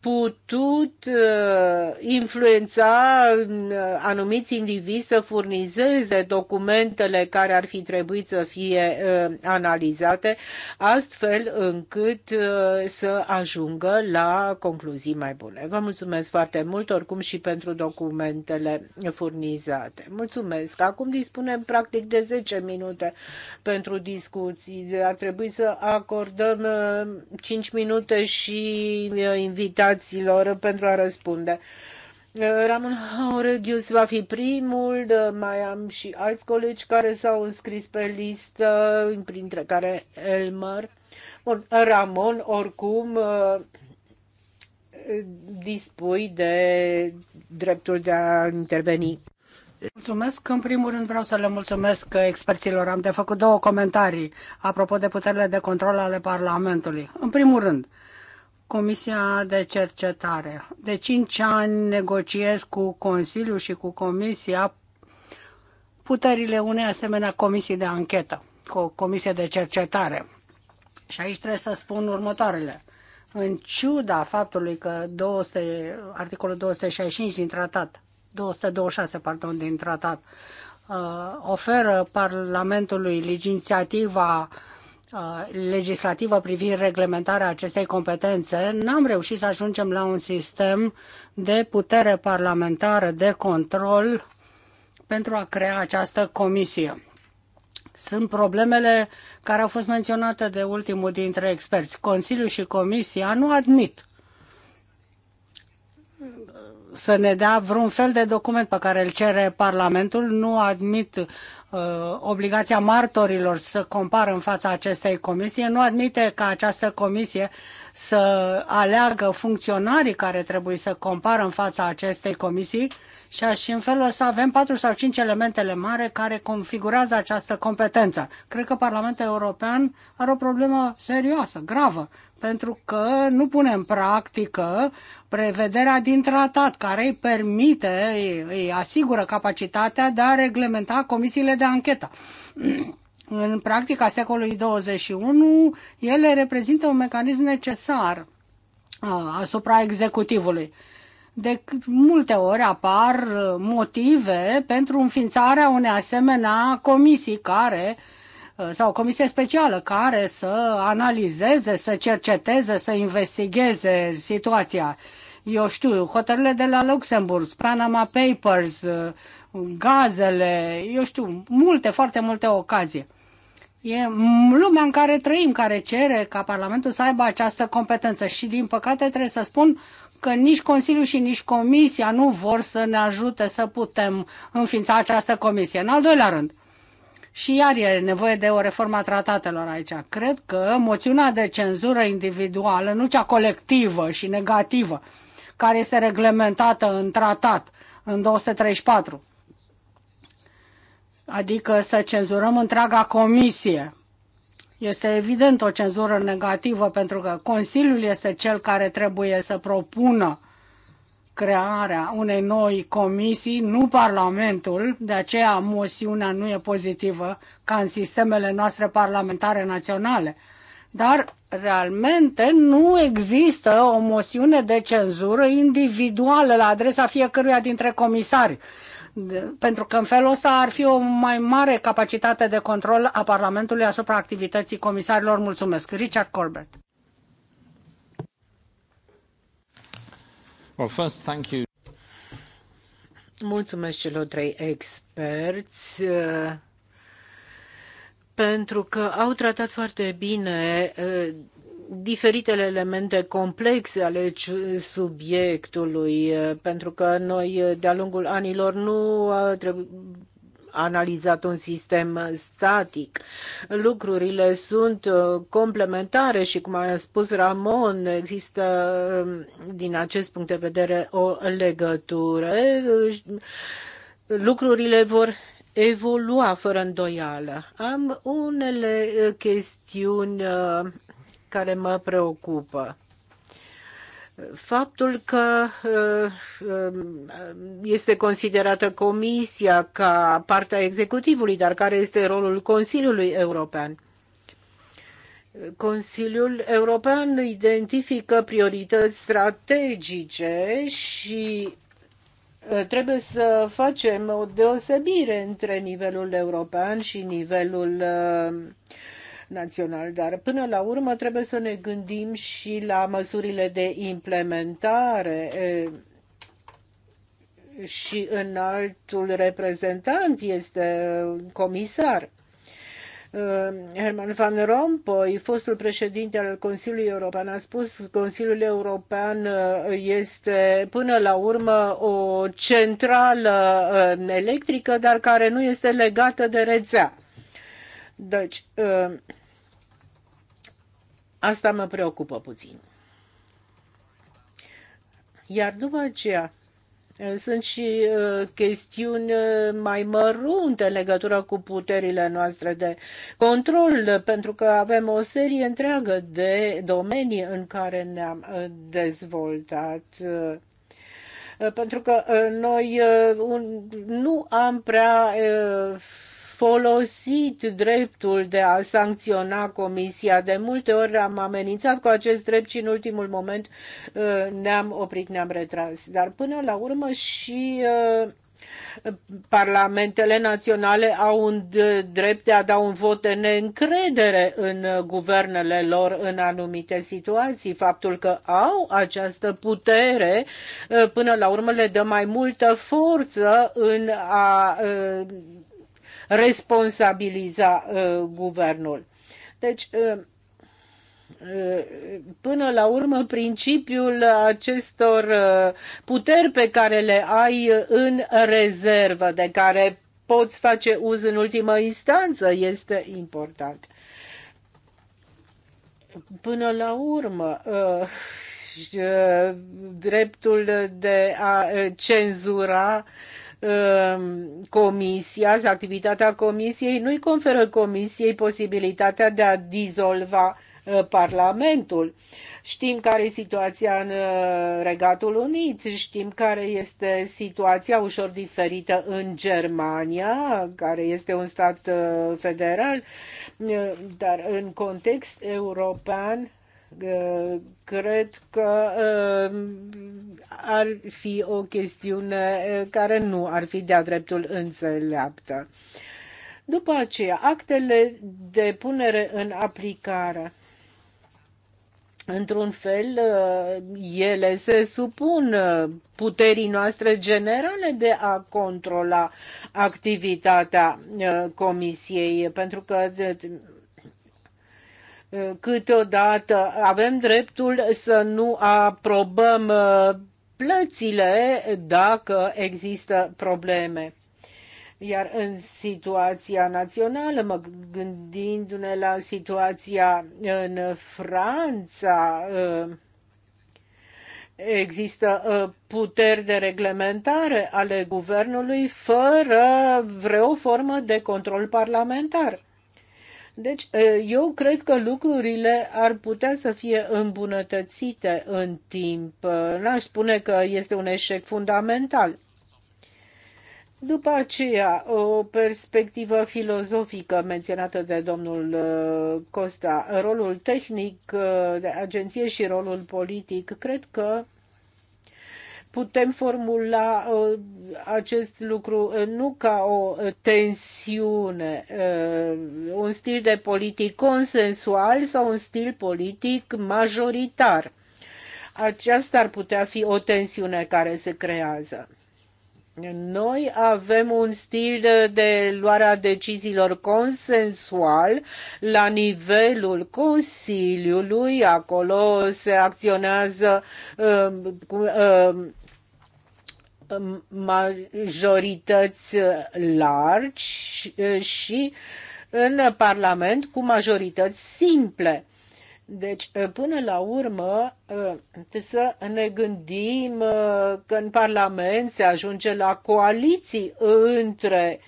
putut uh, influența uh, anumiți indivizi să furnizeze documentele care ar fi trebuit să fie uh, analizate, astfel încât să ajungă la concluzii mai bune. Vă mulțumesc foarte mult, oricum și pentru documentele furnizate. Mulțumesc. Acum dispunem practic de 10 minute pentru discuții. Ar trebui să acordăm 5 minute și invitați deputaților pentru a răspunde. Uh, Ramon Auregius va fi primul, uh, mai am și alți colegi care s-au înscris pe listă, uh, printre care Elmer. Bun, Ramon, oricum, dispui de dreptul de a interveni. Mulțumesc. În primul rând vreau să le mulțumesc experților. Am de făcut două comentarii apropo de puterile de control ale Parlamentului. În primul rând, Comisia de Cercetare. De cinci ani negociez cu Consiliul și cu Comisia puterile unei asemenea comisii de anchetă, cu comisie de cercetare. Și aici trebuie să spun următoarele. În ciuda faptului că 200, articolul 265 din tratat, 226, pardon, din tratat, uh, oferă Parlamentului legislativa uh, legislativă privind reglementarea acestei competențe, n-am reușit să ajungem la un sistem de putere parlamentară, de control pentru a crea această comisie. Sunt problemele care au fost menționate de ultimul dintre experți. Consiliul și Comisia nu admit să ne dea vreun fel de document pe care îl cere Parlamentul, nu admit Uh, obligația martorilor să compară în fața acestei comisii, nu admite ca această comisie să aleagă funcționarii care trebuie să compară în fața acestei comisii și așa, în felul ăsta avem patru sau cinci elementele mari care configurează această competență. Cred că Parlamentul European are o problemă serioasă, gravă, pentru că nu pune în practică prevederea din tratat care îi permite, îi, îi asigură capacitatea de a reglementa comisiile de anchetă. În practica secolului 21, ele reprezintă un mecanism necesar asupra executivului de multe ori apar uh, motive pentru înființarea unei asemenea comisii care uh, sau comisie specială care să analizeze, să cerceteze, să investigheze situația. Eu știu, hotările de la Luxemburg, Panama Papers, uh, gazele, eu știu, multe, foarte multe ocazii. E lumea în care trăim, care cere ca Parlamentul să aibă această competență și, din păcate, trebuie să spun, că nici Consiliul și nici Comisia nu vor să ne ajute să putem înființa această comisie. În al doilea rând, și iar e nevoie de o reformă a tratatelor aici. Cred că moțiunea de cenzură individuală, nu cea colectivă și negativă, care este reglementată în tratat, în 234, adică să cenzurăm întreaga comisie, este evident o cenzură negativă pentru că Consiliul este cel care trebuie să propună crearea unei noi comisii, nu Parlamentul, de aceea moțiunea nu e pozitivă ca în sistemele noastre parlamentare naționale. Dar realmente nu există o moțiune de cenzură individuală la adresa fiecăruia dintre comisari pentru că în felul ăsta ar fi o mai mare capacitate de control a Parlamentului asupra activității comisarilor. Mulțumesc. Richard Corbett. Well, first, thank you. Mulțumesc celor trei experți uh, pentru că au tratat foarte bine uh, diferitele elemente complexe ale subiectului, eh, pentru că noi eh, de-a lungul anilor nu am eh, analizat un sistem static. Lucrurile sunt complementare și, cum a spus Ramon, există din acest punct de vedere o legătură. Lucrurile vor evolua fără îndoială. Am unele chestiuni care mă preocupă faptul că uh, este considerată Comisia ca partea executivului, dar care este rolul Consiliului European? Consiliul European identifică priorități strategice și uh, trebuie să facem o deosebire între nivelul european și nivelul uh, național, dar până la urmă trebuie să ne gândim și la măsurile de implementare și altul reprezentant este comisar. Herman Van Rompuy, fostul președinte al Consiliului European, a spus că Consiliul European este până la urmă o centrală electrică, dar care nu este legată de rețea. Deci, Asta mă preocupă puțin. Iar după aceea, sunt și uh, chestiuni uh, mai mărunte în legătură cu puterile noastre de control, pentru că avem o serie întreagă de domenii în care ne-am uh, dezvoltat. Pentru că noi nu am prea folosit dreptul de a sancționa Comisia. De multe ori am amenințat cu acest drept și în ultimul moment uh, ne-am oprit, ne-am retras. Dar până la urmă și uh, Parlamentele naționale au un drept de a da un vot de neîncredere în guvernele lor în anumite situații. Faptul că au această putere, uh, până la urmă, le dă mai multă forță în a responsabiliza uh, guvernul. Deci, uh, uh, până la urmă principiul acestor puteri pe care le ai în rezervă, de care poți face uz în ultimă instanță, este important. Până la urmă, dreptul de a cenzura Um, comisia, activitatea comisiei nu-i conferă comisiei posibilitatea de a dizolva uh, Parlamentul. Știm care e situația în uh, Regatul Unit, știm care este situația ușor diferită în Germania, care este un stat uh, federal, dar în context european Cred că uh, ar fi o chestiune uh, care nu ar fi de-a dreptul înțeleaptă. După aceea, actele de punere în aplicare. Într-un fel, uh, ele se supun puterii noastre generale de a controla activitatea Comisiei, pentru că Câteodată avem dreptul să nu aprobăm uh, plățile dacă există probleme. Iar în situația națională, mă gândindu-ne la situația în Franța, uh, există uh, puteri de reglementare ale guvernului fără vreo formă de control parlamentar. Deci, eu cred că lucrurile ar putea să fie îmbunătățite în timp. N-aș spune că este un eșec fundamental. După aceea, o perspectivă filozofică menționată de domnul Costa, rolul tehnic de agenție și rolul politic, cred că putem formula uh, acest lucru uh, nu ca o tensiune, uh, un stil de politic consensual sau un stil politic majoritar. Aceasta ar putea fi o tensiune care se creează. Noi avem un stil de luarea deciziilor consensual la nivelul Consiliului, acolo se acționează uh, cu uh, majorități largi uh, și în Parlament cu majorități simple. Deci, eh, până la urmă, eh, să ne gândim eh, că în Parlament se ajunge la coaliții între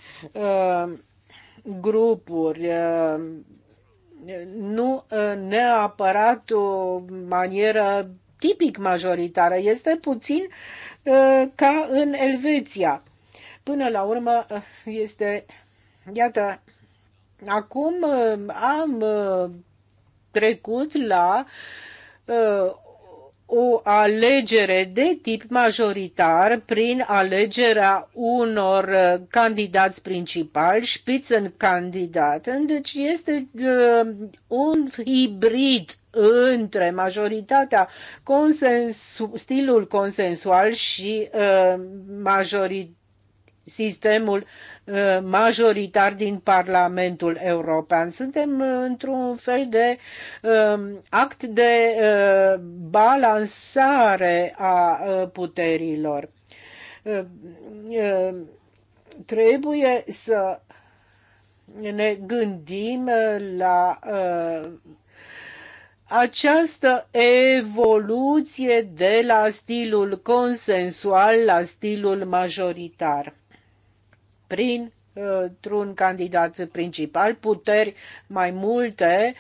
grupuri, nu neapărat o manieră tipic majoritară, este puțin ca în Elveția. Până la urmă, este, iată, acum am trecut la uh, o alegere de tip majoritar prin alegerea unor uh, candidați principali, candidat, deci este uh, un hibrid între majoritatea, consensu, stilul consensual și uh, majoritatea sistemul Uh, majoritar din Parlamentul European. Suntem într-un fel de um, act de uh, balansare a uh, puterilor. Trebuie să ne gândim la această evoluție de la stilul consensual la stilul majoritar prin un candidat principal, puteri mai multe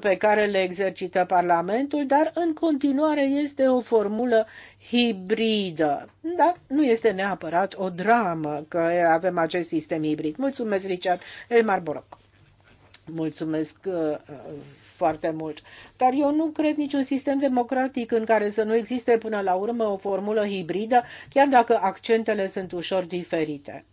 pe care le exercită Parlamentul, dar în continuare este o formulă hibridă. Dar nu este neapărat o dramă că avem acest sistem hibrid. Mulțumesc, Richard Elmar Boroc. Mulțumesc uh, foarte mult. Dar eu nu cred niciun sistem democratic în care să nu existe până la urmă o formulă hibridă, chiar dacă accentele sunt ușor diferite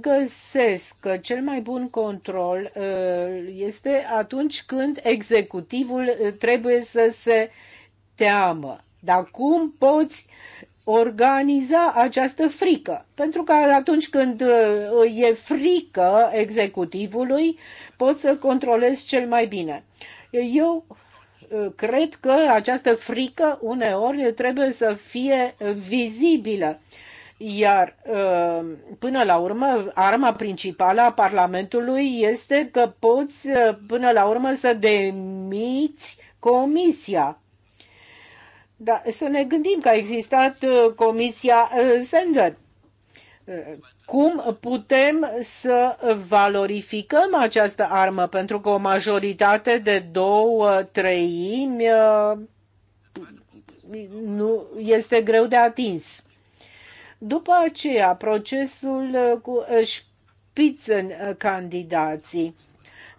găsesc că cel mai bun control uh, este atunci când executivul uh, trebuie să se teamă. Dar cum poți organiza această frică. Pentru că atunci când uh, e frică executivului, poți să controlezi cel mai bine. Eu cred că această frică uneori trebuie să fie vizibilă iar uh, până la urmă, arma principală a Parlamentului este că poți uh, până la urmă să demiți comisia. Da, să ne gândim că a existat uh, comisia Sender. Cum putem să valorificăm această armă? Pentru că o majoritate de două treimi nu, este greu de atins. După aceea, procesul uh, cu uh, spitzen uh, candidații.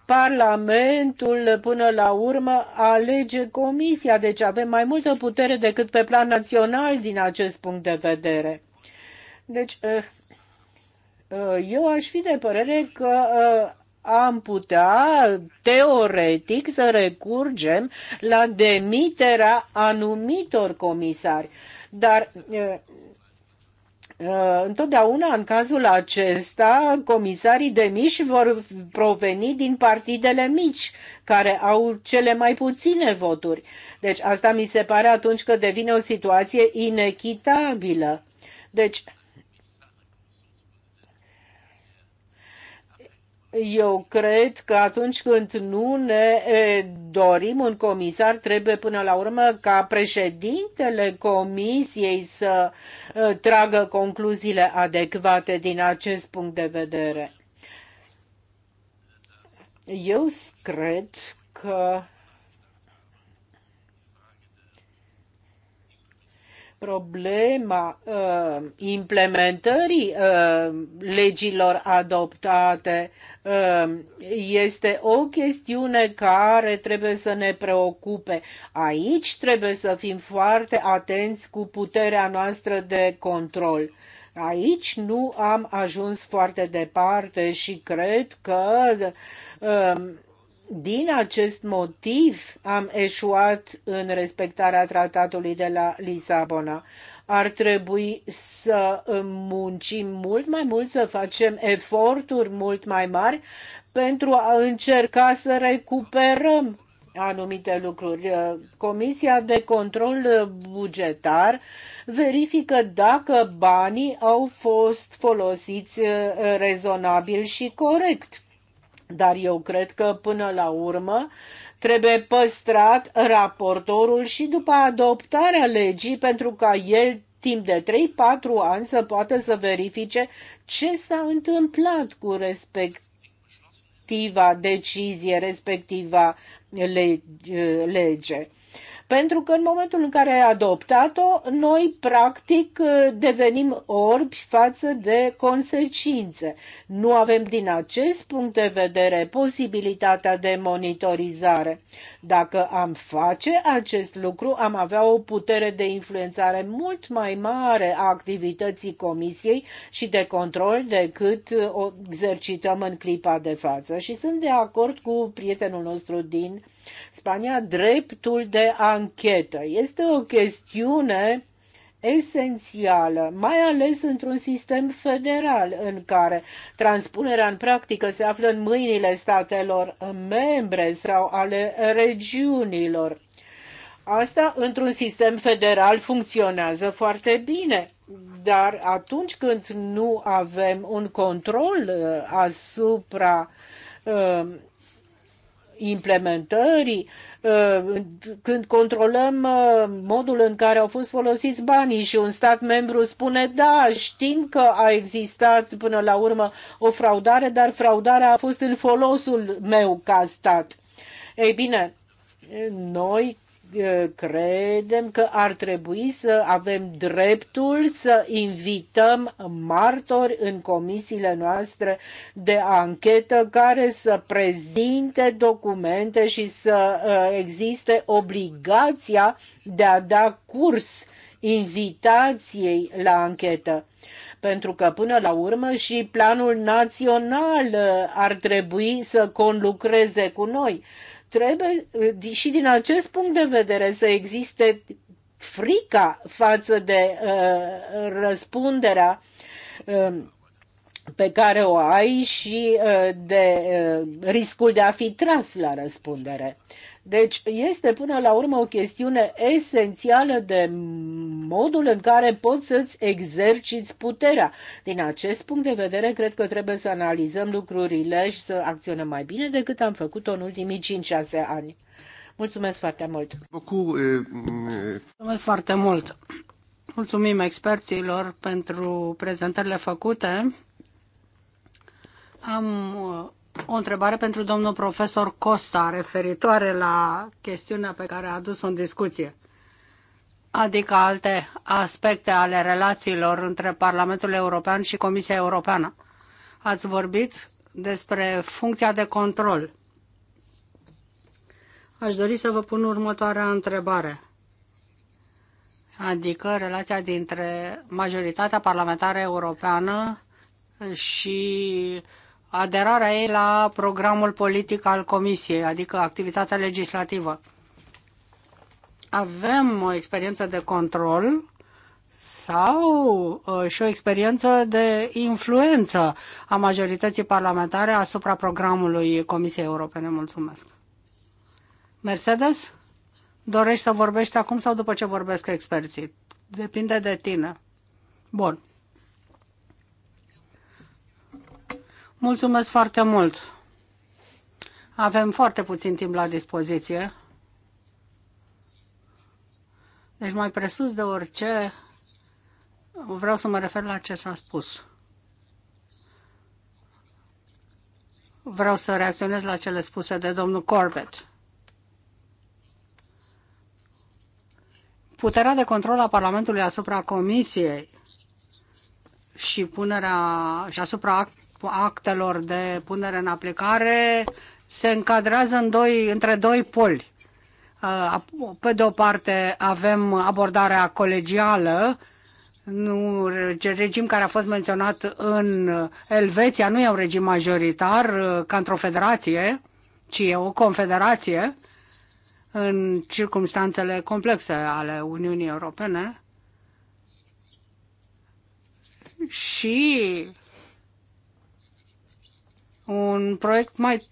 Parlamentul până la urmă alege comisia, deci avem mai multă putere decât pe plan național din acest punct de vedere. Deci, eu aș fi de părere că am putea, teoretic, să recurgem la demiterea anumitor comisari. Dar Uh, întotdeauna, în cazul acesta, comisarii de mici vor proveni din partidele mici, care au cele mai puține voturi. Deci asta mi se pare atunci că devine o situație inechitabilă. Deci, eu cred că atunci când nu ne dorim un comisar, trebuie până la urmă ca președintele comisiei să tragă concluziile adecvate din acest punct de vedere. Eu cred că problema uh, implementării uh, legilor adoptate uh, este o chestiune care trebuie să ne preocupe. Aici trebuie să fim foarte atenți cu puterea noastră de control. Aici nu am ajuns foarte departe și cred că uh, din acest motiv am eșuat în respectarea tratatului de la Lisabona. Ar trebui să muncim mult mai mult, să facem eforturi mult mai mari pentru a încerca să recuperăm anumite lucruri. Comisia de control bugetar verifică dacă banii au fost folosiți rezonabil și corect dar eu cred că până la urmă trebuie păstrat raportorul și după adoptarea legii pentru ca el timp de 3-4 ani să poată să verifice ce s-a întâmplat cu respectiva decizie, respectiva lege. Pentru că în momentul în care ai adoptat-o, noi practic uh, devenim orbi față de consecințe. Nu avem din acest punct de vedere posibilitatea de monitorizare. Dacă am face acest lucru, am avea o putere de influențare mult mai mare a activității comisiei și de control decât uh, o exercităm în clipa de față. Și sunt de acord cu prietenul nostru din Spania dreptul de anchetă. Este o chestiune esențială, mai ales într-un sistem federal în care transpunerea în practică se află în mâinile statelor membre sau ale regiunilor. Asta într-un sistem federal funcționează foarte bine, dar atunci când nu avem un control uh, asupra uh, implementării, uh, când controlăm uh, modul în care au fost folosiți banii și un stat membru spune da, știm că a existat până la urmă o fraudare, dar fraudarea a fost în folosul meu ca stat. Ei bine, noi credem că ar trebui să avem dreptul să invităm martori în comisiile noastre de anchetă care să prezinte documente și să existe obligația de a da curs invitației la anchetă. Pentru că, până la urmă, și planul național ar trebui să conlucreze cu noi Trebuie eh, și din acest punct de vedere să existe frica față de uh, răspunderea uh, pe care o ai și de riscul de a fi tras la răspundere. Deci este până la urmă o chestiune esențială de modul în care poți să-ți exerciți puterea. Din acest punct de vedere, cred că trebuie să analizăm lucrurile și să acționăm mai bine decât am făcut-o în ultimii 5-6 ani. Mulțumesc foarte mult! Eh, eh. Mulțumesc foarte mult! Mulțumim experților pentru prezentările făcute. Am o întrebare pentru domnul profesor Costa referitoare la chestiunea pe care a adus-o în discuție, adică alte aspecte ale relațiilor între Parlamentul European și Comisia Europeană. Ați vorbit despre funcția de control. Aș dori să vă pun următoarea întrebare adică relația dintre majoritatea parlamentară europeană și aderarea ei la programul politic al Comisiei, adică activitatea legislativă. Avem o experiență de control sau uh, și o experiență de influență a majorității parlamentare asupra programului Comisiei Europene. Mulțumesc. Mercedes, dorești să vorbești acum sau după ce vorbesc experții? Depinde de tine. Bun. Mulțumesc foarte mult! Avem foarte puțin timp la dispoziție. Deci mai presus de orice, vreau să mă refer la ce s-a spus. Vreau să reacționez la cele spuse de domnul Corbett. Puterea de control a Parlamentului asupra Comisiei și punerea și asupra actelor de punere în aplicare se încadrează în doi, între doi poli. Uh, pe de o parte avem abordarea colegială, nu, regim care a fost menționat în Elveția nu e un regim majoritar uh, ca într-o federație, ci e o confederație în circumstanțele complexe ale Uniunii Europene și un proiect mai,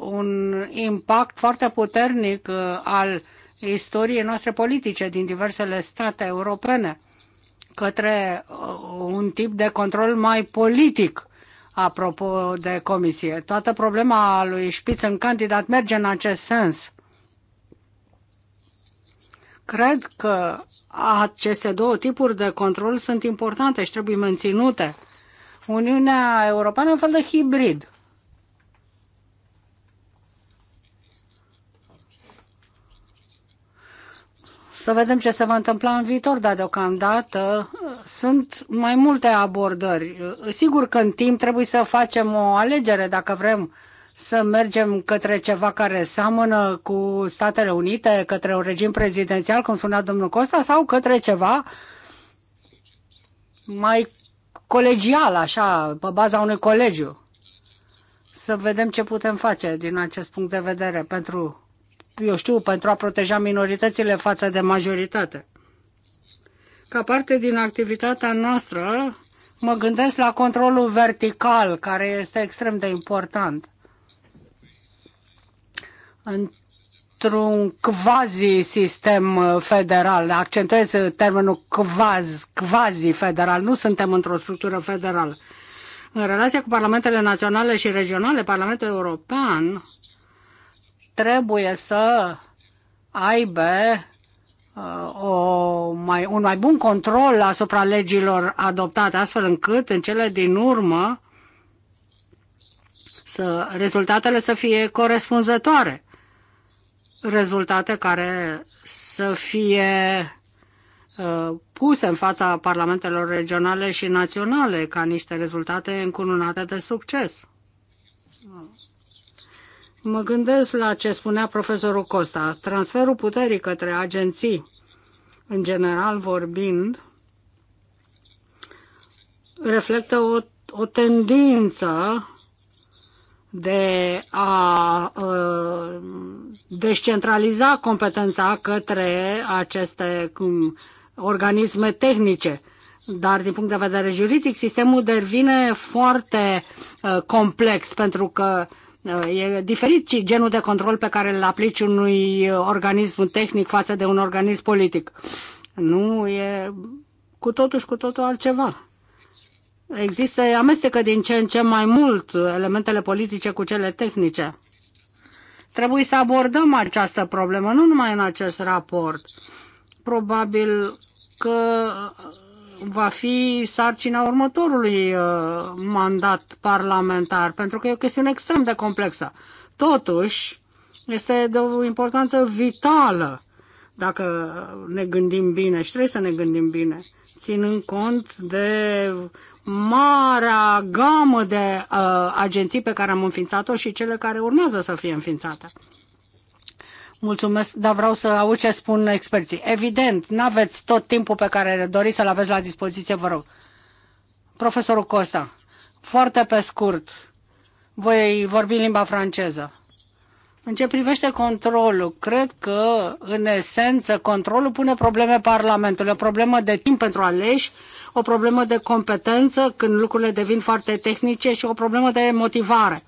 un impact foarte puternic uh, al istoriei noastre politice din diversele state europene către uh, un tip de control mai politic. Apropo de comisie, toată problema lui în candidat merge în acest sens. Cred că aceste două tipuri de control sunt importante și trebuie menținute Uniunea Europeană un fel de hibrid. Să vedem ce se va întâmpla în viitor, dar deocamdată uh, sunt mai multe abordări. Uh, sigur că în timp trebuie să facem o alegere dacă vrem să mergem către ceva care seamănă cu Statele Unite, către un regim prezidențial, cum spunea domnul Costa, sau către ceva mai colegial, așa, pe baza unui colegiu. Să vedem ce putem face din acest punct de vedere pentru, eu știu, pentru a proteja minoritățile față de majoritate. Ca parte din activitatea noastră, mă gândesc la controlul vertical, care este extrem de important. În într-un quasi-sistem uh, federal. Accentuez uh, termenul quasi, quasi-federal. Nu suntem într-o structură federală. În relația cu parlamentele naționale și regionale, Parlamentul European trebuie să aibă uh, o mai, un mai bun control asupra legilor adoptate, astfel încât în cele din urmă să, rezultatele să fie corespunzătoare rezultate care să fie uh, puse în fața parlamentelor regionale și naționale ca niște rezultate încununate de succes. Mă gândesc la ce spunea profesorul Costa. Transferul puterii către agenții, în general vorbind, reflectă o, o tendință de a uh, descentraliza competența către aceste cum, organisme tehnice. Dar din punct de vedere juridic, sistemul devine foarte uh, complex pentru că uh, E diferit genul de control pe care îl aplici unui organism tehnic față de un organism politic. Nu e cu totul și cu totul altceva există, amestecă din ce în ce mai mult elementele politice cu cele tehnice. Trebuie să abordăm această problemă, nu numai în acest raport. Probabil că va fi sarcina următorului uh, mandat parlamentar, pentru că e o chestiune extrem de complexă. Totuși, este de o importanță vitală dacă ne gândim bine și trebuie să ne gândim bine, ținând cont de marea gamă de uh, agenții pe care am înființat-o și cele care urmează să fie înființate. Mulțumesc, dar vreau să aud ce spun experții. Evident, nu aveți tot timpul pe care doriți să-l aveți la dispoziție, vă rog. Profesorul Costa, foarte pe scurt, voi vorbi în limba franceză. În ce privește controlul, cred că, în esență, controlul pune probleme Parlamentului, o problemă de timp pentru aleși, o problemă de competență când lucrurile devin foarte tehnice și o problemă de motivare.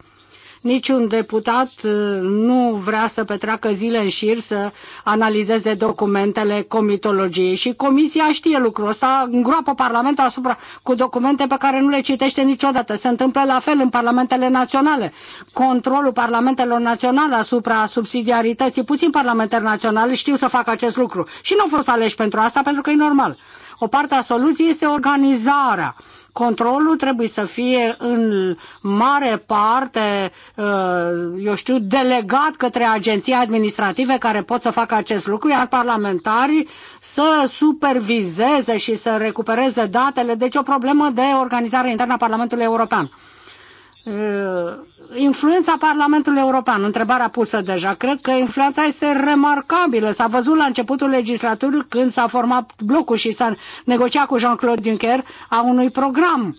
Niciun deputat uh, nu vrea să petreacă zile în șir să analizeze documentele comitologiei și comisia știe lucrul ăsta, îngroapă Parlamentul asupra cu documente pe care nu le citește niciodată. Se întâmplă la fel în parlamentele naționale. Controlul parlamentelor naționale asupra subsidiarității, puțin parlamentele naționale știu să facă acest lucru și nu au fost aleși pentru asta pentru că e normal. O parte a soluției este organizarea Controlul trebuie să fie în mare parte, uh, eu știu, delegat către agenții administrative care pot să facă acest lucru, iar parlamentarii să supervizeze și să recupereze datele. Deci o problemă de organizare internă a Parlamentului European. Uh, influența Parlamentului European, întrebarea pusă deja, cred că influența este remarcabilă. S-a văzut la începutul legislaturii când s-a format blocul și s-a negociat cu Jean-Claude Juncker a unui program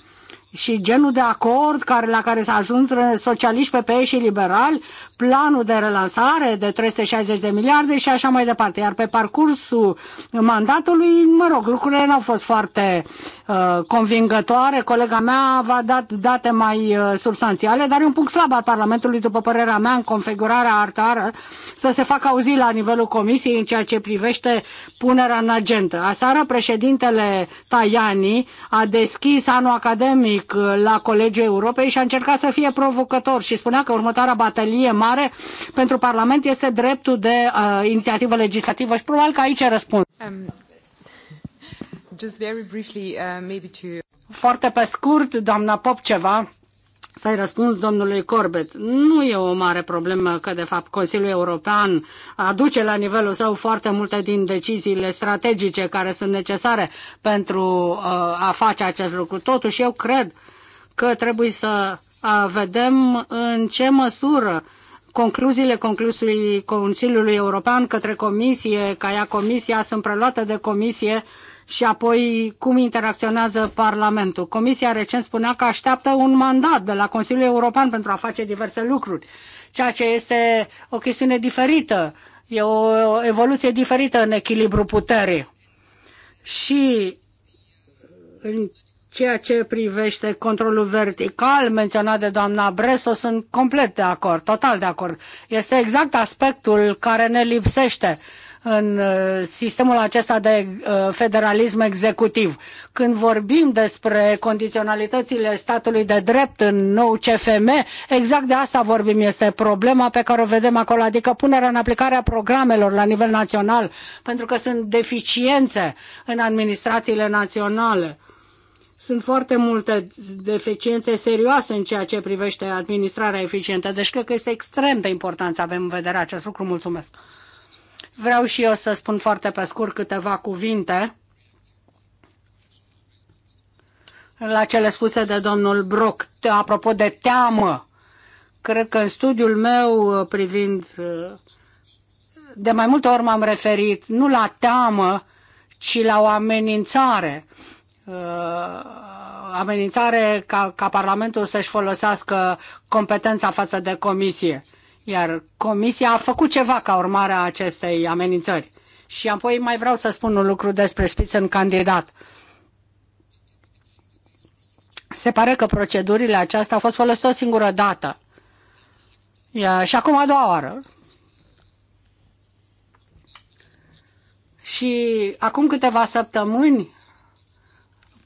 și genul de acord care, la care s-a ajuns socialiști, PPE și liberali planul de relansare de 360 de miliarde și așa mai departe. Iar pe parcursul mandatului, mă rog, lucrurile n-au fost foarte uh, convingătoare. Colega mea v-a dat date mai uh, substanțiale, dar e un punct slab al Parlamentului, după părerea mea, în configurarea artară, să se facă auzi la nivelul Comisiei în ceea ce privește punerea în agentă. Aseară, președintele Tajani a deschis anul academic uh, la Colegiul Europei și a încercat să fie provocător și spunea că următoarea batalie urmare, pentru Parlament este dreptul de uh, inițiativă legislativă și probabil că aici răspund. Um, uh, foarte pe scurt, doamna Pop, ceva să-i răspuns domnului Corbett. Nu e o mare problemă că, de fapt, Consiliul European aduce la nivelul său foarte multe din deciziile strategice care sunt necesare pentru uh, a face acest lucru. Totuși, eu cred că trebuie să uh, vedem în ce măsură concluziile conclusului Consiliului European către Comisie, ca ea Comisia, sunt preluate de Comisie și apoi cum interacționează Parlamentul. Comisia recent spunea că așteaptă un mandat de la Consiliul European pentru a face diverse lucruri, ceea ce este o chestiune diferită, e o evoluție diferită în echilibru puterii. Și ceea ce privește controlul vertical menționat de doamna Breso, sunt complet de acord, total de acord. Este exact aspectul care ne lipsește în uh, sistemul acesta de uh, federalism executiv. Când vorbim despre condiționalitățile statului de drept în nou CFM, exact de asta vorbim. Este problema pe care o vedem acolo, adică punerea în aplicare a programelor la nivel național, pentru că sunt deficiențe în administrațiile naționale sunt foarte multe deficiențe serioase în ceea ce privește administrarea eficientă, deci cred că este extrem de important să avem în vedere acest lucru. Mulțumesc! Vreau și eu să spun foarte pe scurt câteva cuvinte la cele spuse de domnul Brock, apropo de teamă. Cred că în studiul meu uh, privind, uh, de mai multe ori m-am referit nu la teamă, ci la o amenințare. Uh, amenințare ca, ca Parlamentul să-și folosească competența față de comisie. Iar comisia a făcut ceva ca urmare a acestei amenințări. Și apoi mai vreau să spun un lucru despre în candidat. Se pare că procedurile acestea au fost folosite o singură dată. Ia, și acum a doua oară. Și acum câteva săptămâni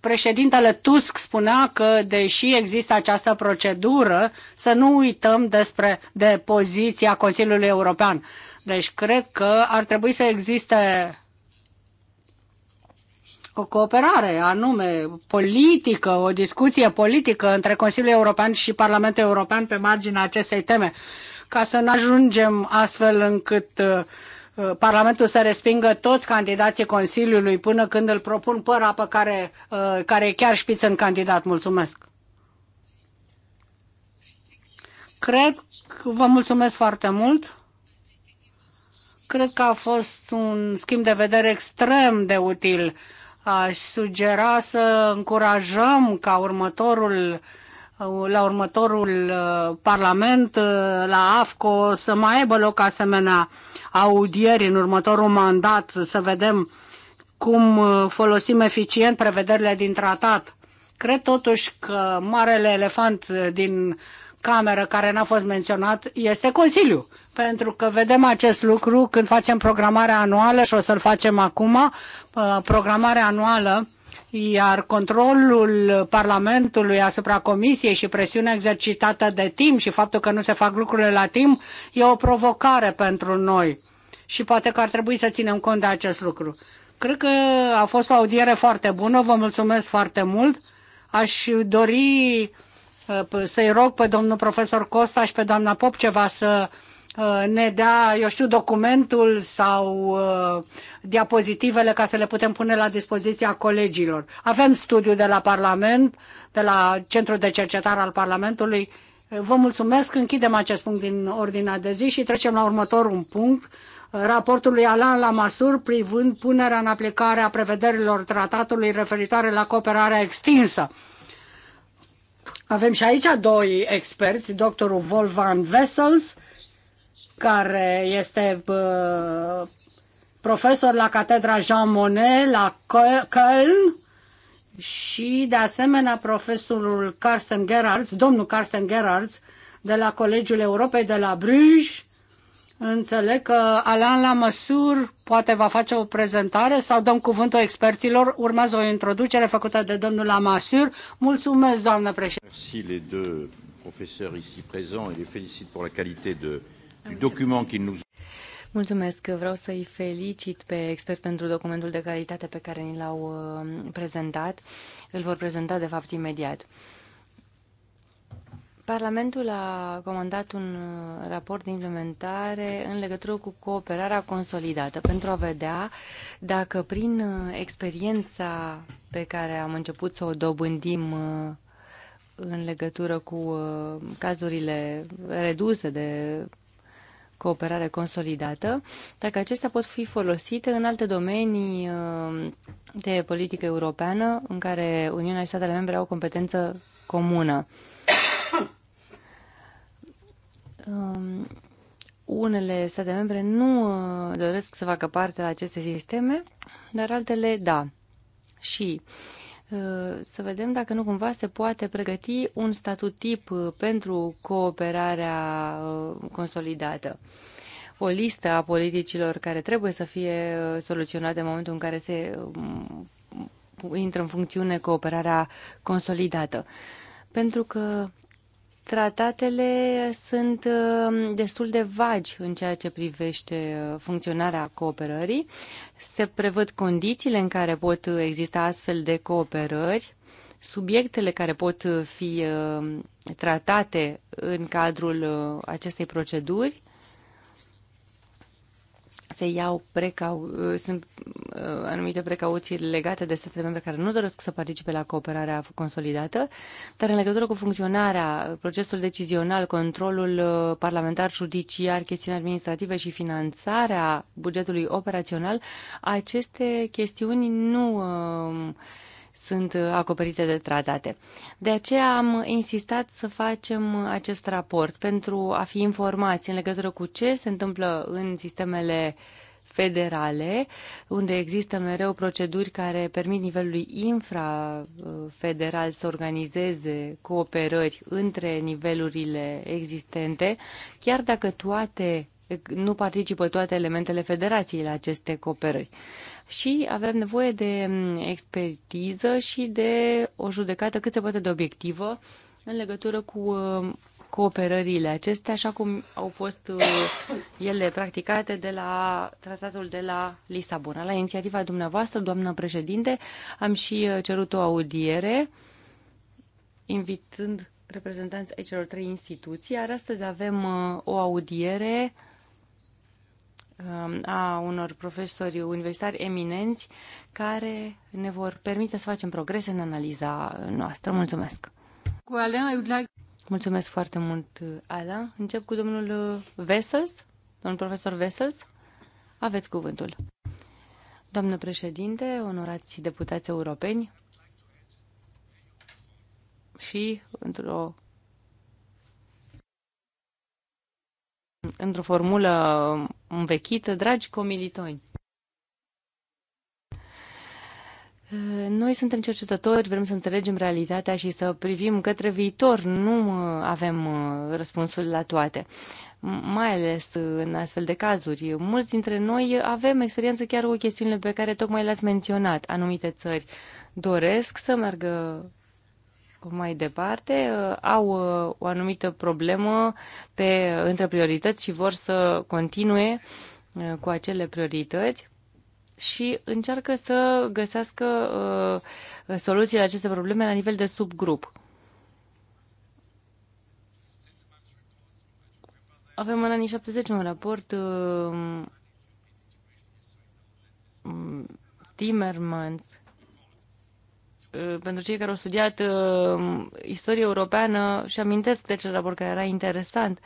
Președintele Tusk spunea că, deși există această procedură, să nu uităm despre, de poziția Consiliului European. Deci cred că ar trebui să existe o cooperare anume politică, o discuție politică între Consiliul European și Parlamentul European pe marginea acestei teme, ca să nu ajungem astfel încât uh, Uh, Parlamentul să respingă toți candidații Consiliului până când îl propun păra pe care, uh, care e chiar șpiță în candidat. Mulțumesc! Cred că vă mulțumesc foarte mult. Cred că a fost un schimb de vedere extrem de util. Aș sugera să încurajăm ca următorul uh, la următorul Parlament, la AFCO, să mai aibă loc asemenea audieri în următorul mandat, să vedem cum uh, folosim eficient prevederile din tratat. Cred totuși că marele elefant uh, din cameră care n-a fost menționat este Consiliu. Pentru că vedem acest lucru când facem programarea anuală și o să-l facem acum, uh, programarea anuală iar controlul Parlamentului asupra Comisiei și presiunea exercitată de timp și faptul că nu se fac lucrurile la timp e o provocare pentru noi și poate că ar trebui să ținem cont de acest lucru. Cred că a fost o audiere foarte bună, vă mulțumesc foarte mult. Aș dori uh, să-i rog pe domnul profesor Costa și pe doamna Popceva să Uh, ne dea, eu știu, documentul sau uh, diapozitivele ca să le putem pune la dispoziția colegilor. Avem studiu de la Parlament, de la Centrul de Cercetare al Parlamentului. Uh, vă mulțumesc, închidem acest punct din ordinea de zi și trecem la următorul punct, raportul lui Alain Lamassur privind punerea în aplicare a prevederilor tratatului referitoare la cooperarea extinsă. Avem și aici doi experți, doctorul Volvan Wessels, care este profesor la Catedra Jean Monnet la Köln și de asemenea profesorul Carsten Gerards, domnul Carsten Gerards de la Colegiul Europei de la Bruges. Înțeleg că Alain la măsur poate va face o prezentare sau dăm cuvântul experților. Urmează o introducere făcută de domnul la măsur. Mulțumesc, doamnă președinte. Merci les deux professeurs ici présents et les félicite pour la qualité de du document qu'il nous Mulțumesc, vreau să-i felicit pe expert pentru documentul de calitate pe care ni l-au uh, prezentat. Îl vor prezenta, de fapt, imediat. Parlamentul a comandat un uh, raport de implementare în legătură cu cooperarea consolidată pentru a vedea dacă prin uh, experiența pe care am început să o dobândim în legătură cu cazurile reduse de cooperare consolidată, dacă acestea pot fi folosite în alte domenii uh, de politică europeană în care Uniunea și statele membre au competență comună. Um, unele state membre nu uh, doresc să facă parte la aceste sisteme, dar altele da. Și uh, Ă, să vedem dacă nu cumva se poate pregăti un statut tip ă, pentru cooperarea ă, consolidată. O listă a politicilor care trebuie să fie soluționate în momentul în care se intră în funcțiune cooperarea consolidată. Pentru că Tratatele sunt uh, destul de vagi în ceea ce privește uh, funcționarea cooperării. Se prevăd condițiile în care pot uh, exista astfel de cooperări, subiectele care pot fi tratate în cadrul acestei proceduri se iau precau, uh, sunt uh, anumite precauții legate de statele membre care nu doresc să participe la cooperarea consolidată, dar în legătură cu funcționarea, procesul decizional, controlul uh, parlamentar, judiciar, chestiuni administrative și finanțarea bugetului operațional, aceste chestiuni nu sunt uh, acoperite de tratate. De aceea am insistat să facem acest raport pentru a fi informați în legătură cu ce se întâmplă în sistemele federale, unde există mereu proceduri care permit nivelului infrafederal să organizeze cooperări între nivelurile existente, chiar dacă toate nu participă toate elementele federației la aceste cooperări și avem nevoie de mm, expertiză și de o judecată cât se poate de obiectivă în legătură cu mm, cooperările acestea, așa cum au fost mm, ele practicate de la tratatul de la Lisabona. La inițiativa dumneavoastră, doamnă președinte, am și cerut o audiere invitând reprezentanți ai celor trei instituții, iar astăzi avem o audiere Um, a unor profesori universitari eminenți care ne vor permite să facem progrese în analiza noastră. Mulțumesc! Cu Alain, like... Mulțumesc foarte mult, Alain. Încep cu domnul Vessels, uh, domnul profesor Vessels. Aveți cuvântul. Doamnă președinte, onorați deputați europeni și, într-o într-o formulă învechită, dragi comilitoni. Noi suntem cercetători, vrem să înțelegem realitatea și să privim către viitor. Nu avem răspunsul la toate, mai ales în astfel de cazuri. Mulți dintre noi avem experiență chiar cu chestiunile pe care tocmai le-ați menționat. Anumite țări doresc să meargă mai departe uh, au uh, o anumită problemă pe, între priorități și vor să continue uh, cu acele priorități și încearcă să găsească uh, soluții la aceste probleme la nivel de subgrup. Avem în anii 70 un raport mm, Timmermans Uh, pentru cei care au studiat uh, istorie europeană și amintesc de acel raport care era interesant.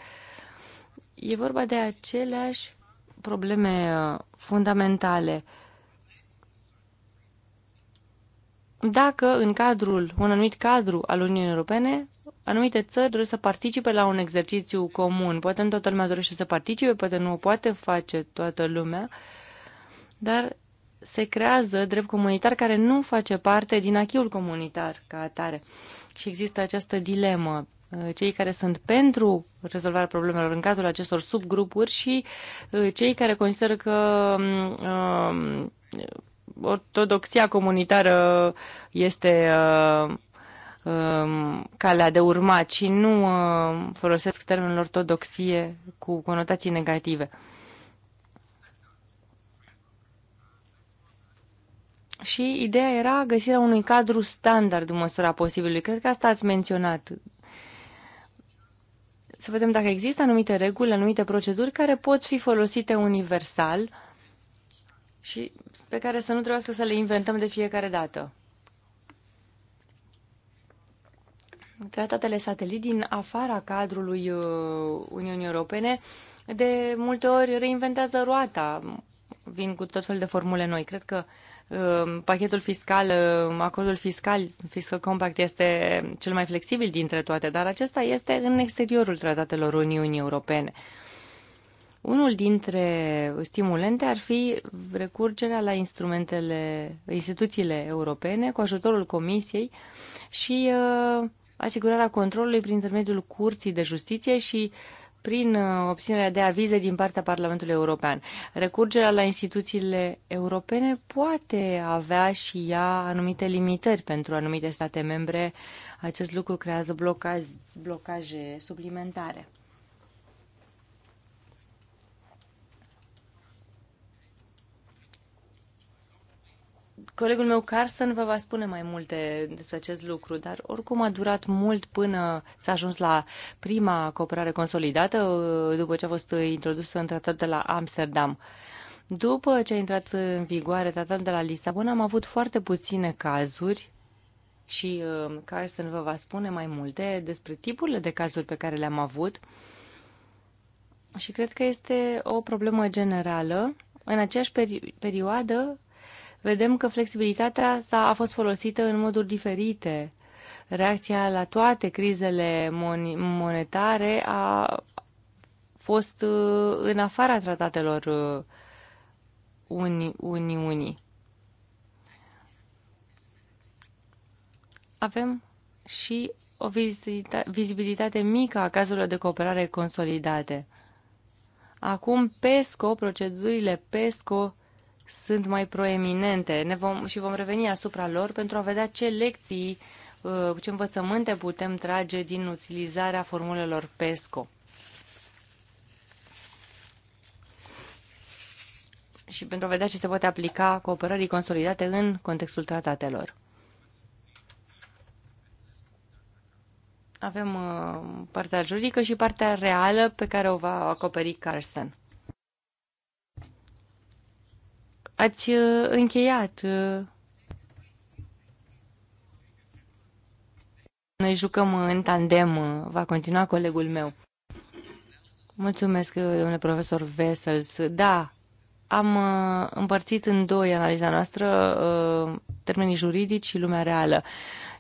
E vorba de aceleași probleme uh, fundamentale. Dacă în cadrul, un anumit cadru al Uniunii Europene, anumite țări doresc să participe la un exercițiu comun. Poate nu toată lumea dorește să participe, poate nu o poate face toată lumea, dar se creează drept comunitar care nu face parte din achiul comunitar ca atare. Și există această dilemă. Uh, cei care sunt pentru rezolvarea problemelor în cadrul acestor subgrupuri și uh, cei care consideră că um, uh, ortodoxia comunitară este uh, uh, calea de urmat și nu uh, folosesc termenul ortodoxie cu conotații negative. Uh, Și ideea era găsirea unui cadru standard în măsura posibilului. Cred că asta ați menționat. Să vedem dacă există anumite reguli, anumite proceduri care pot fi folosite universal și pe care să nu trebuiască să le inventăm de fiecare dată. Tratatele satelit din afara cadrului uh, Uniunii Europene de multe ori reinventează roata, vin cu tot fel de formule noi. Cred că uh, Ehm, pachetul fiscal, ehm, acordul fiscal, fiscal compact este cel mai flexibil dintre toate, dar acesta este în exteriorul tratatelor Uniunii Europene. Unul dintre stimulente ar fi recurgerea la instrumentele, instituțiile europene cu ajutorul Comisiei și uh, asigurarea controlului prin intermediul Curții de Justiție și uh, prin uh, obținerea de avize din partea Parlamentului European. Recurgerea la instituțiile europene poate avea și ea anumite limitări pentru anumite state membre. Acest lucru creează blocaje, blocaje suplimentare. Colegul meu, Carson, vă va spune mai multe despre acest lucru, dar oricum a durat mult până s-a ajuns la prima cooperare consolidată, uh, după ce a fost introdusă în tratatul de la Amsterdam. După ce a intrat în vigoare tratatul de la Lisabona, am avut foarte puține cazuri și uh, Carson vă va spune mai multe despre tipurile de cazuri pe care le-am avut. Și cred că este o problemă generală. În aceeași perioadă, vedem că flexibilitatea s-a, a fost folosită în moduri diferite. Reacția la toate crizele mon- monetare a fost uh, în afara tratatelor uh, unii. Uniunii. Avem și o vizita- vizibilitate mică a cazurilor de cooperare consolidate. Acum PESCO, procedurile PESCO sunt mai proeminente ne vom, și vom reveni asupra lor pentru a vedea ce lecții, uh, ce învățământe putem trage din utilizarea formulelor PESCO. și pentru a vedea ce se poate aplica cooperării consolidate în contextul tratatelor. Avem uh, partea juridică și partea reală pe care o va acoperi Carsten. ați uh, încheiat. Uh. Noi jucăm în tandem, uh, va continua colegul meu. Mulțumesc, domnule profesor Vessels. Da, am împărțit în doi analiza noastră termenii juridici și lumea reală.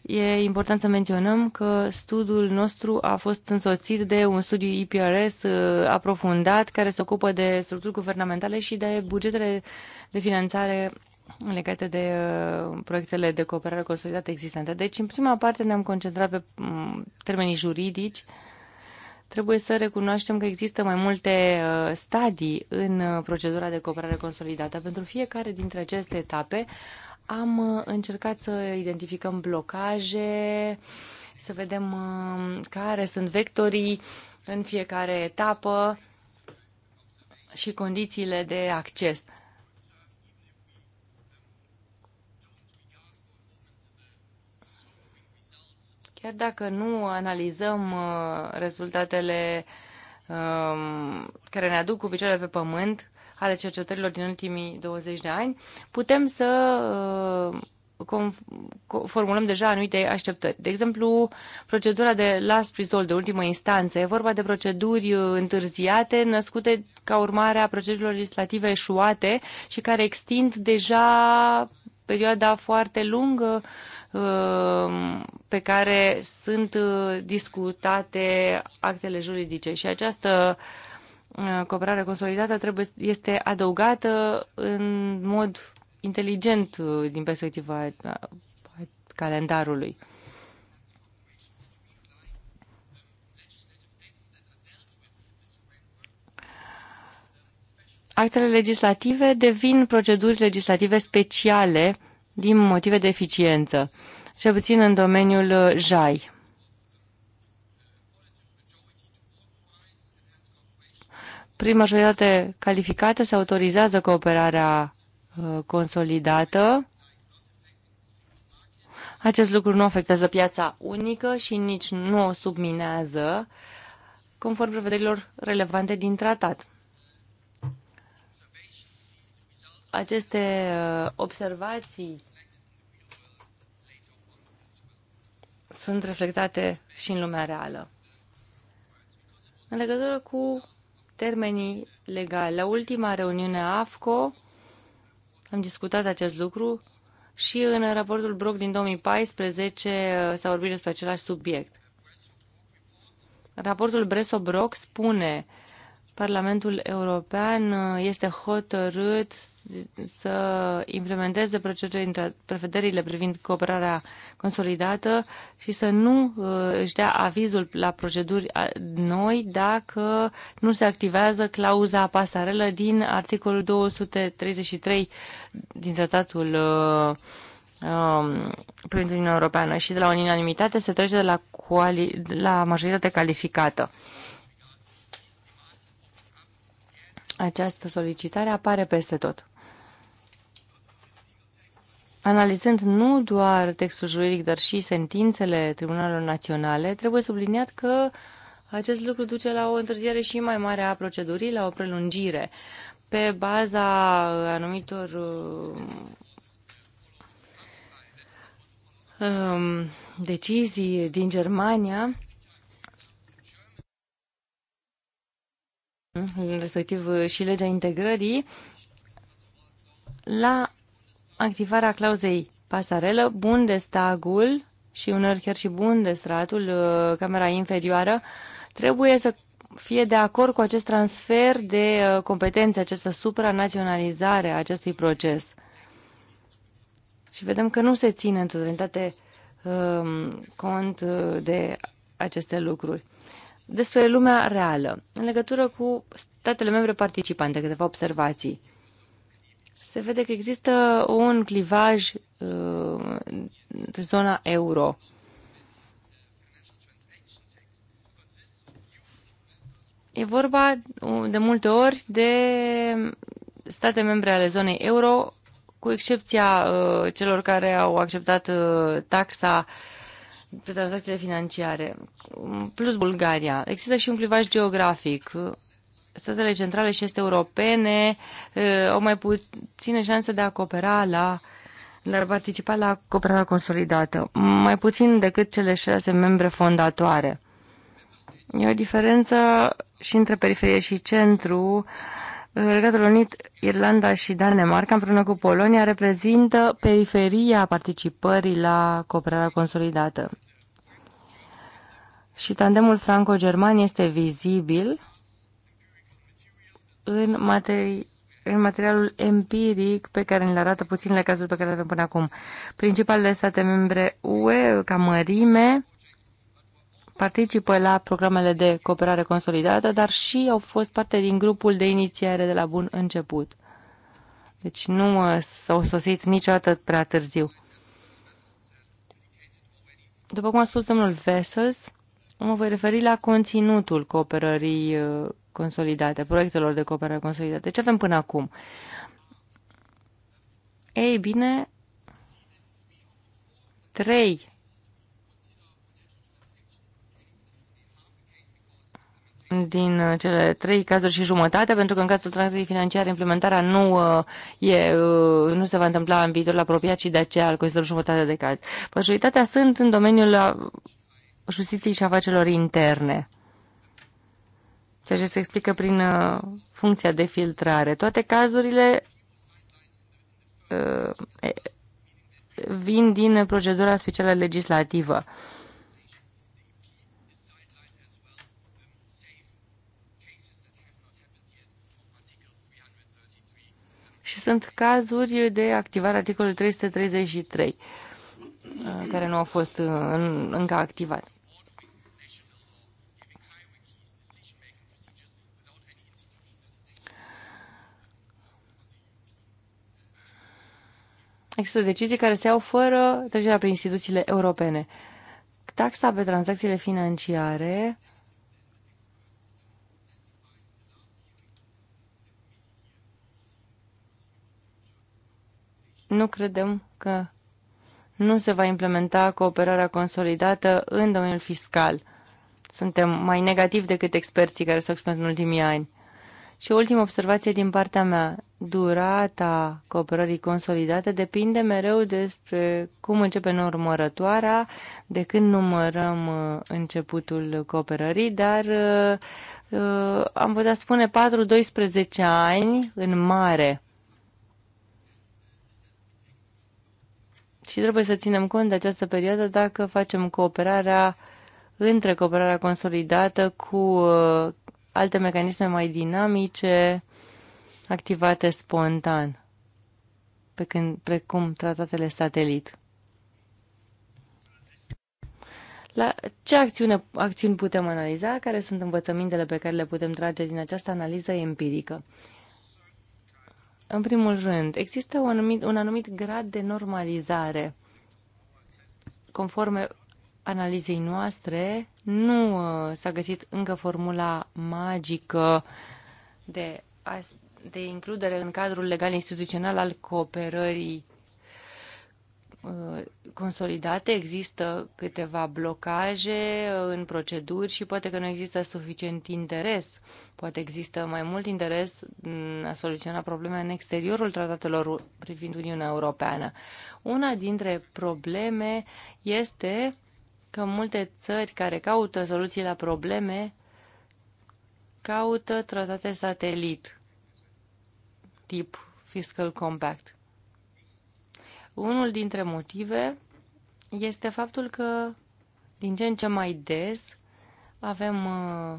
E important să menționăm că studiul nostru a fost însoțit de un studiu IPRS uh, aprofundat care se ocupă de structuri guvernamentale și de bugetele de finanțare legate de uh, proiectele de cooperare consolidată existente. Deci, în prima parte ne-am concentrat pe mm, termenii juridici. Trebuie să recunoaștem că există mai multe uh, stadii în procedura de cooperare consolidată. Pentru fiecare dintre aceste etape am uh, încercat să identificăm blocaje, să vedem uh, care sunt vectorii în fiecare etapă și condițiile de acces. Chiar dacă nu analizăm uh, rezultatele um, care ne aduc cu picioarele pe pământ, ale cercetărilor din ultimii 20 de ani, putem să uh, formulăm deja anumite așteptări. De exemplu, procedura de last resort, de ultimă instanță, e vorba de proceduri uh, întârziate născute ca urmare a procedurilor legislative eșuate și care extind deja perioada foarte lungă uh, pe care sunt discutate actele juridice și această uh, Uh, cooperare consolidată trebuie, este adăugată în mod inteligent uh, din perspectiva uh, calendarului. Actele legislative devin proceduri legislative speciale din motive de eficiență, cel puțin în domeniul JAI. Prin majoritate calificată se autorizează cooperarea uh, consolidată. Acest lucru nu afectează piața unică și nici nu o subminează, conform prevederilor relevante din tratat. Aceste uh, observații sunt reflectate și în lumea reală. În legătură cu termenii legali. La ultima reuniune a AFCO am discutat acest lucru și în raportul Brock din 2014 uh, s-a vorbit despre același subiect. Raportul Bresso brock spune uh, Parlamentul European uh, este hotărât să implementeze prevederile privind cooperarea consolidată și să nu uh, își dea avizul la proceduri uh, noi dacă nu se activează clauza pasarelă din articolul 233 din tratatul um, privind Uniunea Europeană și de la unanimitate se trece de la, la majoritate calificată. Această solicitare apare peste tot. Analizând nu doar textul juridic, dar și sentințele tribunalelor naționale, trebuie subliniat că acest lucru duce la o întârziere și mai mare a procedurii, la o prelungire. Pe baza anumitor uh, decizii din Germania, respectiv și legea integrării, la activarea clauzei pasarelă, Bundestagul și uneori chiar și Bundesratul, uh, Camera Inferioară, trebuie să fie de acord cu acest transfer de uh, competențe, această supranaționalizare a acestui proces. Și vedem că nu se ține în totalitate um, cont uh, de aceste lucruri despre lumea reală, în legătură cu statele membre participante, câteva observații. Se vede că există un clivaj uh, zona euro. E vorba uh, de multe ori de state membre ale zonei euro, cu excepția uh, celor care au acceptat uh, taxa uh, pe tranzacțiile financiare, plus Bulgaria. Există și un clivaj geografic. Statele centrale și este europene au mai puține șanse de a coopera la dar participa la cooperarea consolidată, mai puțin decât cele șase membre fondatoare. E o diferență și între periferie și centru, uh, Regatul Unit, Irlanda și Danemarca, împreună cu Polonia, reprezintă periferia participării la cooperarea consolidată. Și tandemul franco-german este vizibil în, materi în materialul empiric pe care îl arată puținele cazuri pe care le avem până acum. Principalele state membre UE, ca mărime, participă la programele de cooperare consolidată, dar și au fost parte din grupul de inițiere de la bun început. Deci nu uh, s-au sosit niciodată prea târziu. După cum a spus domnul Vessels, mă voi referi la conținutul cooperării uh, consolidate, proiectelor de cooperare consolidate. Ce avem până acum? Ei bine, trei din uh, cele trei cazuri și jumătate, pentru că în cazul tranzacției financiare implementarea nu, uh, e, uh, nu se va întâmpla în viitorul apropiat și de aceea îl consider jumătate de caz. Majoritatea sunt în domeniul justiției și afacerilor interne ceea ce se explică prin funcția de filtrare. Toate cazurile vin din procedura specială legislativă. și sunt cazuri de activare articolului 333 uh, care nu au fost uh, în, încă activat? Există decizii care se iau fără trecerea prin instituțiile europene. Taxa pe tranzacțiile financiare nu credem că nu se va implementa cooperarea consolidată în domeniul fiscal. Suntem mai negativi decât experții care s-au exprimat în ultimii ani. Și o ultimă observație din partea mea. Durata cooperării consolidate depinde mereu despre cum începe numărătoarea, de când numărăm uh, începutul cooperării, dar uh, uh, am putea spune 4-12 ani în mare Și trebuie să ținem cont de această perioadă dacă facem cooperarea între cooperarea consolidată cu uh, alte mecanisme mai dinamice activate spontan, pe când, precum tratatele satelit. La ce acțiune, acțiuni putem analiza? Care sunt învățămintele pe care le putem trage din această analiză empirică? În primul rând, există un anumit, un anumit grad de normalizare. Conform analizei noastre, nu uh, s-a găsit încă formula magică de, de includere în cadrul legal instituțional al cooperării Uh, consolidate, există câteva blocaje în proceduri și poate că nu există suficient interes. Poate există mai mult interes a soluționa probleme în exteriorul tratatelor privind Uniunea Europeană. Una dintre probleme este că multe țări care caută soluții la probleme caută tratate satelit tip Fiscal Compact unul dintre motive este faptul că din ce în ce mai des avem uh,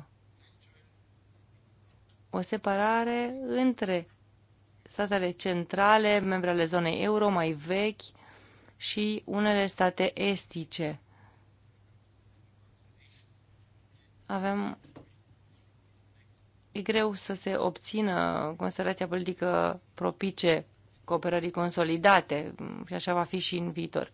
o separare între statele centrale, membre ale zonei euro mai vechi și unele state estice. Avem e greu să se obțină considerația politică propice cooperării consolidate mm, și așa va fi și în viitor.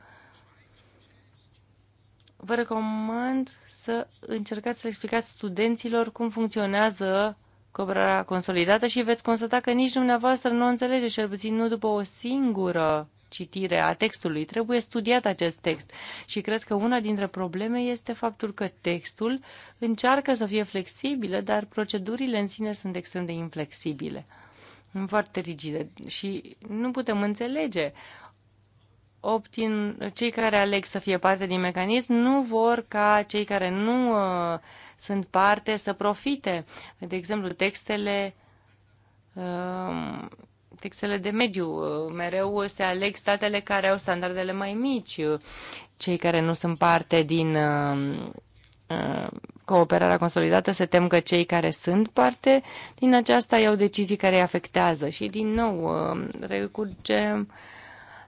Vă recomand să încercați să explicați studenților cum funcționează cooperarea consolidată și veți constata că nici dumneavoastră nu înțelege, cel puțin nu după o singură citire a textului. Trebuie studiat acest text și cred că una dintre probleme este faptul că textul încearcă să fie flexibilă, dar procedurile în sine sunt extrem de inflexibile foarte rigide și nu putem înțelege. Optin, cei care aleg să fie parte din mecanism nu vor ca cei care nu uh, sunt parte să profite. De exemplu, textele uh, textele de mediu. Uh, mereu se aleg statele care au standardele mai mici, cei care nu sunt parte din uh, uh, cooperarea consolidată, se tem că cei care sunt parte din aceasta iau decizii care îi afectează. Și din nou, um, recurgem,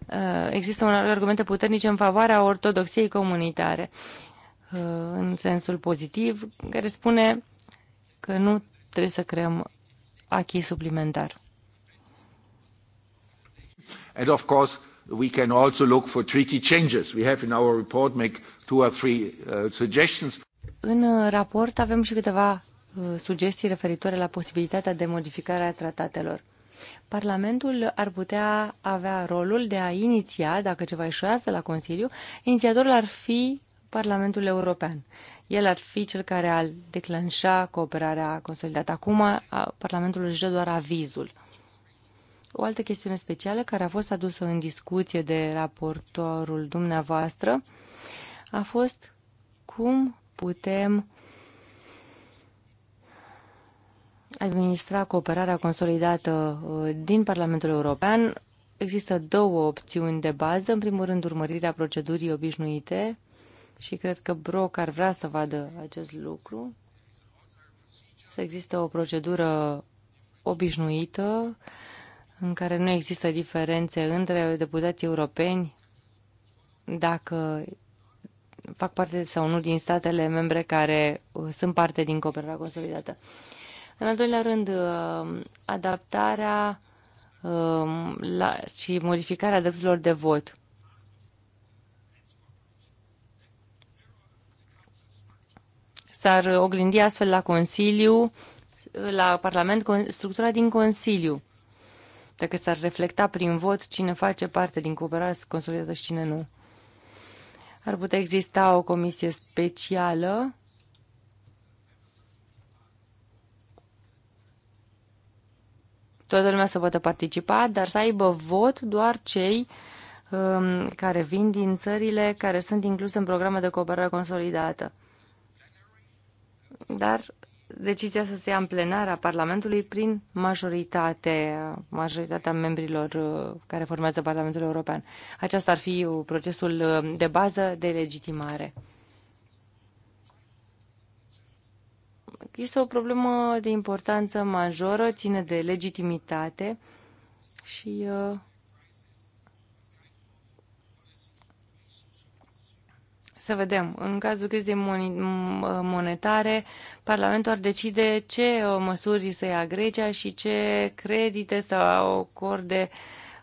uh, există un argumente puternice în favoarea ortodoxiei comunitare, uh, în sensul pozitiv, care spune că nu trebuie să creăm achii suplimentar. And of course, we can also look for treaty changes. We have in our report make two or three uh, suggestions. În uh, raport avem și câteva uh, sugestii referitoare la posibilitatea de modificare a tratatelor. Parlamentul ar putea avea rolul de a iniția, dacă ceva eșuează la Consiliu, inițiatorul ar fi Parlamentul European. El ar fi cel care ar declanșa cooperarea consolidată. Acum Parlamentul își dă doar avizul. O altă chestiune specială care a fost adusă în discuție de raportorul dumneavoastră a fost cum putem administra cooperarea consolidată uh, din Parlamentul European. Există două opțiuni de bază. În primul rând, urmărirea procedurii obișnuite și cred că Broc ar vrea să vadă acest lucru. Să există o procedură obișnuită în care nu există diferențe între deputații europeni dacă fac parte sau nu din statele membre care uh, sunt parte din cooperarea consolidată. În al doilea rând, uh, adaptarea um, la, și modificarea drepturilor de vot. S-ar oglindi astfel la Consiliu, la Parlament, structura din Consiliu. Dacă s-ar reflecta prin vot cine face parte din cooperarea consolidată și cine nu. Ar putea exista o comisie specială toată lumea să poată participa, dar să aibă vot doar cei um, care vin din țările care sunt incluse în programe de cooperare consolidată. Dar decizia să se ia în plenara Parlamentului prin majoritate, majoritatea membrilor uh, care formează Parlamentul European. Aceasta ar fi uh, procesul uh, de bază de legitimare. Este o problemă de importanță majoră, ține de legitimitate și uh, Să vedem. În cazul crizei monetare, Parlamentul ar decide ce uh, măsuri să ia Grecia și ce credite să acorde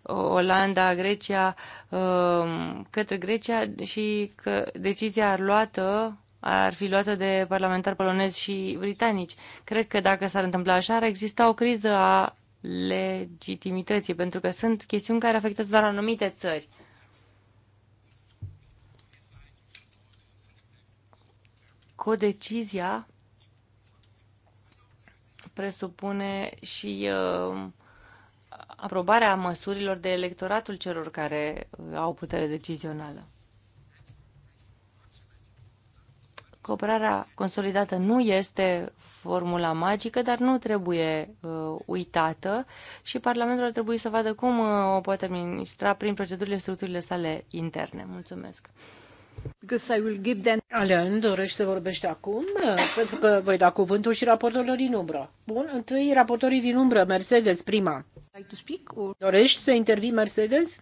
uh, Olanda, Grecia, uh, către Grecia și că decizia ar luată ar fi luată de parlamentari polonezi și britanici. Cred că dacă s-ar întâmpla așa, ar exista o criză a legitimității, pentru că sunt chestiuni care afectează doar anumite țări. Codecizia presupune și uh, aprobarea măsurilor de electoratul celor care uh, au putere decizională. Cooperarea consolidată nu este formula magică, dar nu trebuie uh, uitată și Parlamentul ar trebui să vadă cum uh, o poate administra prin procedurile structurile sale interne. Mulțumesc! Because I will give them... Alen, dorești să vorbești acum? Pentru că voi da cuvântul și raportorilor din umbră. Bun, întâi raportorii din umbră, Mercedes, prima. Like to speak or... Dorești să intervii, Mercedes?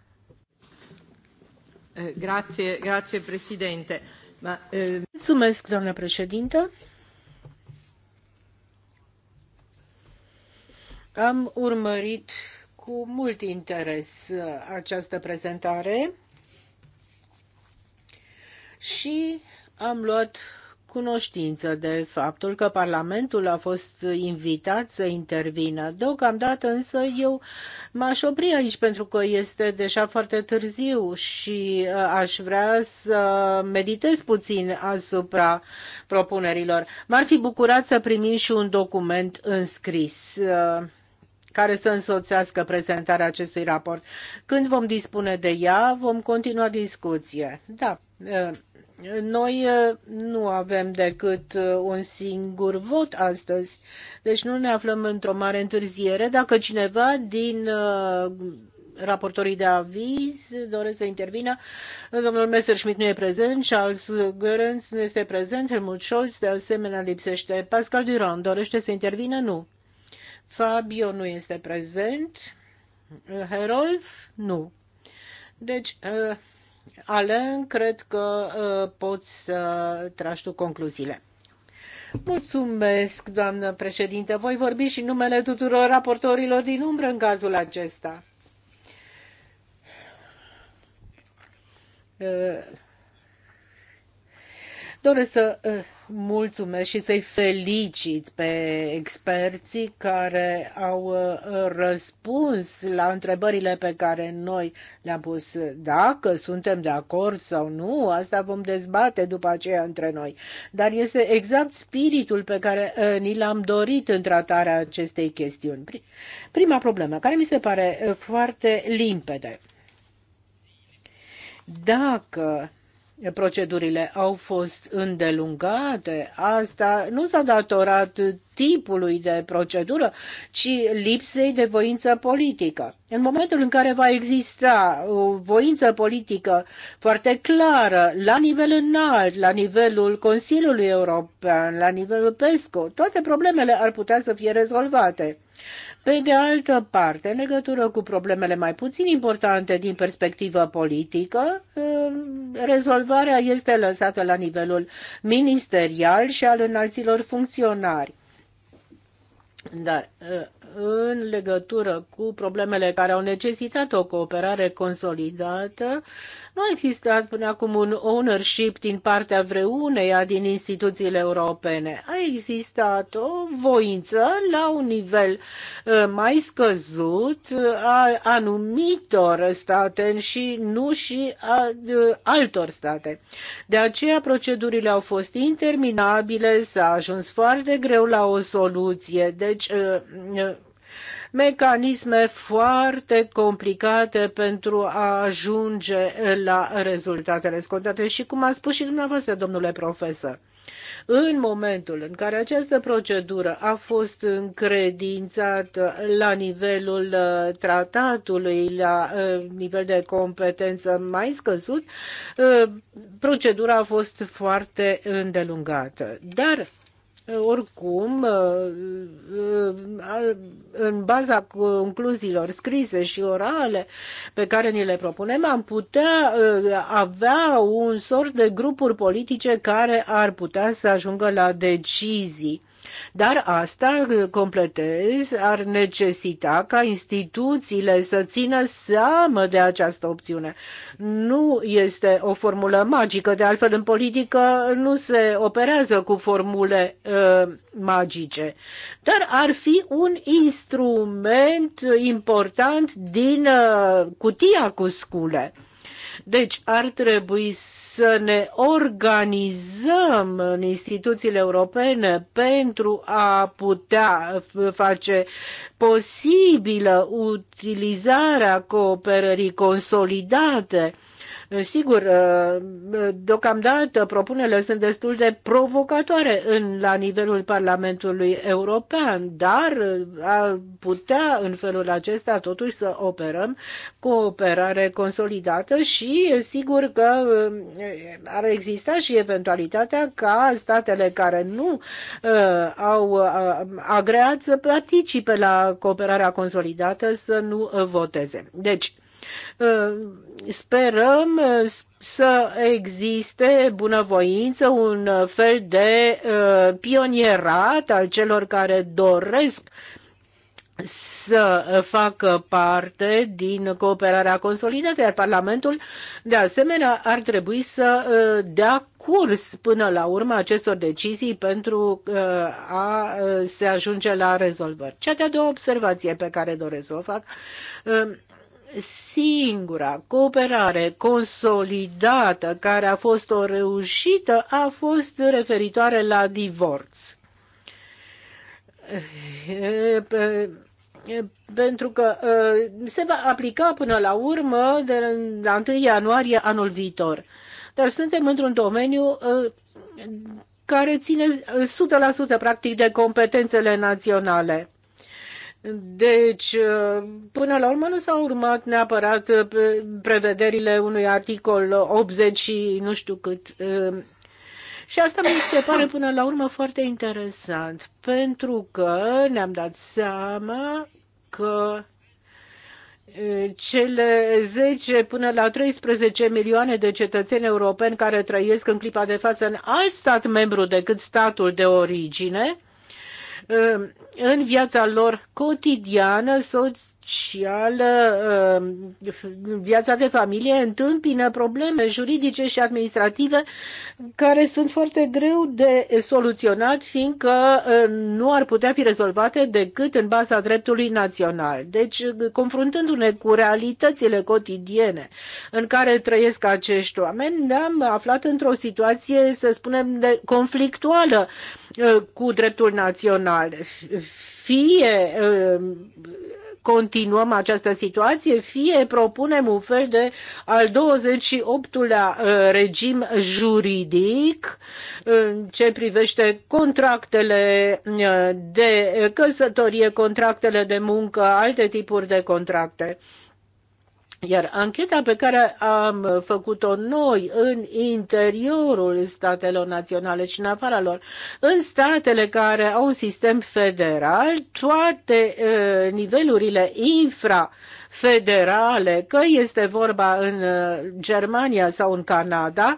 Uh, grazie, grazie, președinte. Ma, uh... Mulțumesc, doamnă președintă. Am urmărit cu mult interes eh, această prezentare și am luat cunoștință de faptul că Parlamentul a fost invitat să intervină. Deocamdată însă eu m-aș opri aici pentru că este deja foarte târziu și uh, aș vrea să meditez puțin asupra propunerilor. M-ar fi bucurat să primim și un document înscris uh, care să însoțească prezentarea acestui raport. Când vom dispune de ea, vom continua discuție. Da, uh, noi nu avem decât un singur vot astăzi, deci nu ne aflăm într-o mare întârziere. Dacă cineva din raportorii de aviz doresc să intervină, domnul Messerschmidt nu e prezent, Charles Görens nu este prezent, Helmut Scholz de asemenea lipsește. Pascal Durand dorește să intervină? Nu. Fabio nu este prezent. Herolf? Nu. Deci, Alen, cred că uh, poți să tragi tu concluziile. Mulțumesc, doamnă președinte. Voi vorbi și numele tuturor raportorilor din umbră în cazul acesta. Uh, Doresc să eh, mulțumesc și să-i felicit pe experții care au eh, răspuns la întrebările pe care noi le-am pus. Dacă suntem de acord sau nu, asta vom dezbate după aceea între noi. Dar este exact spiritul pe care eh, ni l-am dorit în tratarea acestei chestiuni. Prima problemă, care mi se pare foarte limpede. Dacă procedurile au fost îndelungate. Asta nu s-a datorat tipului de procedură, ci lipsei de voință politică. În momentul în care va exista o voință politică foarte clară, la nivel înalt, la nivelul Consiliului European, la nivelul PESCO, toate problemele ar putea să fie rezolvate. Pe de altă parte, în legătură cu problemele mai puțin importante din perspectivă politică, um, rezolvarea este lăsată la nivelul ministerial și al înalților funcționari. Dar uh, în legătură cu problemele care au necesitat o cooperare consolidată, nu a existat până acum un ownership din partea vreuneia din instituțiile europene. A existat o voință la un nivel uh, mai scăzut uh, a anumitor state și nu și a uh, altor state. De aceea procedurile au fost interminabile, s-a ajuns foarte greu la o soluție. Deci mecanisme foarte complicate pentru a ajunge la rezultatele scontate și cum a spus și dumneavoastră, domnule profesor. În momentul în care această procedură a fost încredințată la nivelul uh, tratatului, la uh, nivel de competență mai scăzut, uh, procedura a fost foarte îndelungată. Dar oricum, uh, uh, în baza concluziilor scrise și orale pe care ni le propunem, am putea uh, avea un sort de grupuri politice care ar putea să ajungă la decizii dar asta, completez, ar necesita ca instituțiile să țină seamă de această opțiune. Nu este o formulă magică, de altfel în politică nu se operează cu formule uh, magice, dar ar fi un instrument important din uh, cutia cu scule. Deci ar trebui să ne organizăm în instituțiile europene pentru a putea face posibilă utilizarea cooperării consolidate. Sigur, uh, deocamdată propunerile sunt destul de provocatoare în, la nivelul Parlamentului European, dar ar putea în felul acesta totuși să operăm cooperare consolidată și sigur că uh, ar exista și eventualitatea ca statele care nu uh, au uh, agreat să participe la cooperarea consolidată să nu voteze. Deci, uh, sperăm să existe bunăvoință, un fel de uh, pionierat al celor care doresc să facă parte din cooperarea consolidată, iar Parlamentul, de asemenea, ar trebui să uh, dea curs până la urmă acestor decizii pentru uh, a uh, se ajunge la rezolvări. Cea de-a doua observație pe care doresc să o fac, singura cooperare consolidată care a fost o reușită a fost referitoare la divorț pentru că se va aplica până la urmă de la 1 ianuarie anul viitor. Dar suntem într-un domeniu care ține 100% practic de competențele naționale. Deci, până la urmă nu s-au urmat neapărat prevederile unui articol 80 și nu știu cât. Și asta mi se pare până la urmă foarte interesant, pentru că ne-am dat seama că eh, cele 10 până la 13 milioane de cetățeni europeni care trăiesc în clipa de față în alt stat membru decât statul de origine Um, în viața lor cotidiană, socială, um, viața de familie, întâmpină probleme juridice și administrative care sunt foarte greu de soluționat, fiindcă um, nu ar putea fi rezolvate decât în baza dreptului național. Deci, confruntându-ne cu realitățile cotidiene în care trăiesc acești oameni, ne-am aflat într-o situație, să spunem, de conflictuală Uh, cu dreptul național. Fie uh, continuăm această situație, fie propunem un fel de al 28-lea uh, regim juridic în ce privește contractele de căsătorie, contractele de muncă, alte tipuri de contracte. Iar ancheta pe care am făcut-o noi în interiorul statelor naționale și în afara lor, în statele care au un sistem federal, toate uh, nivelurile infrafederale, că este vorba în uh, Germania sau în Canada, uh,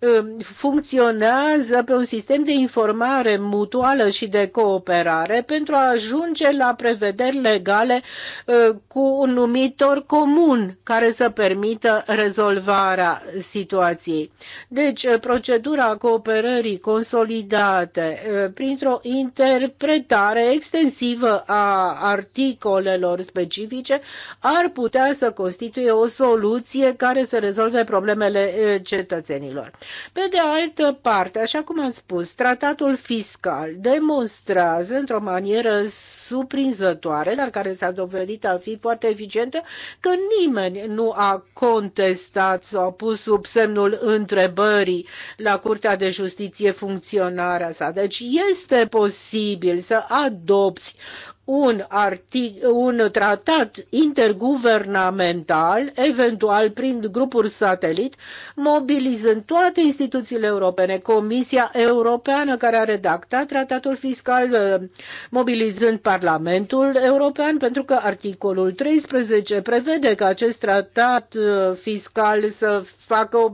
Um, funcționează pe un sistem de informare mutuală și de cooperare pentru a ajunge la prevederi legale uh, cu un numitor comun care să permită rezolvarea situației. Deci, uh, procedura cooperării consolidate uh, printr-o interpretare extensivă a articolelor specifice ar putea să constituie o soluție care să rezolve problemele cetățenilor. Pe de altă parte, așa cum am spus, tratatul fiscal demonstrează într-o manieră surprinzătoare, dar care s-a dovedit a fi foarte eficientă, că nimeni nu a contestat sau a pus sub semnul întrebării la Curtea de Justiție funcționarea sa. Deci este posibil să adopți un, artic, un tratat interguvernamental, eventual prin grupuri satelit, mobilizând toate instituțiile europene, Comisia Europeană care a redactat tratatul fiscal, uh, mobilizând Parlamentul European, pentru că articolul 13 prevede că acest tratat uh, fiscal să facă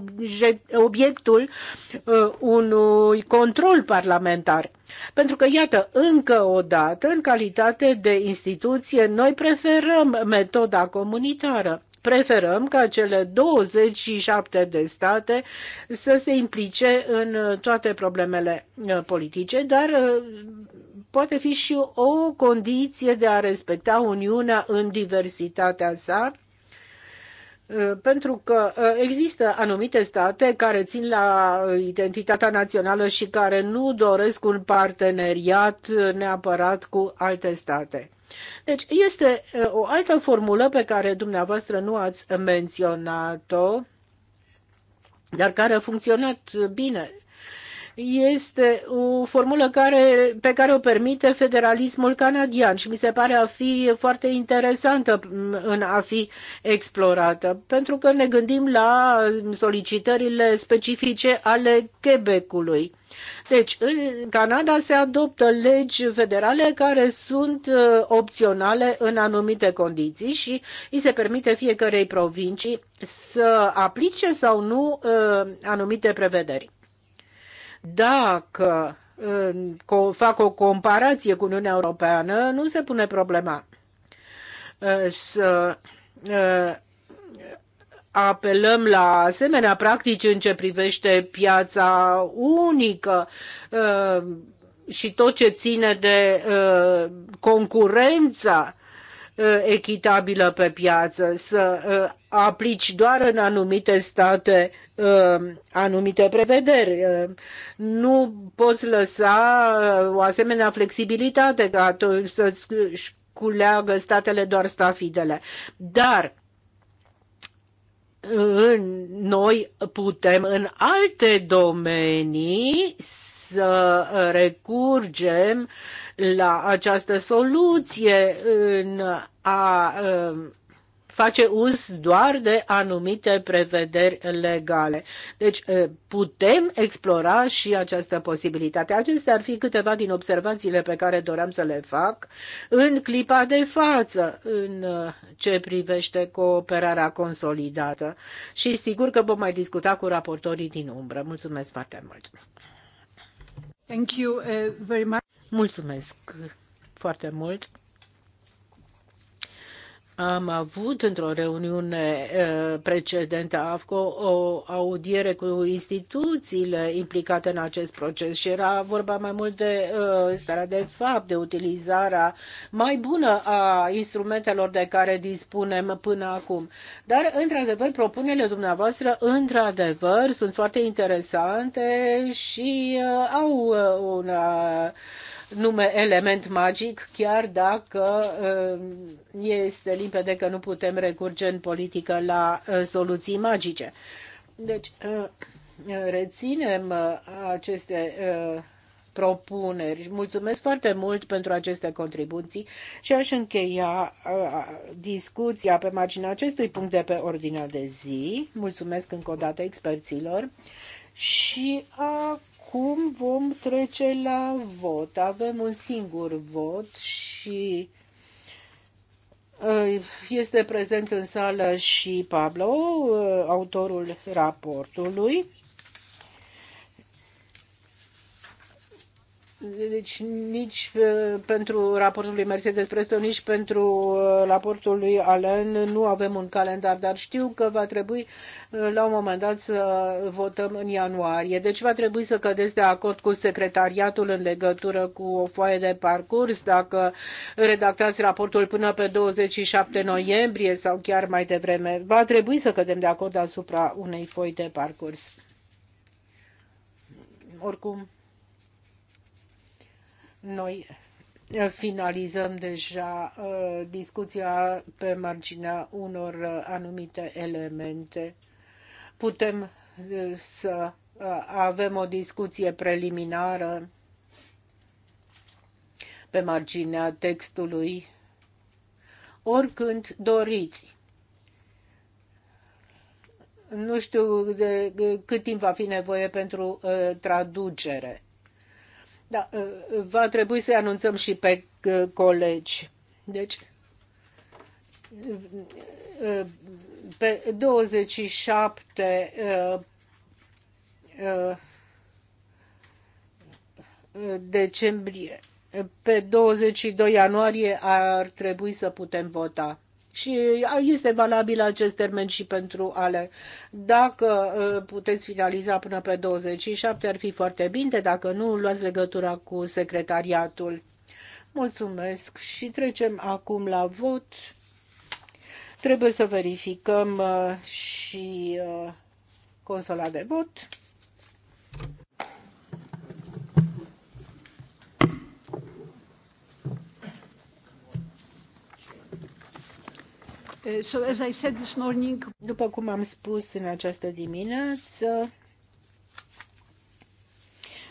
obiectul uh, unui control parlamentar. Pentru că, iată, încă o dată, în calitate de instituție, noi preferăm metoda comunitară. Preferăm ca cele 27 de state să se implice în toate problemele uh, politice, dar uh, poate fi și o condiție de a respecta Uniunea în diversitatea sa Uh, pentru că uh, există anumite state care țin la uh, identitatea națională și care nu doresc un parteneriat neapărat cu alte state. Deci este o altă formulă pe care dumneavoastră nu ați menționat-o, dar care a funcționat bine este o formulă care, pe care o permite federalismul canadian și mi se pare a fi foarte interesantă în a fi explorată, pentru că ne gândim la solicitările specifice ale Quebecului. Deci, în Canada se adoptă legi federale care sunt uh, opționale în anumite condiții și îi se permite fiecarei provincii să aplice sau nu uh, anumite prevederi. Dacă fac o comparație cu Uniunea Europeană, nu se pune problema să apelăm la asemenea practici în ce privește piața unică și tot ce ține de concurența Uh, echitabilă pe piață, să uh, aplici doar în anumite state uh, anumite prevederi. Nu poți lăsa o asemenea flexibilitate ca să-ți culeagă statele doar stafidele. Dar noi putem în alte domenii să recurgem la această soluție în a face uz doar de anumite prevederi legale. Deci putem explora și această posibilitate. Acestea ar fi câteva din observațiile pe care doream să le fac în clipa de față în ce privește cooperarea consolidată. Și sigur că vom mai discuta cu raportorii din umbră. Mulțumesc foarte mult! Thank you uh, very much. Mulțumesc foarte mult! Am avut într-o reuniune precedentă AFCO o audiere cu instituțiile implicate în acest proces și era vorba mai mult de starea de fapt, de utilizarea mai bună a instrumentelor de care dispunem până acum. Dar, într-adevăr, propunerile dumneavoastră, într-adevăr, sunt foarte interesante și au una nume element magic, chiar dacă uh, este limpede că nu putem recurge în politică la uh, soluții magice. Deci, uh, reținem aceste propuneri. Mulțumesc foarte mult pentru aceste contribuții și aș încheia discuția pe marginea acestui punct de pe ordinea de zi. Mulțumesc încă o dată experților și acum acum vom trece la vot. Avem un singur vot și uh, este prezent în sală și Pablo, uh, autorul raportului. Deci nici uh, pentru raportul lui Mercedes Presto, nici pentru uh, raportul lui Allen nu avem un calendar, dar știu că va trebui uh, la un moment dat să votăm în ianuarie. Deci va trebui să cădeți de acord cu secretariatul în legătură cu o foaie de parcurs, dacă redactați raportul până pe 27 noiembrie sau chiar mai devreme. Va trebui să cădem de acord asupra unei foi de parcurs. Oricum, noi eh, finalizăm deja uh, discuția pe marginea unor uh, anumite elemente. Putem uh, să avem o discuție preliminară pe marginea textului oricând doriți. Nu știu de cât timp va fi nevoie pentru traducere da, ă, ă, va trebui să anunțăm și pe ă, colegi. Deci, pe 27 decembrie, pe 22 ianuarie ar trebui să putem vota. Și este valabil acest termen și pentru ale. Dacă uh, puteți finaliza până pe 27, ar fi foarte bine. Dacă nu, luați legătura cu secretariatul. Mulțumesc și trecem acum la vot. Trebuie să verificăm uh, și uh, consola de vot. Eh, so, as I said this morning... După cum am spus în această dimineață,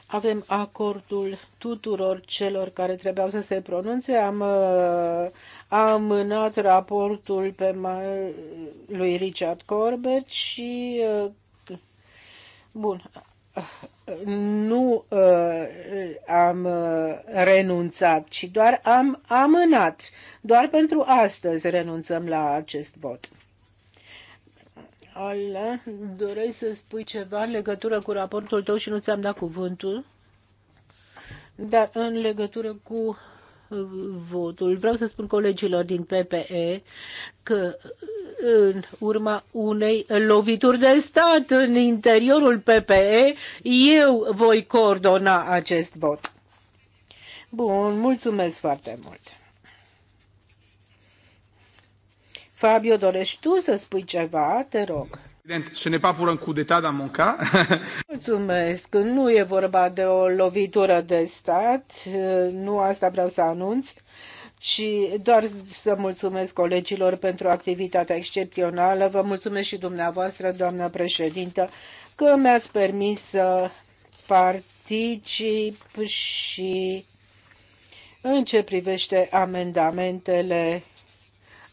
avem acordul tuturor celor care trebuiau să se pronunțe. Am eh, amânat raportul pe lui Richard Corbett și... Eh, bun, nu uh, am uh, renunțat, ci doar am amânat. Doar pentru astăzi renunțăm la acest vot. Ale, doreai să spui ceva în legătură cu raportul tău și nu ți-am dat cuvântul? Dar în legătură cu votul. Vreau să spun colegilor din PPE că în urma unei lovituri de stat în interiorul PPE, eu voi coordona acest vot. Bun, mulțumesc foarte mult. Fabio, dorești tu să spui ceva? Te rog. Ce ne papură în cudeta, dar monca. Mulțumesc. Nu e vorba de o lovitură de stat. Nu asta vreau să anunț și doar să mulțumesc colegilor pentru activitatea excepțională. Vă mulțumesc și dumneavoastră, doamnă președintă, că mi-ați permis să particip și în ce privește amendamentele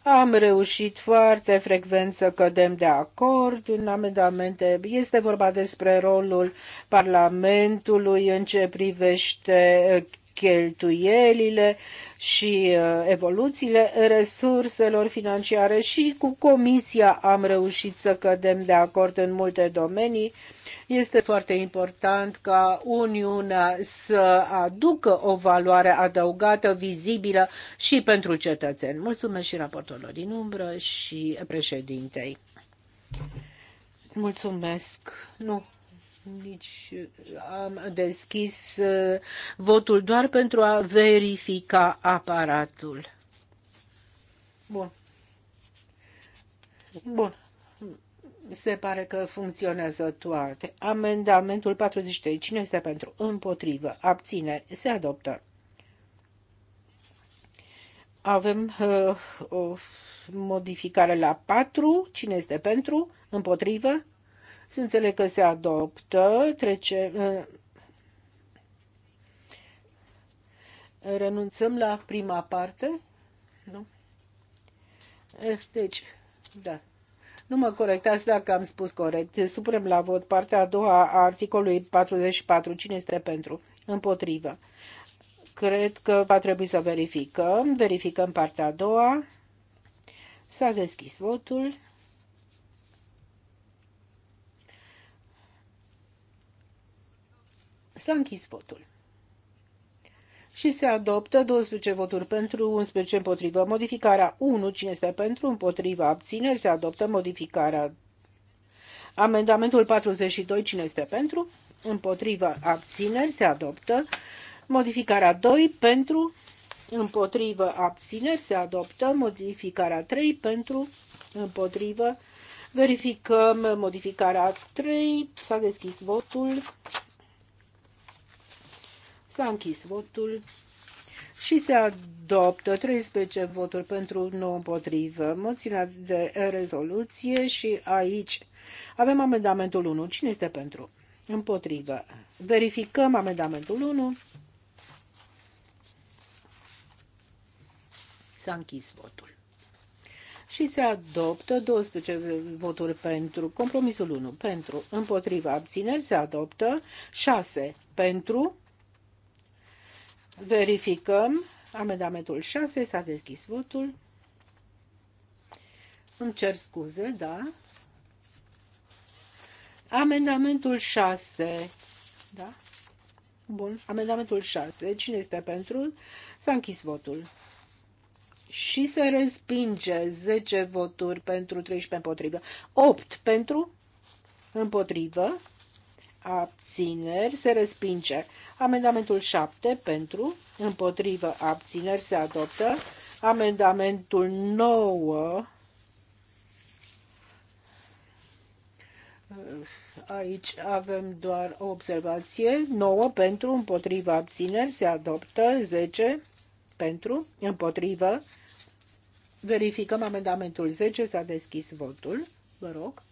am reușit foarte frecvent să cădem de acord în amendamente. Este vorba despre rolul Parlamentului în ce privește cheltuielile și uh, evoluțiile resurselor financiare și cu Comisia am reușit să cădem de acord în multe domenii. Este foarte important ca Uniunea să aducă o valoare adăugată, vizibilă și pentru cetățeni. Mulțumesc și raportorilor din umbră și președintei. Mulțumesc. Nu, nici am deschis uh, votul doar pentru a verifica aparatul. Bun. Bun. Se pare că funcționează toate. Amendamentul 43. Cine este pentru? Împotrivă. Abțineri. Se adoptă. Avem uh, o modificare la 4. Cine este pentru? Împotrivă? Se înțeleg că se adoptă, trece, uh, renunțăm la prima parte? Nu? Eh, deci, da. Nu mă corectați dacă am spus corect. Suprem la vot partea a doua a articolului 44. Cine este pentru? Împotrivă. Cred că va trebui să verificăm. Verificăm partea a doua. S-a deschis votul. S-a închis votul. Și se adoptă 12 voturi pentru, 11 împotrivă. Modificarea 1, cine este pentru, împotriva, abține, se adoptă modificarea. Amendamentul 42, cine este pentru, împotriva, abține, se adoptă. Modificarea 2, pentru, împotrivă, abține, se adoptă. Modificarea 3, pentru, împotrivă, Verificăm modificarea 3. S-a deschis votul. S-a închis votul și se adoptă 13 voturi pentru, 9 împotrivă. Moțiunea de rezoluție și aici avem amendamentul 1. Cine este pentru? Împotrivă. Verificăm amendamentul 1. S-a închis votul. Și se adoptă 12 voturi pentru. Compromisul 1 pentru. Împotriva abțineri se adoptă 6 pentru. Verificăm. Amendamentul 6 s-a deschis votul. Îmi cer scuze, da. Amendamentul 6. Da? Bun. Amendamentul 6. Cine este pentru? S-a închis votul. Și se respinge 10 voturi pentru 13 împotrivă. 8 pentru împotrivă abțineri se respinge. Amendamentul 7 pentru, împotrivă, abțineri se adoptă. Amendamentul 9 Aici avem doar o observație. 9 pentru, împotrivă abțineri, se adoptă. 10 pentru, împotrivă. Verificăm amendamentul 10, s-a deschis votul. Vă rog.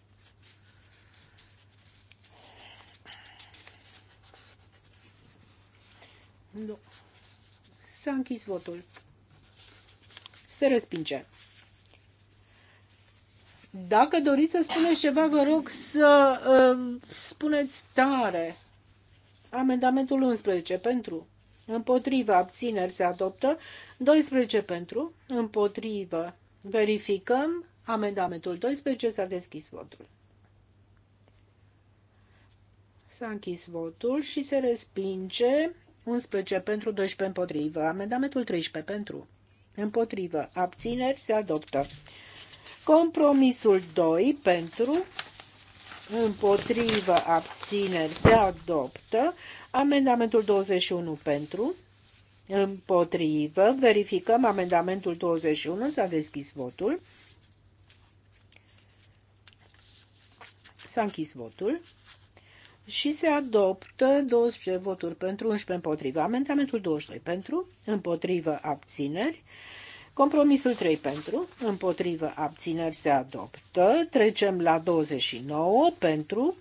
Nu. S-a închis votul. Se respinge. Dacă doriți să spuneți ceva, vă rog să uh, spuneți tare. Amendamentul 11 pentru. Împotrivă abțineri se adoptă. 12 pentru. Împotrivă. Verificăm. Amendamentul 12 s-a deschis votul. S-a închis votul și se respinge 11 pentru, 12 împotrivă. Amendamentul 13 pentru, împotrivă. Abțineri se adoptă. Compromisul 2 pentru, împotrivă, abțineri se adoptă. Amendamentul 21 pentru, împotrivă. Verificăm amendamentul 21, s-a deschis votul. S-a închis votul și se adoptă 12 voturi pentru, 11 împotriva. Amendamentul 22 pentru, împotrivă abțineri. Compromisul 3 pentru, împotrivă abțineri se adoptă. Trecem la 29 pentru,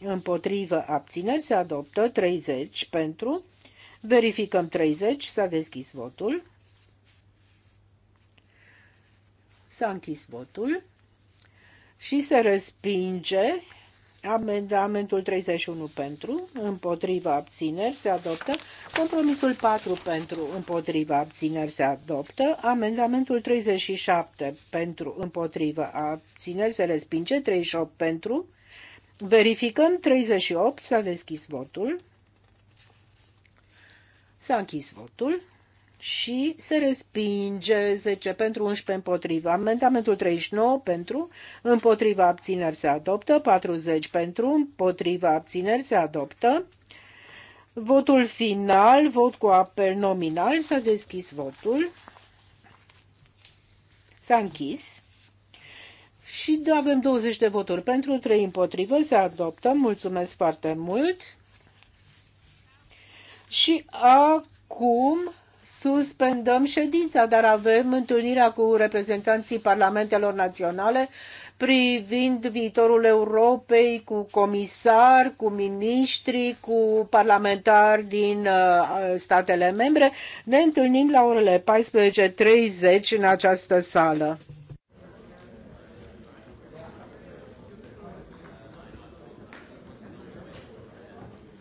împotrivă abțineri se adoptă. 30 pentru, verificăm 30, s-a deschis votul. S-a închis votul și se respinge Amendamentul 31 pentru, împotriva abțineri se adoptă. Compromisul 4 pentru, împotriva abțineri se adoptă. Amendamentul 37 pentru, împotriva abțineri se respinge. 38 pentru. Verificăm 38, s-a deschis votul. S-a închis votul și se respinge 10 pentru 11 împotriva. Amendamentul 39 pentru, împotriva abțineri se adoptă, 40 pentru, împotriva abțineri se adoptă. Votul final, vot cu apel nominal, s-a deschis votul, s-a închis și avem 20 de voturi pentru, 3 împotrivă, se adoptă, mulțumesc foarte mult. Și acum suspendăm ședința, dar avem întâlnirea cu reprezentanții parlamentelor naționale privind viitorul Europei cu comisari, cu miniștri, cu parlamentari din uh, statele membre. Ne întâlnim la orele 14.30 în această sală.